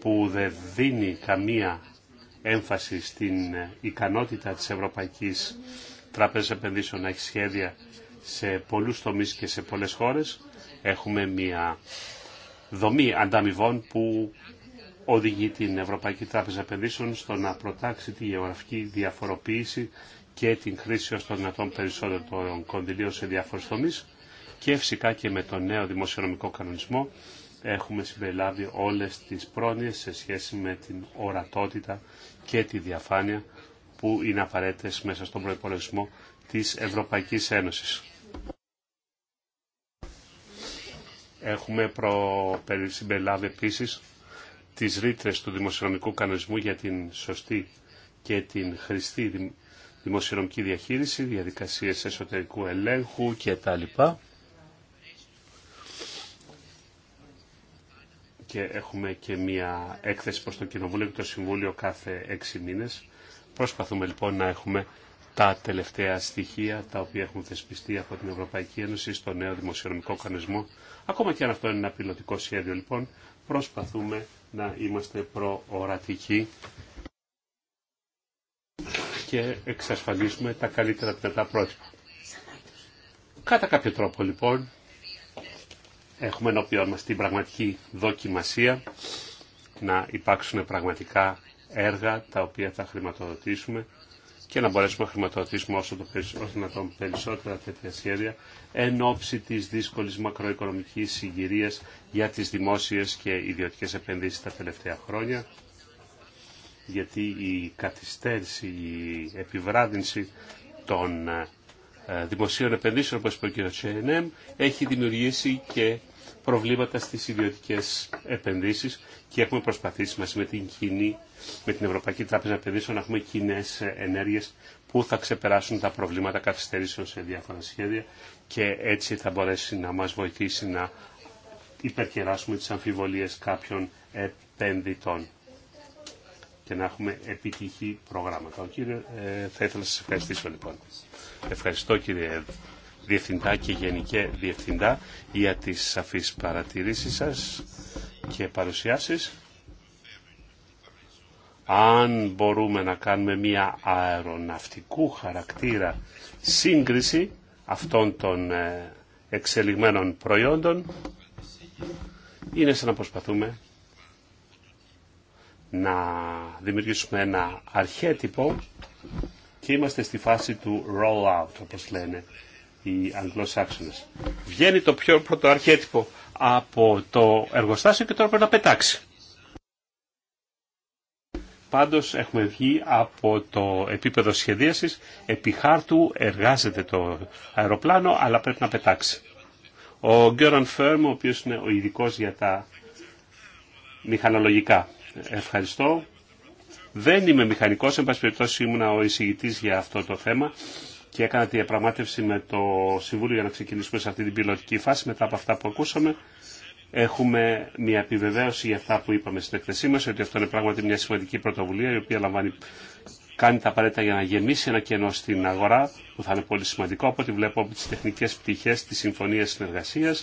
που δεν δίνει καμία έμφαση στην ικανότητα της Ευρωπαϊκής Τράπεζας Επενδύσεων να έχει σχέδια σε πολλούς τομείς και σε πολλές χώρες. Έχουμε μια δομή ανταμοιβών που οδηγεί την Ευρωπαϊκή Τράπεζα Επενδύσεων στο να προτάξει τη γεωγραφική διαφοροποίηση και την χρήση ως το δυνατόν περισσότερο των κονδυλίων σε διάφορους τομείς και φυσικά και με τον νέο δημοσιονομικό κανονισμό έχουμε συμπεριλάβει όλες τις πρόνοιες σε σχέση με την ορατότητα και τη διαφάνεια που είναι απαραίτητες μέσα στον προϋπολογισμό της Ευρωπαϊκής Ένωσης. Έχουμε συμπεριλάβει επίσης τις ρήτρες του δημοσιονομικού κανονισμού για την σωστή και την χρηστή δημοσιονομική διαχείριση, διαδικασίες εσωτερικού ελέγχου κτλ. και έχουμε και μια έκθεση προς το Κοινοβούλιο και το Συμβούλιο κάθε έξι μήνες. Προσπαθούμε λοιπόν να έχουμε τα τελευταία στοιχεία τα οποία έχουν θεσπιστεί από την Ευρωπαϊκή Ένωση στο νέο δημοσιονομικό κανονισμό. Ακόμα και αν αυτό είναι ένα πιλωτικό σχέδιο λοιπόν, προσπαθούμε να είμαστε προορατικοί και εξασφαλίσουμε τα καλύτερα πιθανά πρότυπα. Κατά κάποιο τρόπο λοιπόν έχουμε ενώπιόν μας την πραγματική δοκιμασία να υπάρξουν πραγματικά έργα τα οποία θα χρηματοδοτήσουμε και να μπορέσουμε να χρηματοδοτήσουμε όσο το περισσότερο περισσότερα τέτοια σχέδια εν ώψη της δύσκολης μακροοικονομικής συγκυρίας για τις δημόσιες και ιδιωτικές επενδύσεις τα τελευταία χρόνια γιατί η καθυστέρηση, η επιβράδυνση των ε, ε, δημοσίων επενδύσεων, όπως είπε ο κ. Τσέινεμ, έχει δημιουργήσει και προβλήματα στις ιδιωτικές επενδύσεις και έχουμε προσπαθήσει μαζί με την, με την Ευρωπαϊκή Τράπεζα Επενδύσεων να έχουμε κοινέ ενέργειες που θα ξεπεράσουν τα προβλήματα καθυστερήσεων σε διάφορα σχέδια και έτσι θα μπορέσει να μας βοηθήσει να υπερκεράσουμε τις αμφιβολίες κάποιων επενδυτών και να έχουμε επιτυχή προγράμματα. Ο ε, θα ήθελα να σας ευχαριστήσω λοιπόν. Ευχαριστώ κύριε Διευθυντά και Γενικέ Διευθυντά για τις σαφείς παρατηρήσεις σας και παρουσιάσεις. Αν μπορούμε να κάνουμε μία αεροναυτικού χαρακτήρα σύγκριση αυτών των ε, εξελιγμένων προϊόντων, είναι σαν να προσπαθούμε να δημιουργήσουμε ένα αρχέτυπο και είμαστε στη φάση του roll-out, όπως λένε οι Αγγλοσάξονες. Βγαίνει το πιο πρώτο αρχέτυπο από το εργοστάσιο και τώρα πρέπει να πετάξει. Πάντως έχουμε βγει από το επίπεδο σχεδίασης, επί χάρτου εργάζεται το αεροπλάνο, αλλά πρέπει να πετάξει. Ο Γκέραν Φέρμ, ο οποίος είναι ο ειδικός για τα μηχανολογικά, Ευχαριστώ. Δεν είμαι μηχανικό. εν πάση περιπτώσει ήμουνα ο εισηγητή για αυτό το θέμα και έκανα τη διαπραγμάτευση με το Συμβούλιο για να ξεκινήσουμε σε αυτή την πιλωτική φάση. Μετά από αυτά που ακούσαμε, έχουμε μια επιβεβαίωση για αυτά που είπαμε στην εκθεσή μα, ότι αυτό είναι πράγματι μια σημαντική πρωτοβουλία, η οποία λαμβάνει, κάνει τα απαραίτητα για να γεμίσει ένα κενό στην αγορά, που θα είναι πολύ σημαντικό από ό,τι βλέπω από τι τεχνικές πτυχές τη Συμφωνία Συνεργασία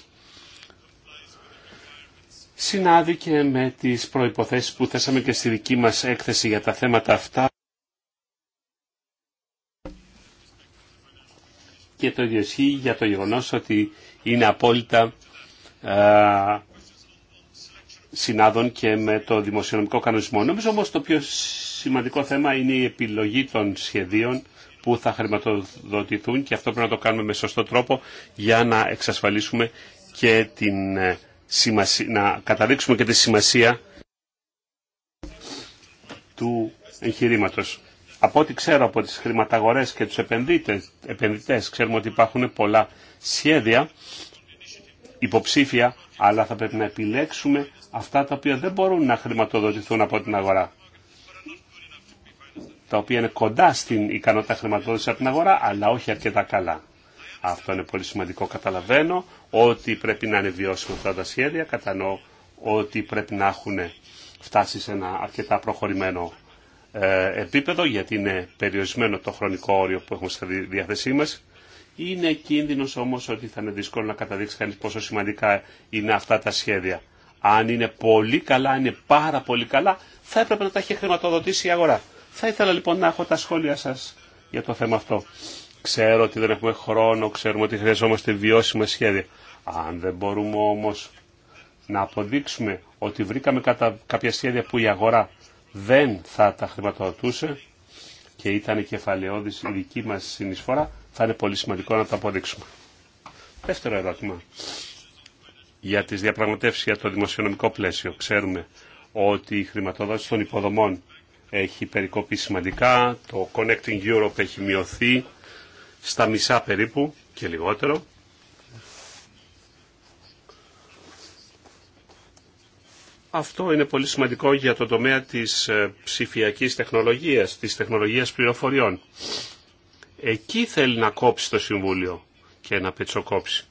συνάδει και με τις προϋποθέσεις που θέσαμε και στη δική μας έκθεση για τα θέματα αυτά. Και το ίδιο ισχύει για το γεγονός ότι είναι απόλυτα α, συνάδων και με το δημοσιονομικό κανονισμό. Νομίζω όμως το πιο σημαντικό θέμα είναι η επιλογή των σχεδίων που θα χρηματοδοτηθούν και αυτό πρέπει να το κάνουμε με σωστό τρόπο για να εξασφαλίσουμε και την ε, να καταδείξουμε και τη σημασία του εγχειρήματο. Από ό,τι ξέρω από τις χρηματαγορές και τους επενδυτές, επενδυτές, ξέρουμε ότι υπάρχουν πολλά σχέδια υποψήφια, αλλά θα πρέπει να επιλέξουμε αυτά τα οποία δεν μπορούν να χρηματοδοτηθούν από την αγορά. Τα οποία είναι κοντά στην ικανότητα χρηματοδότηση από την αγορά, αλλά όχι αρκετά καλά. Αυτό είναι πολύ σημαντικό. Καταλαβαίνω ότι πρέπει να είναι βιώσιμα αυτά τα σχέδια. Κατανοώ ότι πρέπει να έχουν φτάσει σε ένα αρκετά προχωρημένο ε, επίπεδο, γιατί είναι περιορισμένο το χρονικό όριο που έχουμε στη διάθεσή μας. Είναι κίνδυνος όμως ότι θα είναι δύσκολο να καταδείξει κανείς πόσο σημαντικά είναι αυτά τα σχέδια. Αν είναι πολύ καλά, αν είναι πάρα πολύ καλά, θα έπρεπε να τα έχει χρηματοδοτήσει η αγορά. Θα ήθελα λοιπόν να έχω τα σχόλια σας για το θέμα αυτό. Ξέρω ότι δεν έχουμε χρόνο, ξέρουμε ότι χρειαζόμαστε βιώσιμα σχέδια. Αν δεν μπορούμε όμως να αποδείξουμε ότι βρήκαμε κάποια σχέδια που η αγορά δεν θα τα χρηματοδοτούσε και ήταν κεφαλαιόδης η δική μας συνεισφορά, θα είναι πολύ σημαντικό να τα αποδείξουμε. Δεύτερο ερώτημα για τις διαπραγματεύσεις για το δημοσιονομικό πλαίσιο. Ξέρουμε ότι η χρηματοδότηση των υποδομών έχει περικοπεί σημαντικά, το Connecting Europe έχει μειωθεί, στα μισά περίπου και λιγότερο. Αυτό είναι πολύ σημαντικό για το τομέα της ε, ψηφιακής τεχνολογίας, της τεχνολογίας πληροφοριών. Εκεί θέλει να κόψει το Συμβούλιο και να πετσοκόψει.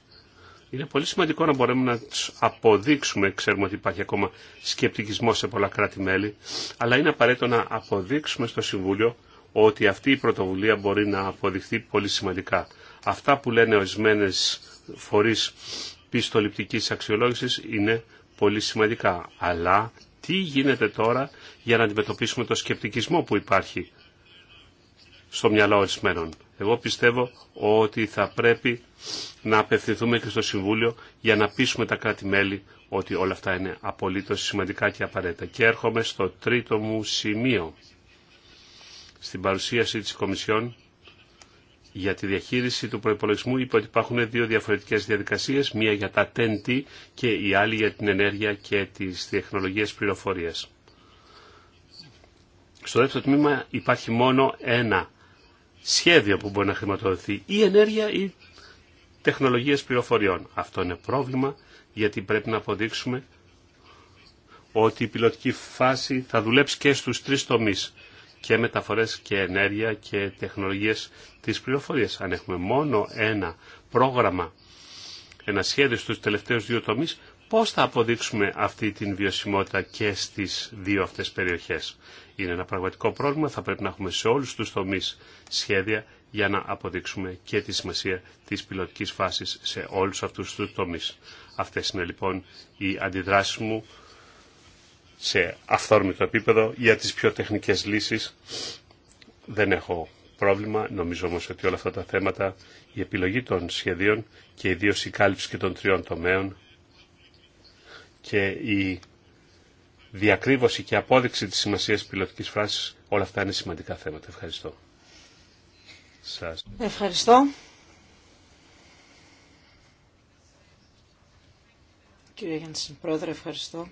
Είναι πολύ σημαντικό να μπορέμε να τους αποδείξουμε, ξέρουμε ότι υπάρχει ακόμα σκεπτικισμός σε πολλά κράτη-μέλη, αλλά είναι απαραίτητο να αποδείξουμε στο Συμβούλιο ότι αυτή η πρωτοβουλία μπορεί να αποδειχθεί πολύ σημαντικά. Αυτά που λένε ορισμένε φορεί πιστοληπτική αξιολόγηση είναι πολύ σημαντικά. Αλλά τι γίνεται τώρα για να αντιμετωπίσουμε το σκεπτικισμό που υπάρχει στο μυαλό ορισμένων. Εγώ πιστεύω ότι θα πρέπει να απευθυνθούμε και στο Συμβούλιο για να πείσουμε τα κράτη-μέλη ότι όλα αυτά είναι απολύτως σημαντικά και απαραίτητα. Και έρχομαι στο τρίτο μου σημείο στην παρουσίαση της Κομισιόν για τη διαχείριση του προϋπολογισμού είπε ότι υπάρχουν δύο διαφορετικές διαδικασίες, μία για τα TNT και η άλλη για την ενέργεια και τις τεχνολογίες πληροφορίας. Στο δεύτερο τμήμα υπάρχει μόνο ένα σχέδιο που μπορεί να χρηματοδοθεί ή ενέργεια ή τεχνολογίες πληροφοριών. Αυτό είναι πρόβλημα γιατί πρέπει να αποδείξουμε ότι η πιλωτική φάση θα δουλέψει και στους τρεις τομείς και μεταφορές και ενέργεια και τεχνολογίες της πληροφορίας. Αν έχουμε μόνο ένα πρόγραμμα, ένα σχέδιο στους τελευταίους δύο τομείς, πώς θα αποδείξουμε αυτή την βιωσιμότητα και στις δύο αυτές περιοχές. Είναι ένα πραγματικό πρόβλημα, θα πρέπει να έχουμε σε όλους τους τομείς σχέδια για να αποδείξουμε και τη σημασία της πιλωτικής φάσης σε όλους αυτούς τους τομείς. Αυτές είναι λοιπόν οι αντιδράσεις μου σε αυθόρμητο επίπεδο για τις πιο τεχνικές λύσεις. Δεν έχω πρόβλημα. Νομίζω όμως ότι όλα αυτά τα θέματα, η επιλογή των σχεδίων και ιδίως η κάλυψη και των τριών τομέων και η διακρύβωση και απόδειξη της σημασίας της πιλωτικής φράσης, όλα αυτά είναι σημαντικά θέματα. Ευχαριστώ. Σας. Ευχαριστώ. Κύριε Γιάννη Πρόεδρε, ευχαριστώ.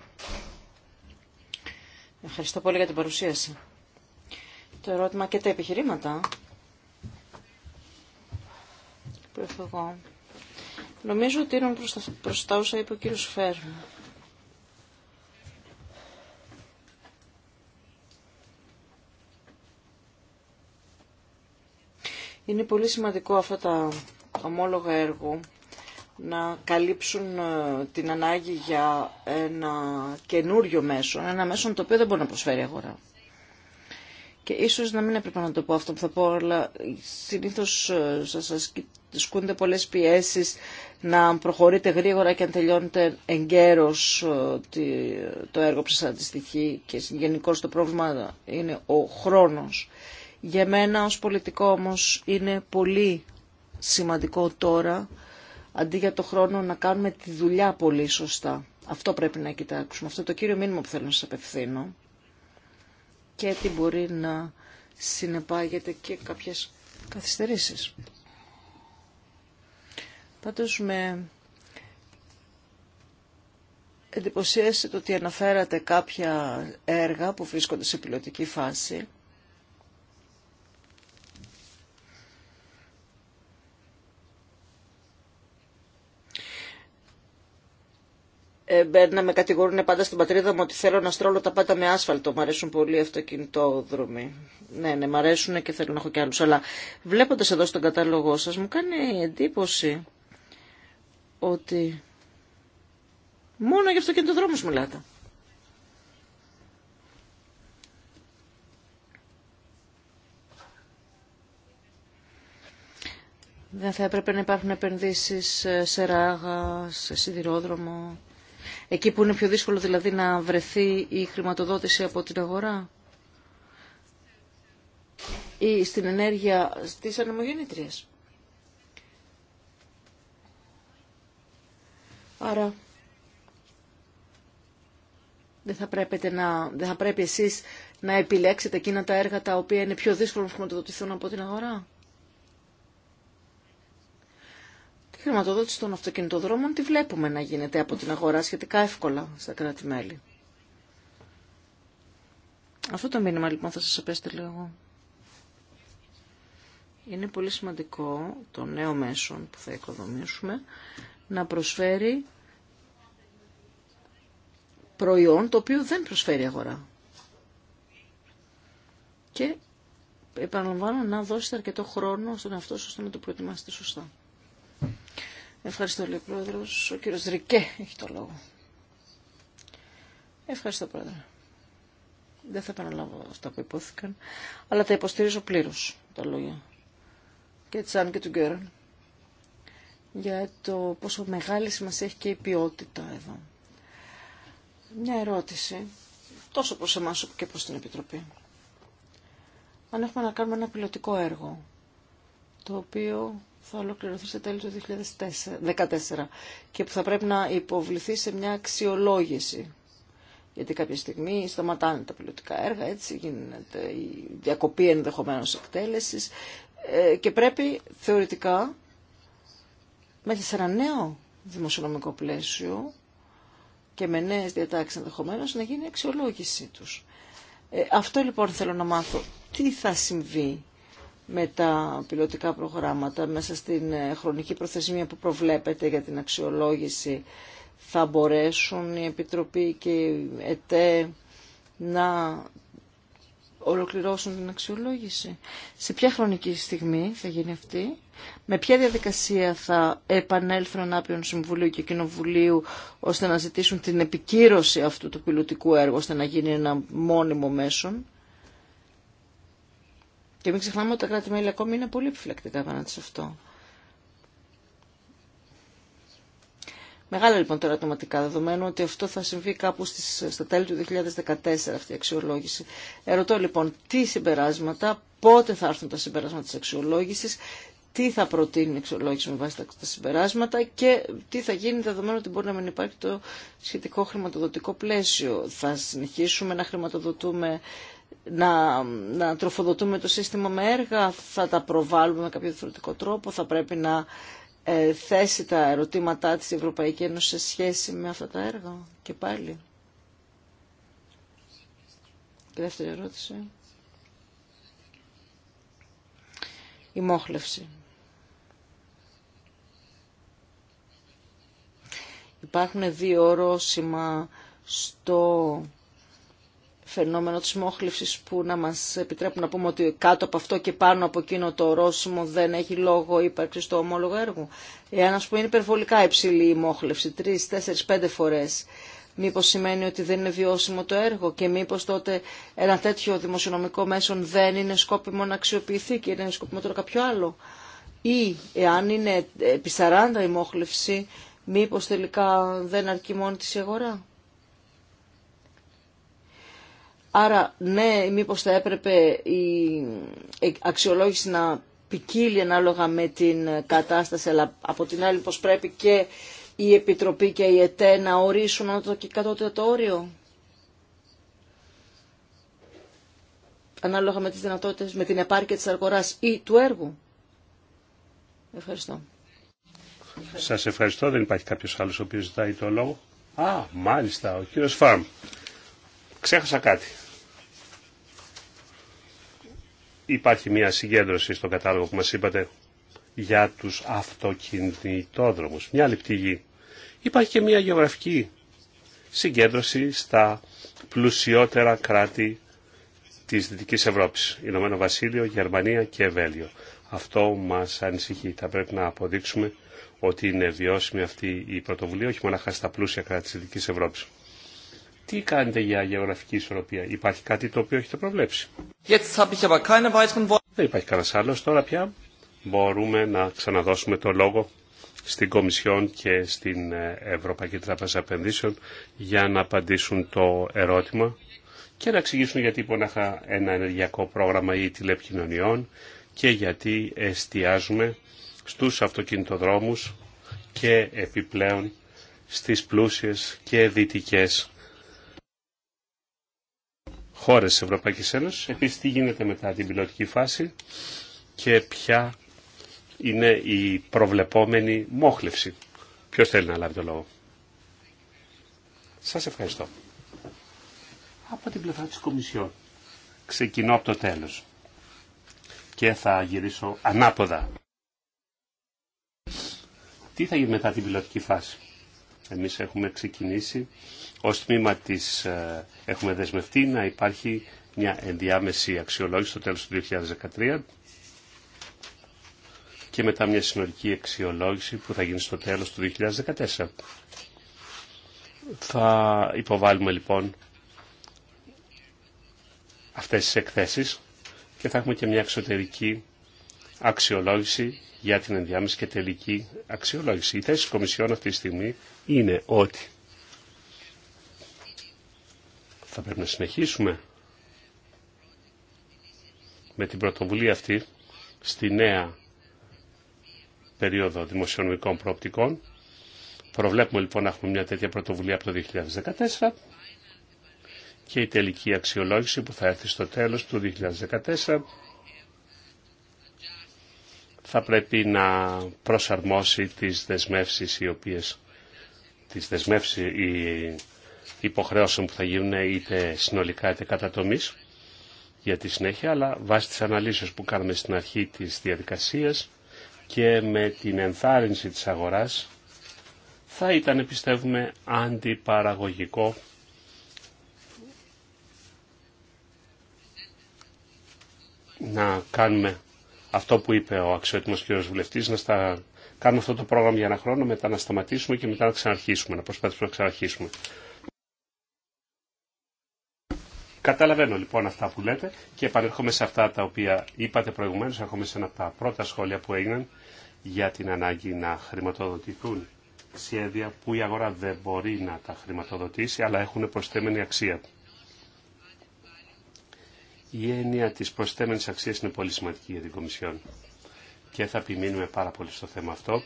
Ευχαριστώ πολύ για την παρουσίαση. Το ερώτημα και τα επιχειρήματα που Νομίζω ότι είναι προς προς τα όσα είπε ο κύριος Φέρν. Είναι πολύ σημαντικό αυτά τα ομόλογα έργου να καλύψουν ε, την ανάγκη για ένα καινούριο μέσο, ένα μέσο το οποίο δεν μπορεί να προσφέρει αγορά. Και ίσως να μην έπρεπε να το πω αυτό που θα πω, αλλά συνήθως ε, σας ασκούνται πολλές πιέσεις να προχωρείτε γρήγορα και αν τελειώνετε εγκαίρως ε, το έργο που σας αντιστοιχεί και γενικώ το πρόβλημα είναι ο χρόνος. Για μένα ως πολιτικό όμως είναι πολύ σημαντικό τώρα αντί για το χρόνο να κάνουμε τη δουλειά πολύ σωστά. Αυτό πρέπει να κοιτάξουμε. Αυτό το κύριο μήνυμα που θέλω να σας απευθύνω και τι μπορεί να συνεπάγεται και κάποιες καθυστερήσεις. Πάντως με εντυπωσίασε το ότι αναφέρατε κάποια έργα που βρίσκονται σε πιλωτική φάση Ε, μπαίνω με κατηγορούν πάντα στην πατρίδα μου ότι θέλω να στρώλω τα πάντα με άσφαλτο. Μ' αρέσουν πολύ αυτοκινητόδρομοι. Ναι, ναι, μ' αρέσουν και θέλω να έχω κι άλλους. Αλλά βλέποντα εδώ στον κατάλογό σας μου κάνει εντύπωση ότι μόνο για αυτοκινητοδρόμου μιλάτε. Δεν θα έπρεπε να υπάρχουν επενδύσεις ε, σε ράγα, σε σιδηρόδρομο. Εκεί που είναι πιο δύσκολο δηλαδή να βρεθεί η χρηματοδότηση από την αγορά. Ή στην ενέργεια στις ανεμογεννήτριας. Άρα δεν θα, πρέπει να, δεν θα πρέπει εσείς να επιλέξετε εκείνα τα έργα τα οποία είναι πιο δύσκολο να χρηματοδοτηθούν από την αγορά. χρηματοδότηση των αυτοκινητοδρόμων τη βλέπουμε να γίνεται από την αγορά σχετικά εύκολα στα κράτη-μέλη. Αυτό το μήνυμα λοιπόν θα σας απέστειλε εγώ. Είναι πολύ σημαντικό το νέο μέσο που θα οικοδομήσουμε να προσφέρει προϊόν το οποίο δεν προσφέρει αγορά. Και επαναλαμβάνω να δώσετε αρκετό χρόνο στον εαυτό σας ώστε να το προετοιμάσετε σωστά. Ευχαριστώ, λέει πρόεδρο. Ο κύριο Ρικέ έχει το λόγο. Ευχαριστώ, Πρόεδρε. Δεν θα επαναλάβω αυτά που υπόθηκαν, αλλά τα υποστηρίζω πλήρω τα λόγια. Και αν και του Γκέραν. Για το πόσο μεγάλη σημασία έχει και η ποιότητα εδώ. Μια ερώτηση, τόσο προς εμάς και προς την Επιτροπή. Αν έχουμε να κάνουμε ένα πιλωτικό έργο, το οποίο θα ολοκληρωθεί σε τέλη του 2014 και που θα πρέπει να υποβληθεί σε μια αξιολόγηση. Γιατί κάποια στιγμή σταματάνε τα πιλωτικά έργα, έτσι γίνεται η διακοπή ενδεχομένως εκτέλεση. Ε, και πρέπει θεωρητικά μέσα σε ένα νέο δημοσιονομικό πλαίσιο και με νέε διατάξει ενδεχομένω να γίνει η αξιολόγησή του. Ε, αυτό λοιπόν θέλω να μάθω. Τι θα συμβεί με τα πιλωτικά προγράμματα μέσα στην ε, χρονική προθεσμία που προβλέπεται για την αξιολόγηση θα μπορέσουν η Επιτροπή και η ΕΤΕ να ολοκληρώσουν την αξιολόγηση. Σε ποια χρονική στιγμή θα γίνει αυτή, με ποια διαδικασία θα επανέλθουν ανάπιον Συμβουλίου και Κοινοβουλίου ώστε να ζητήσουν την επικύρωση αυτού του πιλωτικού έργου, ώστε να γίνει ένα μόνιμο μέσον. Και μην ξεχνάμε ότι τα κράτη-μέλη ακόμη είναι πολύ επιφυλακτικά απέναντι σε αυτό. Μεγάλα λοιπόν τώρα ατοματικά, δεδομένου ότι αυτό θα συμβεί κάπου στις, στα τέλη του 2014 αυτή η αξιολόγηση. Ερωτώ λοιπόν τι συμπεράσματα, πότε θα έρθουν τα συμπεράσματα της αξιολόγησης, τι θα προτείνει η αξιολόγηση με βάση τα, τα συμπεράσματα και τι θα γίνει δεδομένου ότι μπορεί να μην υπάρχει το σχετικό χρηματοδοτικό πλαίσιο. Θα συνεχίσουμε να χρηματοδοτούμε να, να τροφοδοτούμε το σύστημα με έργα, θα τα προβάλλουμε με κάποιο διαφορετικό τρόπο, θα πρέπει να ε, θέσει τα ερωτήματά της Ευρωπαϊκή Ένωση σε σχέση με αυτά τα έργα και πάλι. Και δεύτερη ερώτηση. Η μόχλευση. Υπάρχουν δύο ορόσημα στο φαινόμενο της μόχλευσης που να μας επιτρέπουν να πούμε ότι κάτω από αυτό και πάνω από εκείνο το ορόσημο δεν έχει λόγο ύπαρξη στο ομόλογο έργο. Εάν ας πούμε είναι υπερβολικά υψηλή η μόχλευση, τρεις, τέσσερις, πέντε φορές, μήπως σημαίνει ότι δεν είναι βιώσιμο το έργο και μήπως τότε ένα τέτοιο δημοσιονομικό μέσο δεν είναι σκόπιμο να αξιοποιηθεί και είναι σκόπιμο τώρα κάποιο άλλο. Ή εάν είναι επί 40 η μόχλευση, μήπως τελικά δεν αρκεί μόνη της η αγορά. Άρα, ναι, μήπως θα έπρεπε η αξιολόγηση να ποικίλει ανάλογα με την κατάσταση, αλλά από την άλλη πως πρέπει και η Επιτροπή και η ΕΤΕ να ορίσουν αυτό και το όριο. Ανάλογα με τις δυνατότητες, με την επάρκεια της αργοράς ή του έργου. Ευχαριστώ. Σας ευχαριστώ. Δεν υπάρχει κάποιος άλλος ο οποίος ζητάει το λόγο. Α, μάλιστα, ο κύριος Φάρμ. Ξέχασα κάτι. Υπάρχει μια συγκέντρωση στο κατάλογο που μας είπατε για τους αυτοκινητόδρομους. Μια άλλη γη. Υπάρχει και μια γεωγραφική συγκέντρωση στα πλουσιότερα κράτη της Δυτικής Ευρώπης. Ηνωμένο Βασίλειο, Γερμανία και Βέλιο. Αυτό μας ανησυχεί. Θα πρέπει να αποδείξουμε ότι είναι βιώσιμη αυτή η πρωτοβουλία, όχι μόνο στα πλούσια κράτη της Δυτικής Ευρώπης. Τι κάνετε για γεωγραφική ισορροπία, υπάρχει κάτι το οποίο έχετε προβλέψει. Δεν υπάρχει κανένα άλλο τώρα πια. Μπορούμε να ξαναδώσουμε το λόγο στην Κομισιόν και στην ε, Ευρωπαϊκή Τράπεζα Επενδύσεων για να απαντήσουν το ερώτημα και να εξηγήσουν γιατί πονάχα ένα ενεργειακό πρόγραμμα ή τηλεπικοινωνιών και γιατί εστιάζουμε στους αυτοκινητοδρόμους και επιπλέον στις πλούσιες και δυτικές χώρες Ευρωπαϊκής Ένωσης. Επίσης, τι γίνεται μετά την πιλωτική φάση και ποια είναι η προβλεπόμενη μόχλευση. Ποιος θέλει να λάβει το λόγο. Σας ευχαριστώ. Από την πλευρά της Κομισιόν. Ξεκινώ από το τέλος. Και θα γυρίσω ανάποδα. Τι θα γίνει μετά την πιλωτική φάση. Εμείς έχουμε ξεκινήσει ως τμήμα της, ε, έχουμε δεσμευτεί να υπάρχει μια ενδιάμεση αξιολόγηση στο τέλος του 2013 και μετά μια συνολική αξιολόγηση που θα γίνει στο τέλος του 2014. Θα υποβάλουμε λοιπόν αυτές τις εκθέσεις και θα έχουμε και μια εξωτερική αξιολόγηση για την ενδιάμεση και τελική αξιολόγηση. Η θέση της Κομισιόν αυτή τη στιγμή είναι ότι θα πρέπει να συνεχίσουμε με την πρωτοβουλία αυτή στη νέα περίοδο δημοσιονομικών προοπτικών. Προβλέπουμε λοιπόν να έχουμε μια τέτοια πρωτοβουλία από το 2014 και η τελική αξιολόγηση που θα έρθει στο τέλος του 2014 θα πρέπει να προσαρμόσει τις δεσμεύσεις οι οποίες τις δεσμεύσεις οι υποχρεώσεων που θα γίνουν είτε συνολικά είτε κατά τομής για τη συνέχεια, αλλά βάσει τις αναλύσεις που κάνουμε στην αρχή της διαδικασίας και με την ενθάρρυνση της αγοράς θα ήταν πιστεύουμε αντιπαραγωγικό να κάνουμε αυτό που είπε ο αξιότιμος κύριος Βουλευτής, να στα... κάνουμε αυτό το πρόγραμμα για ένα χρόνο, μετά να σταματήσουμε και μετά να ξαναρχίσουμε, να προσπαθήσουμε να ξαναρχίσουμε. Καταλαβαίνω λοιπόν αυτά που λέτε και επανέρχομαι σε αυτά τα οποία είπατε προηγουμένως, έρχομαι σε ένα από τα πρώτα σχόλια που έγιναν για την ανάγκη να χρηματοδοτηθούν σχέδια που η αγορά δεν μπορεί να τα χρηματοδοτήσει αλλά έχουν προσθέμενη αξία η έννοια της προσθέμενης αξίας είναι πολύ σημαντική για την Κομισιόν και θα επιμείνουμε πάρα πολύ στο θέμα αυτό.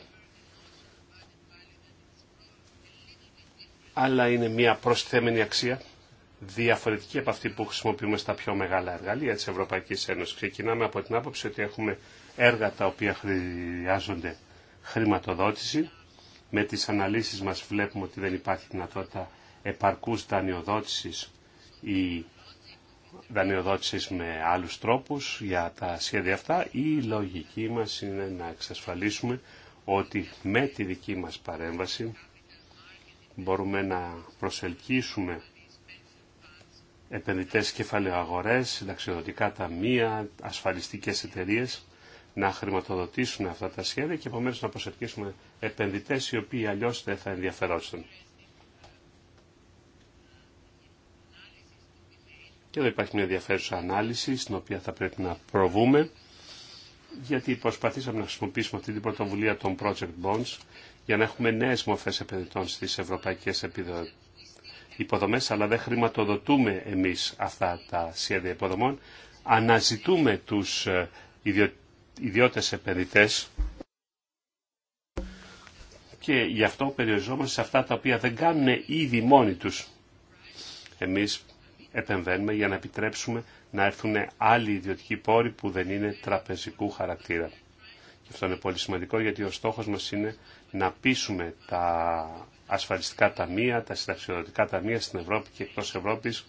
Αλλά είναι μια προσθέμενη αξία διαφορετική από αυτή που χρησιμοποιούμε στα πιο μεγάλα εργαλεία της Ευρωπαϊκής Ένωσης. Ξεκινάμε από την άποψη ότι έχουμε έργα τα οποία χρειάζονται χρηματοδότηση. Με τις αναλύσεις μας βλέπουμε ότι δεν υπάρχει δυνατότητα επαρκούς δανειοδότησης ή δανειοδότησης με άλλους τρόπους για τα σχέδια αυτά. Η λογική μας είναι να εξασφαλίσουμε ότι με τη δική μας παρέμβαση μπορούμε να προσελκύσουμε επενδυτές κεφαλαιοαγορές, συνταξιοδοτικά ταμεία, ασφαλιστικές εταιρείες να χρηματοδοτήσουν αυτά τα σχέδια και επομένως να προσελκύσουμε επενδυτές οι οποίοι αλλιώς δεν θα ενδιαφερόταν. Και εδώ υπάρχει μια ενδιαφέρουσα ανάλυση στην οποία θα πρέπει να προβούμε γιατί προσπαθήσαμε να χρησιμοποιήσουμε αυτή την πρωτοβουλία των project bonds για να έχουμε νέες μορφές επενδυτών στις ευρωπαϊκές υποδομές, αλλά δεν χρηματοδοτούμε εμείς αυτά τα σχέδια υποδομών. Αναζητούμε τους ε, ιδιώτες επενδυτές και γι' αυτό περιοριζόμαστε σε αυτά τα οποία δεν κάνουν ήδη μόνοι τους. Εμείς επεμβαίνουμε για να επιτρέψουμε να έρθουν άλλοι ιδιωτικοί πόροι που δεν είναι τραπεζικού χαρακτήρα. Και αυτό είναι πολύ σημαντικό γιατί ο στόχος μας είναι να πείσουμε τα ασφαλιστικά ταμεία, τα συνταξιοδοτικά ταμεία στην Ευρώπη και εκτός Ευρώπης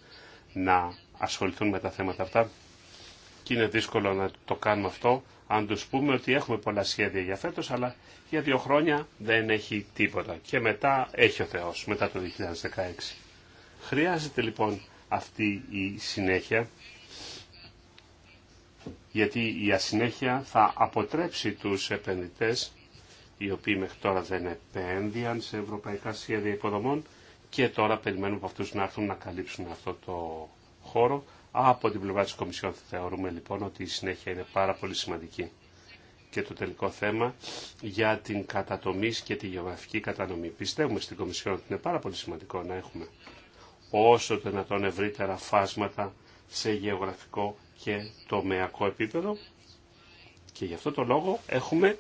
να ασχοληθούν με τα θέματα αυτά. Και είναι δύσκολο να το κάνουμε αυτό αν τους πούμε ότι έχουμε πολλά σχέδια για φέτος, αλλά για δύο χρόνια δεν έχει τίποτα. Και μετά έχει ο Θεός, μετά το 2016. Χρειάζεται λοιπόν αυτή η συνέχεια γιατί η ασυνέχεια θα αποτρέψει τους επενδυτές οι οποίοι μέχρι τώρα δεν επένδυαν σε ευρωπαϊκά σχέδια υποδομών και τώρα περιμένουμε από αυτούς να έρθουν να καλύψουν αυτό το χώρο. Από την πλευρά της Κομισιόν θεωρούμε λοιπόν ότι η συνέχεια είναι πάρα πολύ σημαντική. Και το τελικό θέμα για την κατατομή και τη γεωγραφική κατανομή. Πιστεύουμε στην Κομισιόν ότι είναι πάρα πολύ σημαντικό να έχουμε όσο το δυνατόν ευρύτερα φάσματα σε γεωγραφικό και τομεακό επίπεδο και γι' αυτό το λόγο έχουμε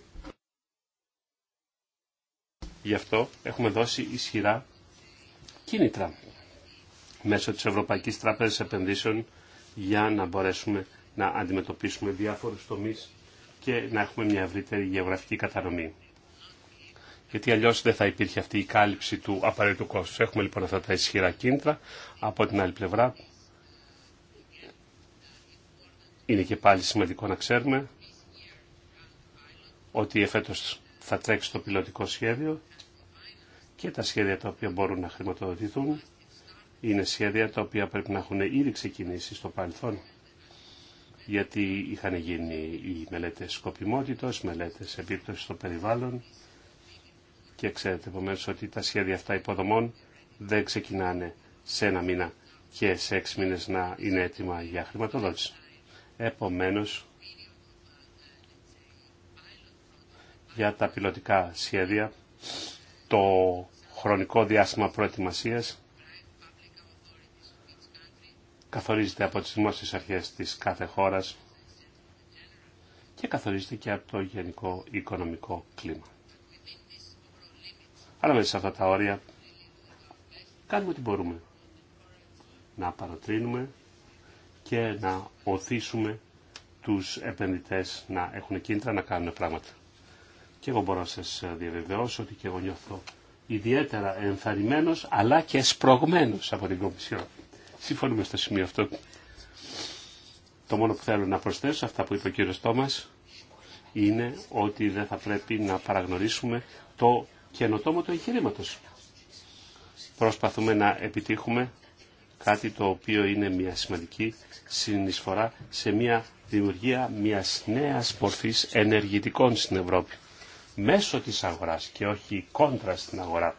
γι' αυτό έχουμε δώσει ισχυρά κίνητρα μέσω της Ευρωπαϊκής Τράπεζας Επενδύσεων για να μπορέσουμε να αντιμετωπίσουμε διάφορους τομείς και να έχουμε μια ευρύτερη γεωγραφική κατανομή γιατί αλλιώ δεν θα υπήρχε αυτή η κάλυψη του απαραίτητου κόστου. Έχουμε λοιπόν αυτά τα ισχυρά κίνητρα. Από την άλλη πλευρά είναι και πάλι σημαντικό να ξέρουμε ότι εφέτος θα τρέξει το πιλωτικό σχέδιο και τα σχέδια τα οποία μπορούν να χρηματοδοτηθούν είναι σχέδια τα οποία πρέπει να έχουν ήδη ξεκινήσει στο παρελθόν γιατί είχαν γίνει οι μελέτες σκοπιμότητος, μελέτες επίπτωσης στο περιβάλλον και ξέρετε επομένω ότι τα σχέδια αυτά υποδομών δεν ξεκινάνε σε ένα μήνα και σε έξι μήνες να είναι έτοιμα για χρηματοδότηση. Επομένως, για τα πιλωτικά σχέδια, το χρονικό διάστημα προετοιμασίας καθορίζεται από τις δημόσιες αρχές της κάθε χώρας και καθορίζεται και από το γενικό οικονομικό κλίμα. Αλλά μέσα σε αυτά τα όρια κάνουμε ό,τι μπορούμε. Να παροτρύνουμε και να οθήσουμε τους επενδυτές να έχουν κίνητρα να κάνουν πράγματα. Και εγώ μπορώ να σας διαβεβαιώσω ότι και εγώ νιώθω ιδιαίτερα ενθαρρυμένος αλλά και σπρωγμένος από την Κομισιό. Συμφωνούμε στο σημείο αυτό. Το μόνο που θέλω να προσθέσω, αυτά που είπε ο κύριος Τόμας, είναι ότι δεν θα πρέπει να παραγνωρίσουμε το καινοτόμο του εγχειρήματο. Προσπαθούμε να επιτύχουμε κάτι το οποίο είναι μια σημαντική συνεισφορά σε μια δημιουργία μιας νέας μορφής ενεργητικών στην Ευρώπη. Μέσω της αγοράς και όχι κόντρα στην αγορά.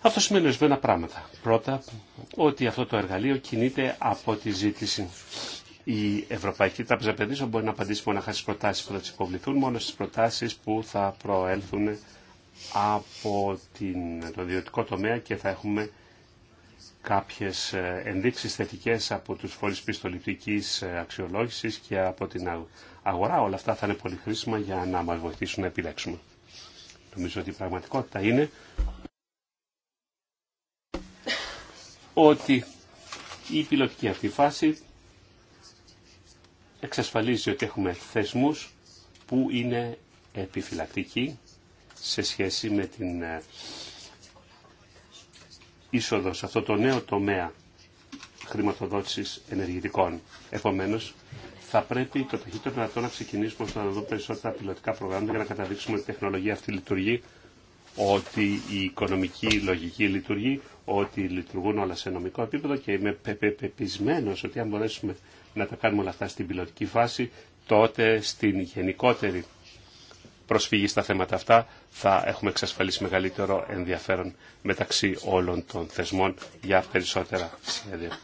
Αυτό σημαίνει ορισμένα πράγματα. Πρώτα, ότι αυτό το εργαλείο κινείται από τη ζήτηση η Ευρωπαϊκή Τράπεζα Επενδύσεων μπορεί να απαντήσει μόνο στι προτάσει που θα τι υποβληθούν, μόνο στι προτάσει που θα προέλθουν από την, το ιδιωτικό τομέα και θα έχουμε κάποιε ενδείξει θετικέ από του φορεί πιστοληπτική ε, αξιολόγηση και από την αγορά. Όλα αυτά θα είναι πολύ χρήσιμα για να μα βοηθήσουν να επιλέξουμε. Νομίζω ότι η πραγματικότητα είναι ότι η πιλωτική αυτή φάση εξασφαλίζει ότι έχουμε θεσμούς που είναι επιφυλακτικοί σε σχέση με την ε, είσοδο σε αυτό το νέο τομέα χρηματοδότησης ενεργητικών. Επομένως, θα πρέπει το ταχύτερο δυνατό να ξεκινήσουμε ώστε να δούμε περισσότερα πιλωτικά προγράμματα για να καταδείξουμε ότι η τεχνολογία αυτή λειτουργεί, ότι η οικονομική λογική λειτουργεί, ότι λειτουργούν όλα σε νομικό επίπεδο και είμαι πεπισμένος ότι αν μπορέσουμε να τα κάνουμε όλα αυτά στην πιλωτική φάση, τότε στην γενικότερη προσφυγή στα θέματα αυτά θα έχουμε εξασφαλίσει μεγαλύτερο ενδιαφέρον μεταξύ όλων των θεσμών για περισσότερα σχέδια.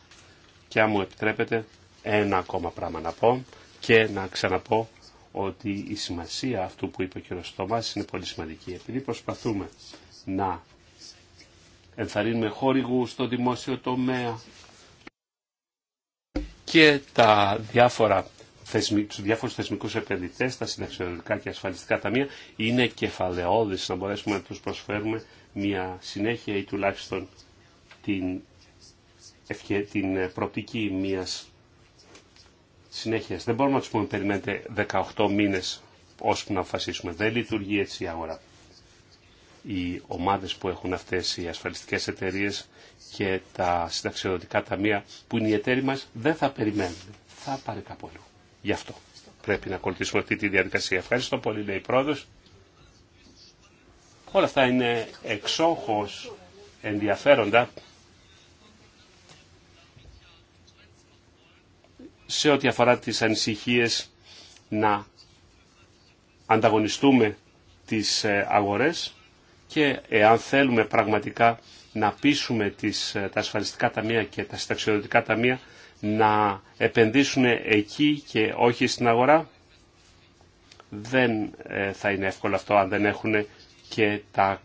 Και αν μου επιτρέπετε ένα ακόμα πράγμα να πω και να ξαναπώ ότι η σημασία αυτού που είπε ο κ. Στομάς είναι πολύ σημαντική. Επειδή προσπαθούμε να ενθαρρύνουμε χορηγού στο δημόσιο τομέα, και τα διάφορα τους διάφορους θεσμικούς επενδυτές, τα συνταξιοδοτικά και ασφαλιστικά ταμεία είναι κεφαλαιόδης να μπορέσουμε να τους προσφέρουμε μια συνέχεια ή τουλάχιστον την, ευκαι... την προοπτική μιας συνέχειας. Δεν μπορούμε να τους πούμε περιμένετε 18 μήνες ώσπου να αποφασίσουμε. Δεν λειτουργεί έτσι η αγορά οι ομάδες που έχουν αυτές οι ασφαλιστικές εταιρείε και τα συνταξιοδοτικά ταμεία που είναι οι εταίροι μας δεν θα περιμένουν. Θα πάρει κάπου αλλού. Γι' αυτό πρέπει να ακολουθήσουμε αυτή τη διαδικασία. Ευχαριστώ πολύ λέει η πρόεδρος. Όλα αυτά είναι εξόχως ενδιαφέροντα σε ό,τι αφορά τις ανησυχίες να ανταγωνιστούμε τις ε, αγορές και εάν θέλουμε πραγματικά να πείσουμε τις, τα ασφαλιστικά ταμεία και τα συνταξιοδοτικά ταμεία να επενδύσουν εκεί και όχι στην αγορά, δεν ε, θα είναι εύκολο αυτό αν δεν έχουν και τα,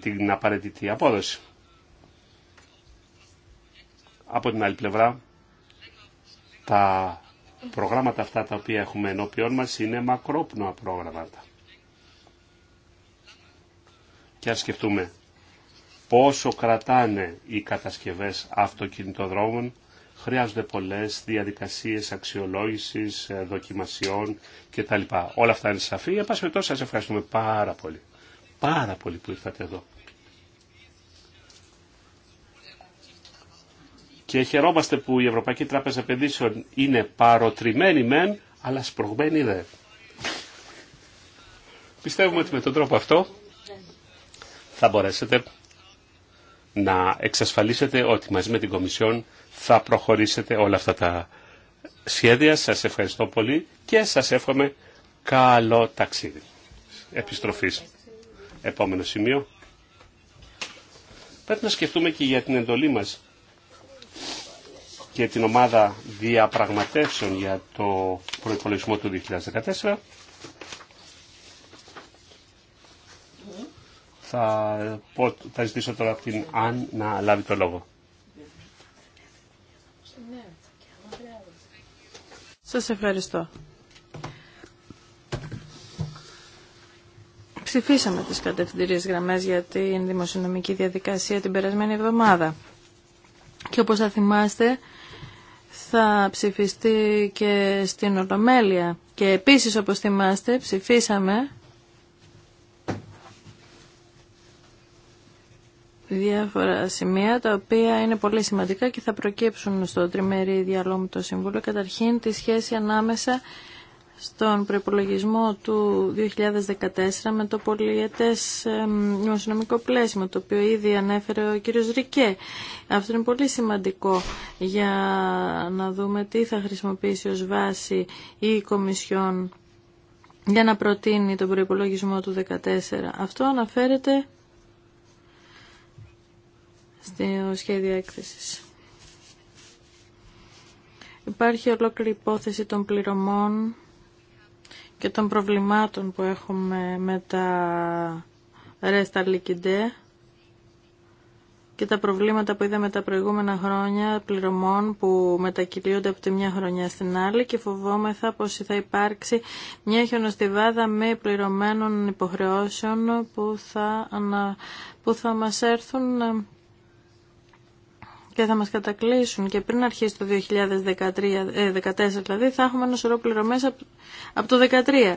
την απαραίτητη απόδοση. Από την άλλη πλευρά, τα προγράμματα αυτά τα οποία έχουμε ενώπιόν μας είναι μακρόπνοα πρόγραμματα. Και ας σκεφτούμε πόσο κρατάνε οι κατασκευές αυτοκινητοδρόμων, χρειάζονται πολλές διαδικασίες αξιολόγησης, ε, δοκιμασιών κτλ. Όλα αυτά είναι σαφή. Εν πάση σας ευχαριστούμε πάρα πολύ. Πάρα πολύ που ήρθατε εδώ. Και χαιρόμαστε που η Ευρωπαϊκή Τράπεζα Επενδύσεων είναι παροτριμένη μεν, αλλά σπρωγμένη δε. Πιστεύουμε ότι με τον τρόπο αυτό θα μπορέσετε να εξασφαλίσετε ότι μαζί με την Κομισιόν θα προχωρήσετε όλα αυτά τα σχέδια. Σας ευχαριστώ πολύ και σας εύχομαι καλό ταξίδι. Επιστροφής. Επόμενο σημείο. Πρέπει να σκεφτούμε και για την εντολή μας και την ομάδα διαπραγματεύσεων για το προϋπολογισμό του 2014. θα, θα ζητήσω τώρα από την Αν να λάβει το λόγο. Σας ευχαριστώ. Ψηφίσαμε τις κατευθυντήριες γραμμές για την δημοσιονομική διαδικασία την περασμένη εβδομάδα. Και όπως θα θυμάστε, θα ψηφιστεί και στην Ολομέλεια. Και επίσης, όπως θυμάστε, ψηφίσαμε διάφορα σημεία τα οποία είναι πολύ σημαντικά και θα προκύψουν στο τριμερή διαλόγο με το Συμβούλιο. Καταρχήν τη σχέση ανάμεσα στον προπολογισμό του 2014 με το πολιετές νομοσυνομικό πλαίσιο το οποίο ήδη ανέφερε ο κύριος Ρικέ. Αυτό είναι πολύ σημαντικό για να δούμε τι θα χρησιμοποιήσει ως βάση η Κομισιόν για να προτείνει τον προϋπολογισμό του 2014. Αυτό αναφέρεται στο σχέδιο έκθεσης. Υπάρχει ολόκληρη υπόθεση των πληρωμών και των προβλημάτων που έχουμε με τα ρέστα και τα προβλήματα που είδαμε τα προηγούμενα χρόνια πληρωμών που μετακυλίονται από τη μια χρονιά στην άλλη και φοβόμεθα πως θα υπάρξει μια χιονοστιβάδα με πληρωμένων υποχρεώσεων που θα, ανα... που θα μας έρθουν και θα μας κατακλείσουν και πριν αρχίσει το 2014 ε, δηλαδή θα έχουμε ένα σωρό πληρωμές από το 2013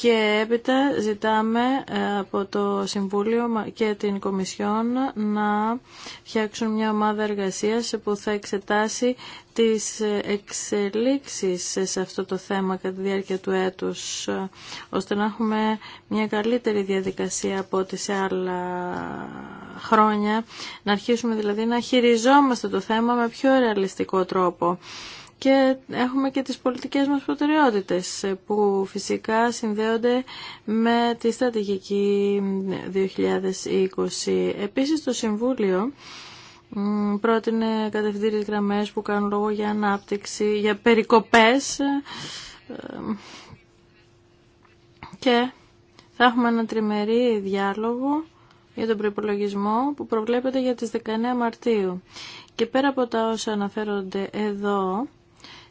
και έπειτα ζητάμε ε, από το Συμβούλιο και την Κομισιόν να φτιάξουν μια ομάδα εργασίας που θα εξετάσει τις ε, εξελίξεις σε αυτό το θέμα κατά τη διάρκεια του έτους, ώστε να έχουμε μια καλύτερη διαδικασία από ό,τι σε άλλα χρόνια, να αρχίσουμε δηλαδή να χειριζόμαστε το θέμα με πιο ρεαλιστικό τρόπο και έχουμε και τις πολιτικές μας προτεραιότητες που φυσικά συνδέονται με τη στρατηγική 2020. Επίσης το Συμβούλιο πρότεινε κατευθυντήριες γραμμές που κάνουν λόγο για ανάπτυξη, για περικοπές ε, και θα έχουμε ένα τριμερή διάλογο για τον προπολογισμό που προβλέπεται για τις 19 Μαρτίου. Και πέρα από τα όσα αναφέρονται εδώ,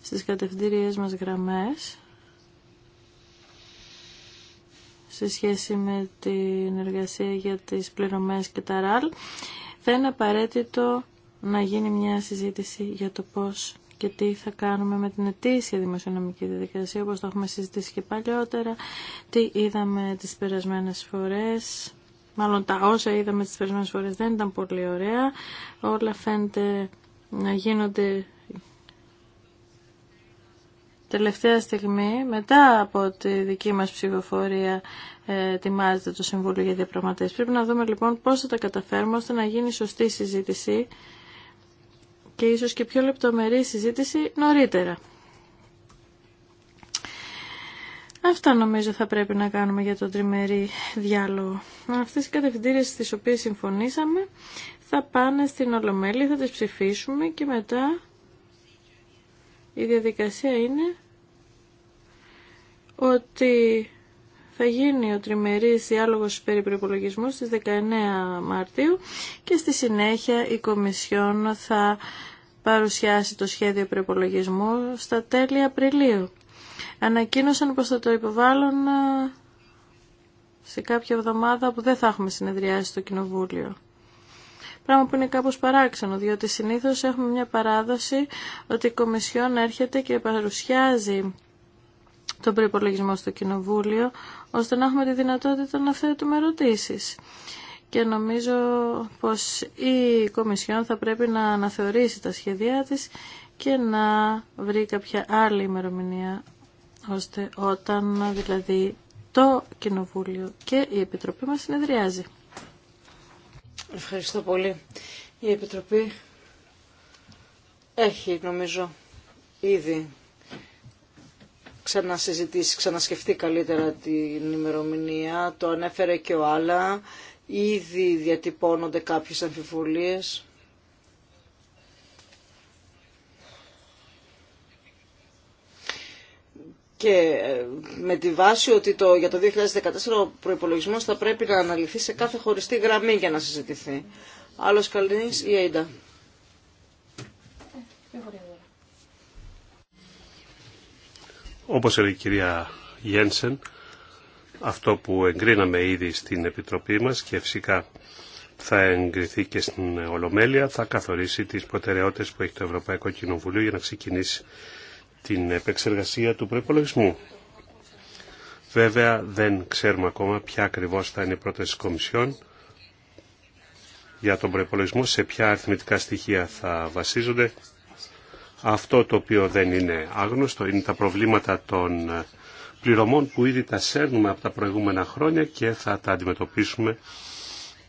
στις κατευθύντριες μας γραμμές σε σχέση με την εργασία για τις πληρωμές και τα ραλ, θα είναι απαραίτητο να γίνει μια συζήτηση για το πώς και τι θα κάνουμε με την ετήσια δημοσιονομική διαδικασία, όπως το έχουμε συζητήσει και παλιότερα, τι είδαμε τις περασμένες φορές, μάλλον τα όσα είδαμε τις περασμένες φορές δεν ήταν πολύ ωραία, όλα φαίνεται να γίνονται τελευταία στιγμή, μετά από τη δική μας ψηφοφορία, ε, ετοιμάζεται το Συμβούλιο για Διαπραγματεύσεις. Πρέπει να δούμε λοιπόν πώς θα τα καταφέρουμε ώστε να γίνει σωστή συζήτηση και ίσως και πιο λεπτομερή συζήτηση νωρίτερα. Αυτά νομίζω θα πρέπει να κάνουμε για τον τριμερή διάλογο. Αυτές οι κατευθυντήρες στις οποίες συμφωνήσαμε θα πάνε στην Ολομέλη, θα τις ψηφίσουμε και μετά η διαδικασία είναι ότι θα γίνει ο τριμερής διάλογος περί προπολογισμού στις 19 Μαρτίου και στη συνέχεια η Κομισιόν θα παρουσιάσει το σχέδιο προπολογισμού στα τέλη Απριλίου. Ανακοίνωσαν πως θα το υποβάλλουν ε, σε κάποια εβδομάδα που δεν θα έχουμε συνεδριάσει στο Κοινοβούλιο. Πράγμα που είναι κάπως παράξενο, διότι συνήθως έχουμε μια παράδοση ότι η Κομισιόν έρχεται και παρουσιάζει τον προπολογισμό στο Κοινοβούλιο, ώστε να έχουμε τη δυνατότητα να θέτουμε ερωτήσεις και νομίζω πως η Κομισιόν θα πρέπει να αναθεωρήσει τα σχέδιά της και να βρει κάποια άλλη ημερομηνία ώστε όταν δηλαδή το Κοινοβούλιο και η Επιτροπή μας συνεδριάζει. Ευχαριστώ πολύ. Η Επιτροπή έχει, νομίζω, ήδη ξανασυζητήσει, ξανασκεφτεί καλύτερα την ημερομηνία. Το ανέφερε και ο Άλλα. Ήδη διατυπώνονται κάποιες αμφιβολίες. και ε, με τη βάση ότι το, για το 2014 ο προϋπολογισμός θα πρέπει να αναλυθεί σε κάθε χωριστή γραμμή για να συζητηθεί. Άλλος Αιντα. Όπω έλεγε η Αίντα. Όπως έλεγε η κυρία Γένσεν, αυτό που εγκρίναμε ήδη στην Επιτροπή μας και φυσικά θα εγκριθεί και στην Ολομέλεια, θα καθορίσει τις προτεραιότητες που έχει το Ευρωπαϊκό Κοινοβουλίο για να ξεκινήσει την επεξεργασία του προϋπολογισμού. Βέβαια δεν ξέρουμε ακόμα ποια ακριβώς θα είναι η πρόταση της για τον προϋπολογισμό, σε ποια αριθμητικά στοιχεία θα βασίζονται. Αυτό το οποίο δεν είναι άγνωστο είναι τα προβλήματα των πληρωμών που ήδη τα σέρνουμε από τα προηγούμενα χρόνια και θα τα αντιμετωπίσουμε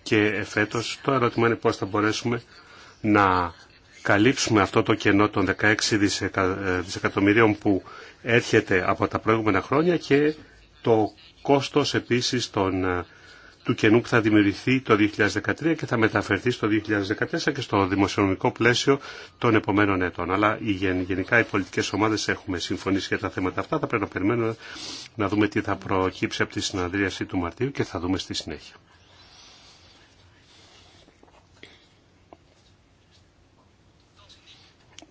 και εφέτος. Το ερώτημα είναι πώς θα μπορέσουμε να καλύψουμε αυτό το κενό των 16 ε, δισεκατομμυρίων που έρχεται από τα προηγούμενα χρόνια και το κόστος επίσης των, ε, του κενού που θα δημιουργηθεί το 2013 και θα μεταφερθεί στο 2014 και στο δημοσιονομικό πλαίσιο των επομένων έτων. Αλλά γενικά οι πολιτικές ομάδες έχουμε συμφωνήσει για τα θέματα αυτά. Θα πρέπει να περιμένουμε να δούμε τι θα προκύψει από τη συναντρίαση του Μαρτίου και θα δούμε στη συνέχεια.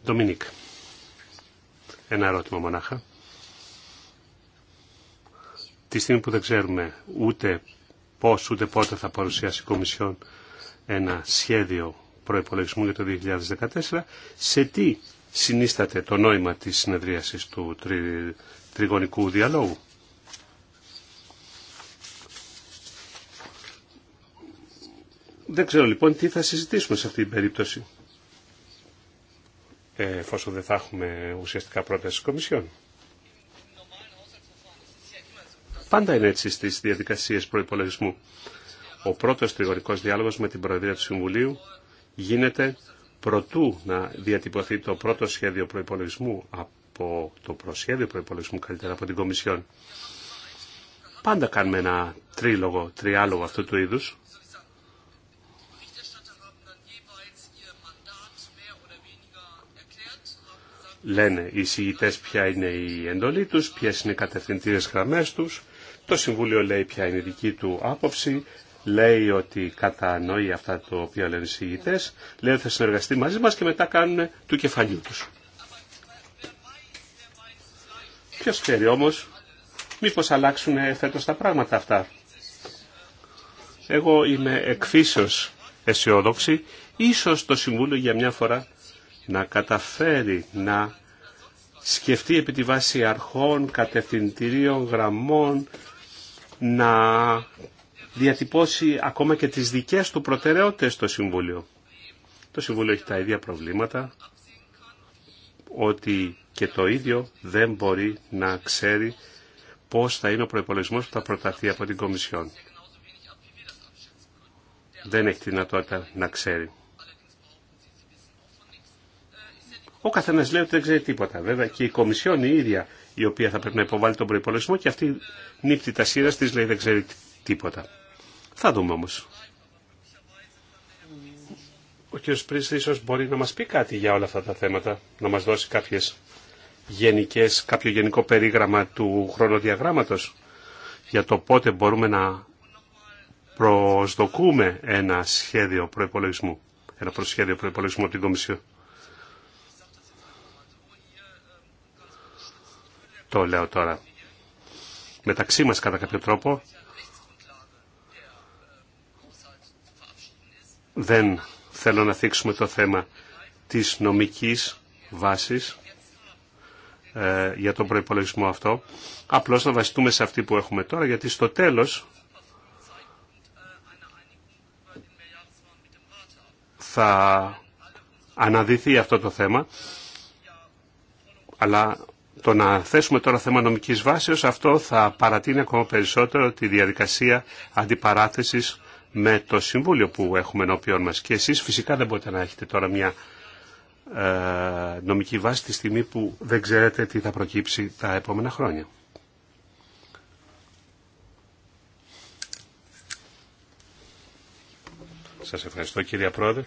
Ντομινίκ. Ένα ερώτημα μονάχα. Τη στιγμή που δεν ξέρουμε ούτε πώς ούτε πότε θα παρουσιάσει η Κομισιόν ένα σχέδιο προϋπολογισμού για το 2014, σε τι συνίσταται το νόημα της συνεδρίασης του τριγωνικού διαλόγου. Δεν ξέρω λοιπόν τι θα συζητήσουμε σε αυτή την περίπτωση. Ε, εφόσον δεν θα έχουμε ουσιαστικά πρόταση της Κομισιόν. Πάντα είναι έτσι στις διαδικασίες προϋπολογισμού. Ο πρώτος τριγωρικός διάλογος με την Προεδρία του Συμβουλίου γίνεται προτού να διατυπωθεί το πρώτο σχέδιο προϋπολογισμού από το προσχέδιο προϋπολογισμού καλύτερα από την Κομισιόν. Πάντα κάνουμε ένα τρίλογο, τριάλογο αυτού του είδους λένε οι εισηγητές ποια είναι η εντολή τους, ποιες είναι οι κατευθυντήρες γραμμές τους. Το Συμβούλιο λέει ποια είναι η δική του άποψη, λέει ότι κατανοεί αυτά το οποία λένε οι εισηγητές, λέει ότι θα συνεργαστεί μαζί μας και μετά κάνουν του κεφαλιού τους. Ποιος ξέρει όμως, μήπως αλλάξουν φέτος τα πράγματα αυτά. Εγώ είμαι εκφύσεως αισιόδοξη, ίσως το Συμβούλιο για μια φορά να καταφέρει να σκεφτεί επί τη βάση αρχών, κατευθυντηρίων, γραμμών, να διατυπώσει ακόμα και τις δικές του προτεραιότητες στο Συμβούλιο. Το Συμβούλιο έχει τα ίδια προβλήματα, ότι και το ίδιο δεν μπορεί να ξέρει πώς θα είναι ο προϋπολογισμός που θα προταθεί από την Κομισιόν. Δεν έχει τη δυνατότητα να ξέρει. Ο καθένα λέει ότι δεν ξέρει τίποτα. Βέβαια και η Κομισιόν η ίδια η οποία θα πρέπει να υποβάλει τον προπολογισμό και αυτή νύπτη τα σύρα τη λέει δεν ξέρει τίποτα. Θα δούμε όμω. Ο κ. Πρίστη ίσω μπορεί να μα πει κάτι για όλα αυτά τα θέματα, να μα δώσει κάποιε κάποιο γενικό περίγραμμα του χρονοδιαγράμματο για το πότε μπορούμε να προσδοκούμε ένα σχέδιο προπολογισμού, ένα προσχέδιο προπολογισμού από την Κομισιόν. το λέω τώρα. Μεταξύ μας κατά κάποιο τρόπο δεν θέλω να θίξουμε το θέμα της νομικής βάσης ε, για τον προϋπολογισμό αυτό. Απλώς να βασιστούμε σε αυτή που έχουμε τώρα, γιατί στο τέλος θα αναδυθεί αυτό το θέμα, αλλά το να θέσουμε τώρα θέμα νομικής βάσεως, αυτό θα παρατείνει ακόμα περισσότερο τη διαδικασία αντιπαράθεσης με το Συμβούλιο που έχουμε ενώπιον μας. Και εσείς φυσικά δεν μπορείτε να έχετε τώρα μια ε, νομική βάση τη στιγμή που δεν ξέρετε τι θα προκύψει τα επόμενα χρόνια. Σας ευχαριστώ κύριε Πρόεδρε.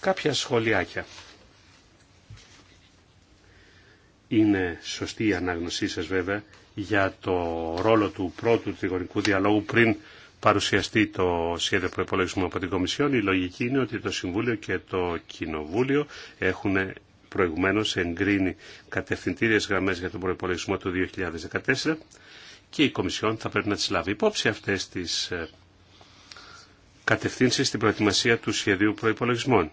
Κάποια σχολιάκια είναι σωστή η ανάγνωσή σας βέβαια για το ρόλο του πρώτου τριγωνικού διαλόγου πριν παρουσιαστεί το σχέδιο προπολογισμού από την Κομισιόν. Η λογική είναι ότι το Συμβούλιο και το Κοινοβούλιο έχουν προηγουμένως εγκρίνει κατευθυντήριες γραμμές για τον προπολογισμό του 2014 και η Κομισιόν θα πρέπει να τις λάβει υπόψη αυτές τις ε, κατευθύνσεις στην προετοιμασία του σχεδίου προϋπολογισμών.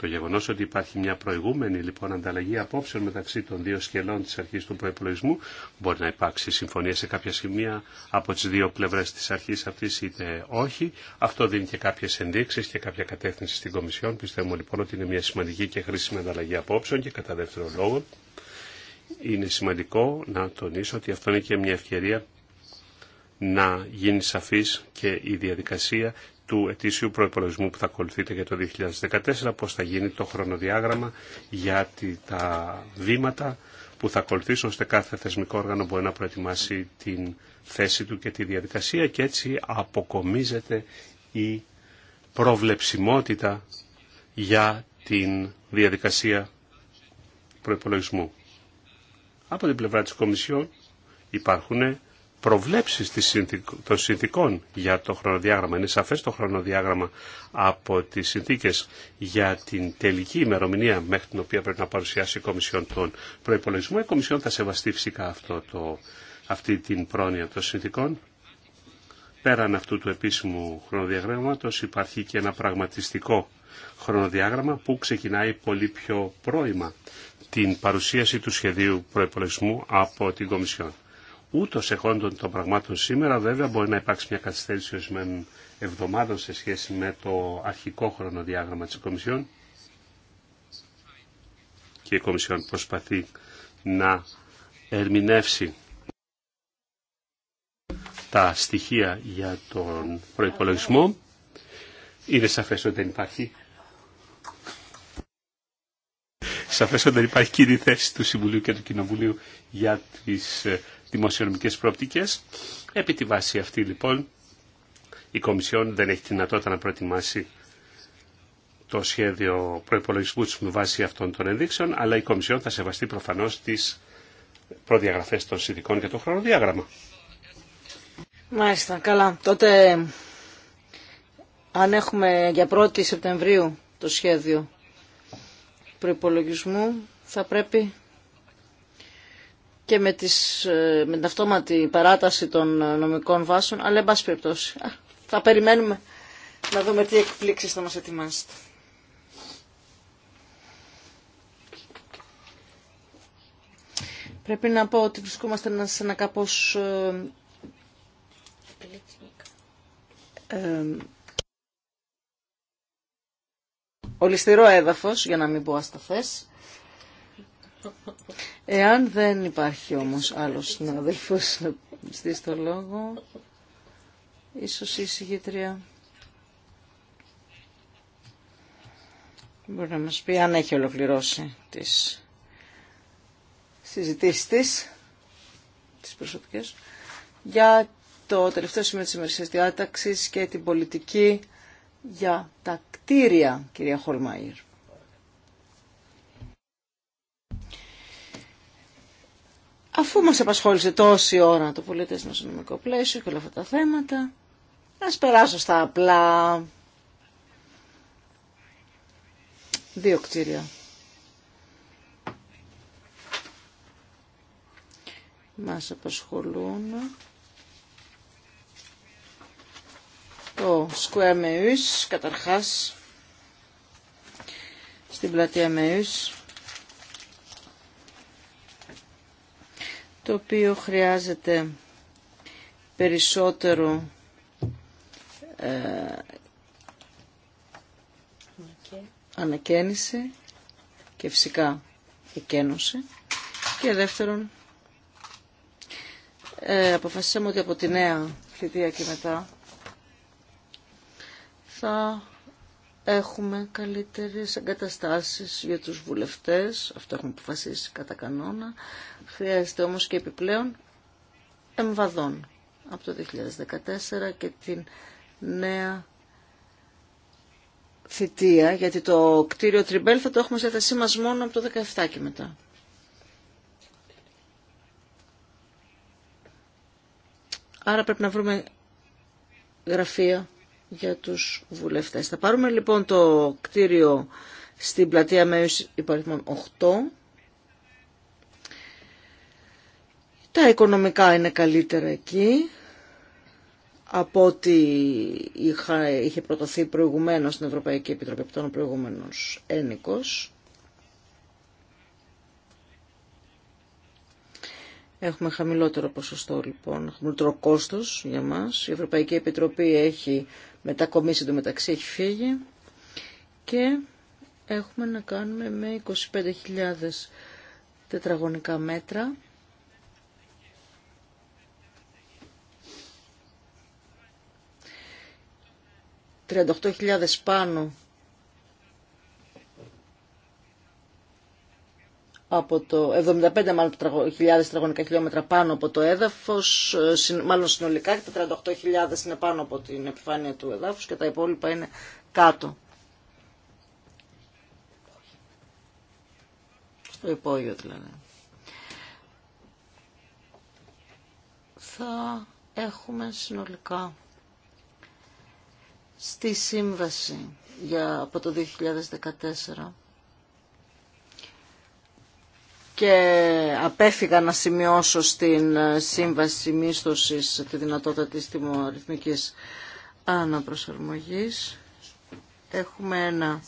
Το γεγονό ότι υπάρχει μια προηγούμενη λοιπόν ανταλλαγή απόψεων μεταξύ των δύο σκελών τη αρχή του προπολογισμού μπορεί να υπάρξει συμφωνία σε κάποια σημεία από τι δύο πλευρέ τη αρχή αυτή είτε όχι. Αυτό δίνει και κάποιε ενδείξει και κάποια κατεύθυνση στην Κομισιόν. Πιστεύουμε λοιπόν ότι είναι μια σημαντική και χρήσιμη ανταλλαγή απόψεων και κατά δεύτερο λόγο είναι σημαντικό να τονίσω ότι αυτό είναι και μια ευκαιρία να γίνει σαφής και η διαδικασία του ετήσιου προϋπολογισμού που θα ακολουθείτε για το 2014, πώς θα γίνει το χρονοδιάγραμμα για τα βήματα που θα ακολουθήσουν ώστε κάθε θεσμικό όργανο μπορεί να προετοιμάσει την θέση του και τη διαδικασία και έτσι αποκομίζεται η προβλεψιμότητα για την διαδικασία προϋπολογισμού. Από την πλευρά της Κομισιόν υπάρχουν προβλέψεις των συνθήκων για το χρονοδιάγραμμα. Είναι σαφές το χρονοδιάγραμμα από τις συνθήκες για την τελική ημερομηνία μέχρι την οποία πρέπει να παρουσιάσει η Κομισιόν τον προϋπολογισμό. Η Κομισιόν θα σεβαστεί φυσικά αυτό το, αυτή την πρόνοια των συνθήκων. Πέραν αυτού του επίσημου χρονοδιαγράμματος υπάρχει και ένα πραγματιστικό χρονοδιάγραμμα που ξεκινάει πολύ πιο πρόημα την παρουσίαση του σχεδίου προϋπολογισμού από την Κομισιόν ούτως εχόντων των πραγμάτων σήμερα βέβαια μπορεί να υπάρξει μια καθυστέρηση ορισμένων εβδομάδων σε σχέση με το αρχικό χρονοδιάγραμμα τη Κομισιόν και η Κομισιόν προσπαθεί να ερμηνεύσει τα στοιχεία για τον προϋπολογισμό. Είναι σαφές ότι δεν υπάρχει σαφές ότι δεν υπάρχει κοινή θέση του Συμβουλίου και του Κοινοβουλίου για τις ε, δημοσιονομικές προοπτικές. Επί τη βάση αυτή λοιπόν η Κομισιόν δεν έχει τη δυνατότητα να προετοιμάσει το σχέδιο προπολογισμού τη με βάση αυτών των ενδείξεων, αλλά η Κομισιόν θα σεβαστεί προφανώ τι προδιαγραφέ των συνδικών και το χρονοδιάγραμμα. Μάλιστα, καλά. Τότε, αν έχουμε για 1η Σεπτεμβρίου το σχέδιο προπολογισμού, θα πρέπει και με, τις, ε, με την αυτόματη παράταση των ε, νομικών βάσεων, αλλά εν πάση περιπτώσει. Θα περιμένουμε να δούμε τι εκπλήξεις θα μας ετοιμάσετε. Πρέπει να πω ότι βρισκόμαστε σε ένα κάπως ε, ε έδαφος, για να μην πω ασταθές. Εάν δεν υπάρχει όμως άλλος συνάδελφος να στήσει το λόγο, ίσως η συγγήτρια μπορεί να μας πει αν έχει ολοκληρώσει τις συζητήσεις της, τις προσωπικές, για το τελευταίο σημείο της ημερησίας διάταξης και την πολιτική για τα κτίρια, κυρία Χολμαϊρ. αφού μας απασχόλησε τόση ώρα το πολιτές νομικό πλαίσιο και όλα αυτά τα θέματα, ας περάσω στα απλά δύο κτίρια. Μας απασχολούν το Square Meus, καταρχάς, στην πλατεία Meus, το οποίο χρειάζεται περισσότερο ε, ανακαίνιση και φυσικά εκένωση και δεύτερον ε, αποφασίσαμε ότι από τη νέα θητεία και μετά θα έχουμε καλύτερες εγκαταστάσεις για τους βουλευτές, αυτό έχουμε αποφασίσει κατά κανόνα, Χρειάζεται όμως και επιπλέον εμβαδών από το 2014 και την νέα θητεία, γιατί το κτίριο Τριμπέλ θα το έχουμε σε θέση μας μόνο από το 17 και μετά. Άρα πρέπει να βρούμε γραφεία για τους βουλευτές. Θα πάρουμε λοιπόν το κτίριο στην πλατεία Μέους υπαριθμών 8, Τα οικονομικά είναι καλύτερα εκεί από ό,τι είχε προταθεί προηγουμένως στην Ευρωπαϊκή Επιτροπή, από τον προηγούμενος ένικος. Έχουμε χαμηλότερο ποσοστό λοιπόν, χαμηλότερο κόστος για μας. Η Ευρωπαϊκή Επιτροπή έχει μετακομίσει το μεταξύ, έχει φύγει και έχουμε να κάνουμε με 25.000 τετραγωνικά μέτρα 38.000 πάνω από το 75 μάλλον τετραγωνικά χιλιόμετρα πάνω από το έδαφος, ε, μάλλον συνολικά και τα 38.000 είναι πάνω από την επιφάνεια του εδάφους και τα υπόλοιπα είναι κάτω. Στο υπόγειο δηλαδή. Θα έχουμε συνολικά στη σύμβαση για, από το 2014 και απέφυγα να σημειώσω στην ε, σύμβαση μίσθωσης τη δυνατότητα της τιμωρυθμικής αναπροσαρμογής. Έχουμε ένα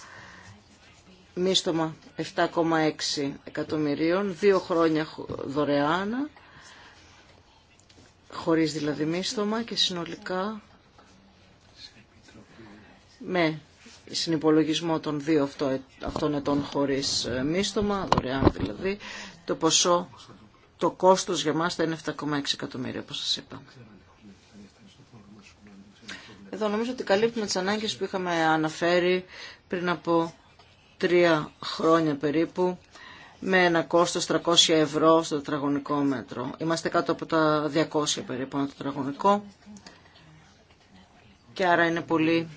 μίστομα 7,6 εκατομμυρίων, δύο χρόνια δωρεάν, χωρίς δηλαδή μίστομα και συνολικά με συνυπολογισμό των δύο ε, αυτών ετών χωρίς ε, μίστομα, δωρεάν δηλαδή, το ποσό, το κόστος για μας θα είναι 7,6 εκατομμύρια, όπως σας είπα. Εδώ νομίζω ότι καλύπτουμε τις ανάγκες που είχαμε αναφέρει πριν από τρία χρόνια περίπου με ένα κόστος 300 ευρώ στο τετραγωνικό μέτρο. Είμαστε κάτω από τα 200 περίπου το τετραγωνικό και άρα είναι πολύ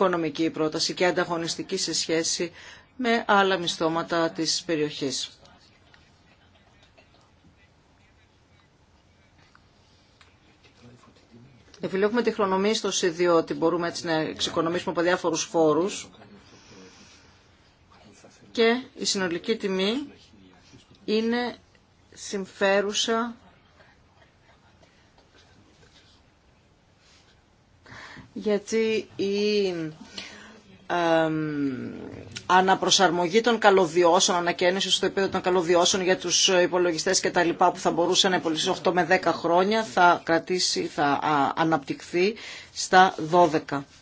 οικονομική πρόταση και ανταγωνιστική σε σχέση με άλλα μισθώματα της περιοχής. Επιλέγουμε τη χρονομίστοση διότι μπορούμε έτσι να εξοικονομήσουμε από διάφορους φόρους και η συνολική τιμή είναι συμφέρουσα γιατί η αναπροσαρμογή των καλωδιώσεων, ανακαίνιση στο επίπεδο των καλωδιώσεων για τους υπολογιστές και τα λοιπά που θα μπορούσε να υπολογιστεί 8 με 10 χρόνια θα κρατήσει, θα αναπτυχθεί στα 12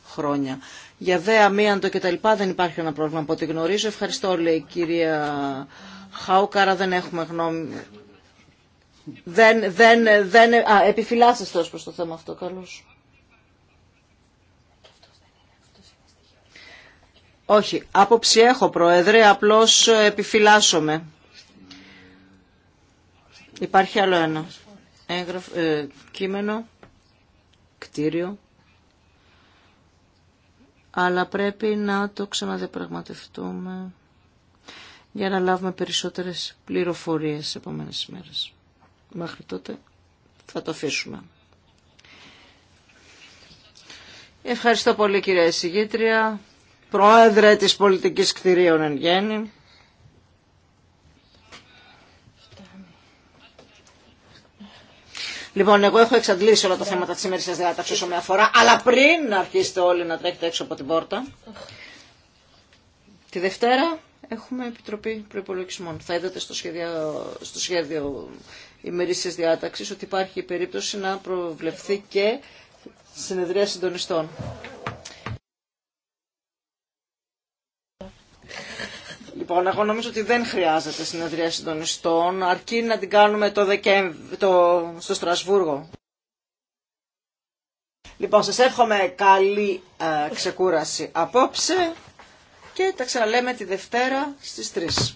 χρόνια. Για δε αμίαντο και τα λοιπά δεν υπάρχει ένα πρόβλημα από ό,τι γνωρίζω. Ευχαριστώ λέει η κυρία Χάουκαρα, δεν έχουμε γνώμη. Δεν, δεν, δεν, επιφυλάσσεστε ως προς το θέμα αυτό, καλώς. Όχι, άποψη έχω Πρόεδρε, απλώς επιφυλάσσομαι. Υπάρχει άλλο ένα Έγραφ, ε, κείμενο, κτίριο, αλλά πρέπει να το ξαναδιαπραγματευτούμε για να λάβουμε περισσότερες πληροφορίες τις επόμενες μέρες. Μέχρι τότε θα το αφήσουμε. Ευχαριστώ πολύ κυρία εισηγήτρια πρόεδρε της πολιτικής κτηρίων εν γέννη. Λοιπόν, εγώ έχω εξαντλήσει όλα τα θέματα τη ημερήσια διάταξη όσο με αφορά, αλλά πριν να αρχίσετε όλοι να τρέχετε έξω από την πόρτα. Τη Δευτέρα έχουμε Επιτροπή Προπολογισμών. Θα είδατε στο σχέδιο, στο σχέδιο ημερήσια διάταξη ότι υπάρχει περίπτωση να προβλεφθεί και συνεδρία συντονιστών. Λοιπόν, εγώ νομίζω ότι δεν χρειάζεται συνεδρία συντονιστών, αρκεί να την κάνουμε το το... στο Στρασβούργο. Λοιπόν, σας εύχομαι καλή ε, ξεκούραση απόψε και τα ξαναλέμε τη Δευτέρα στις 3.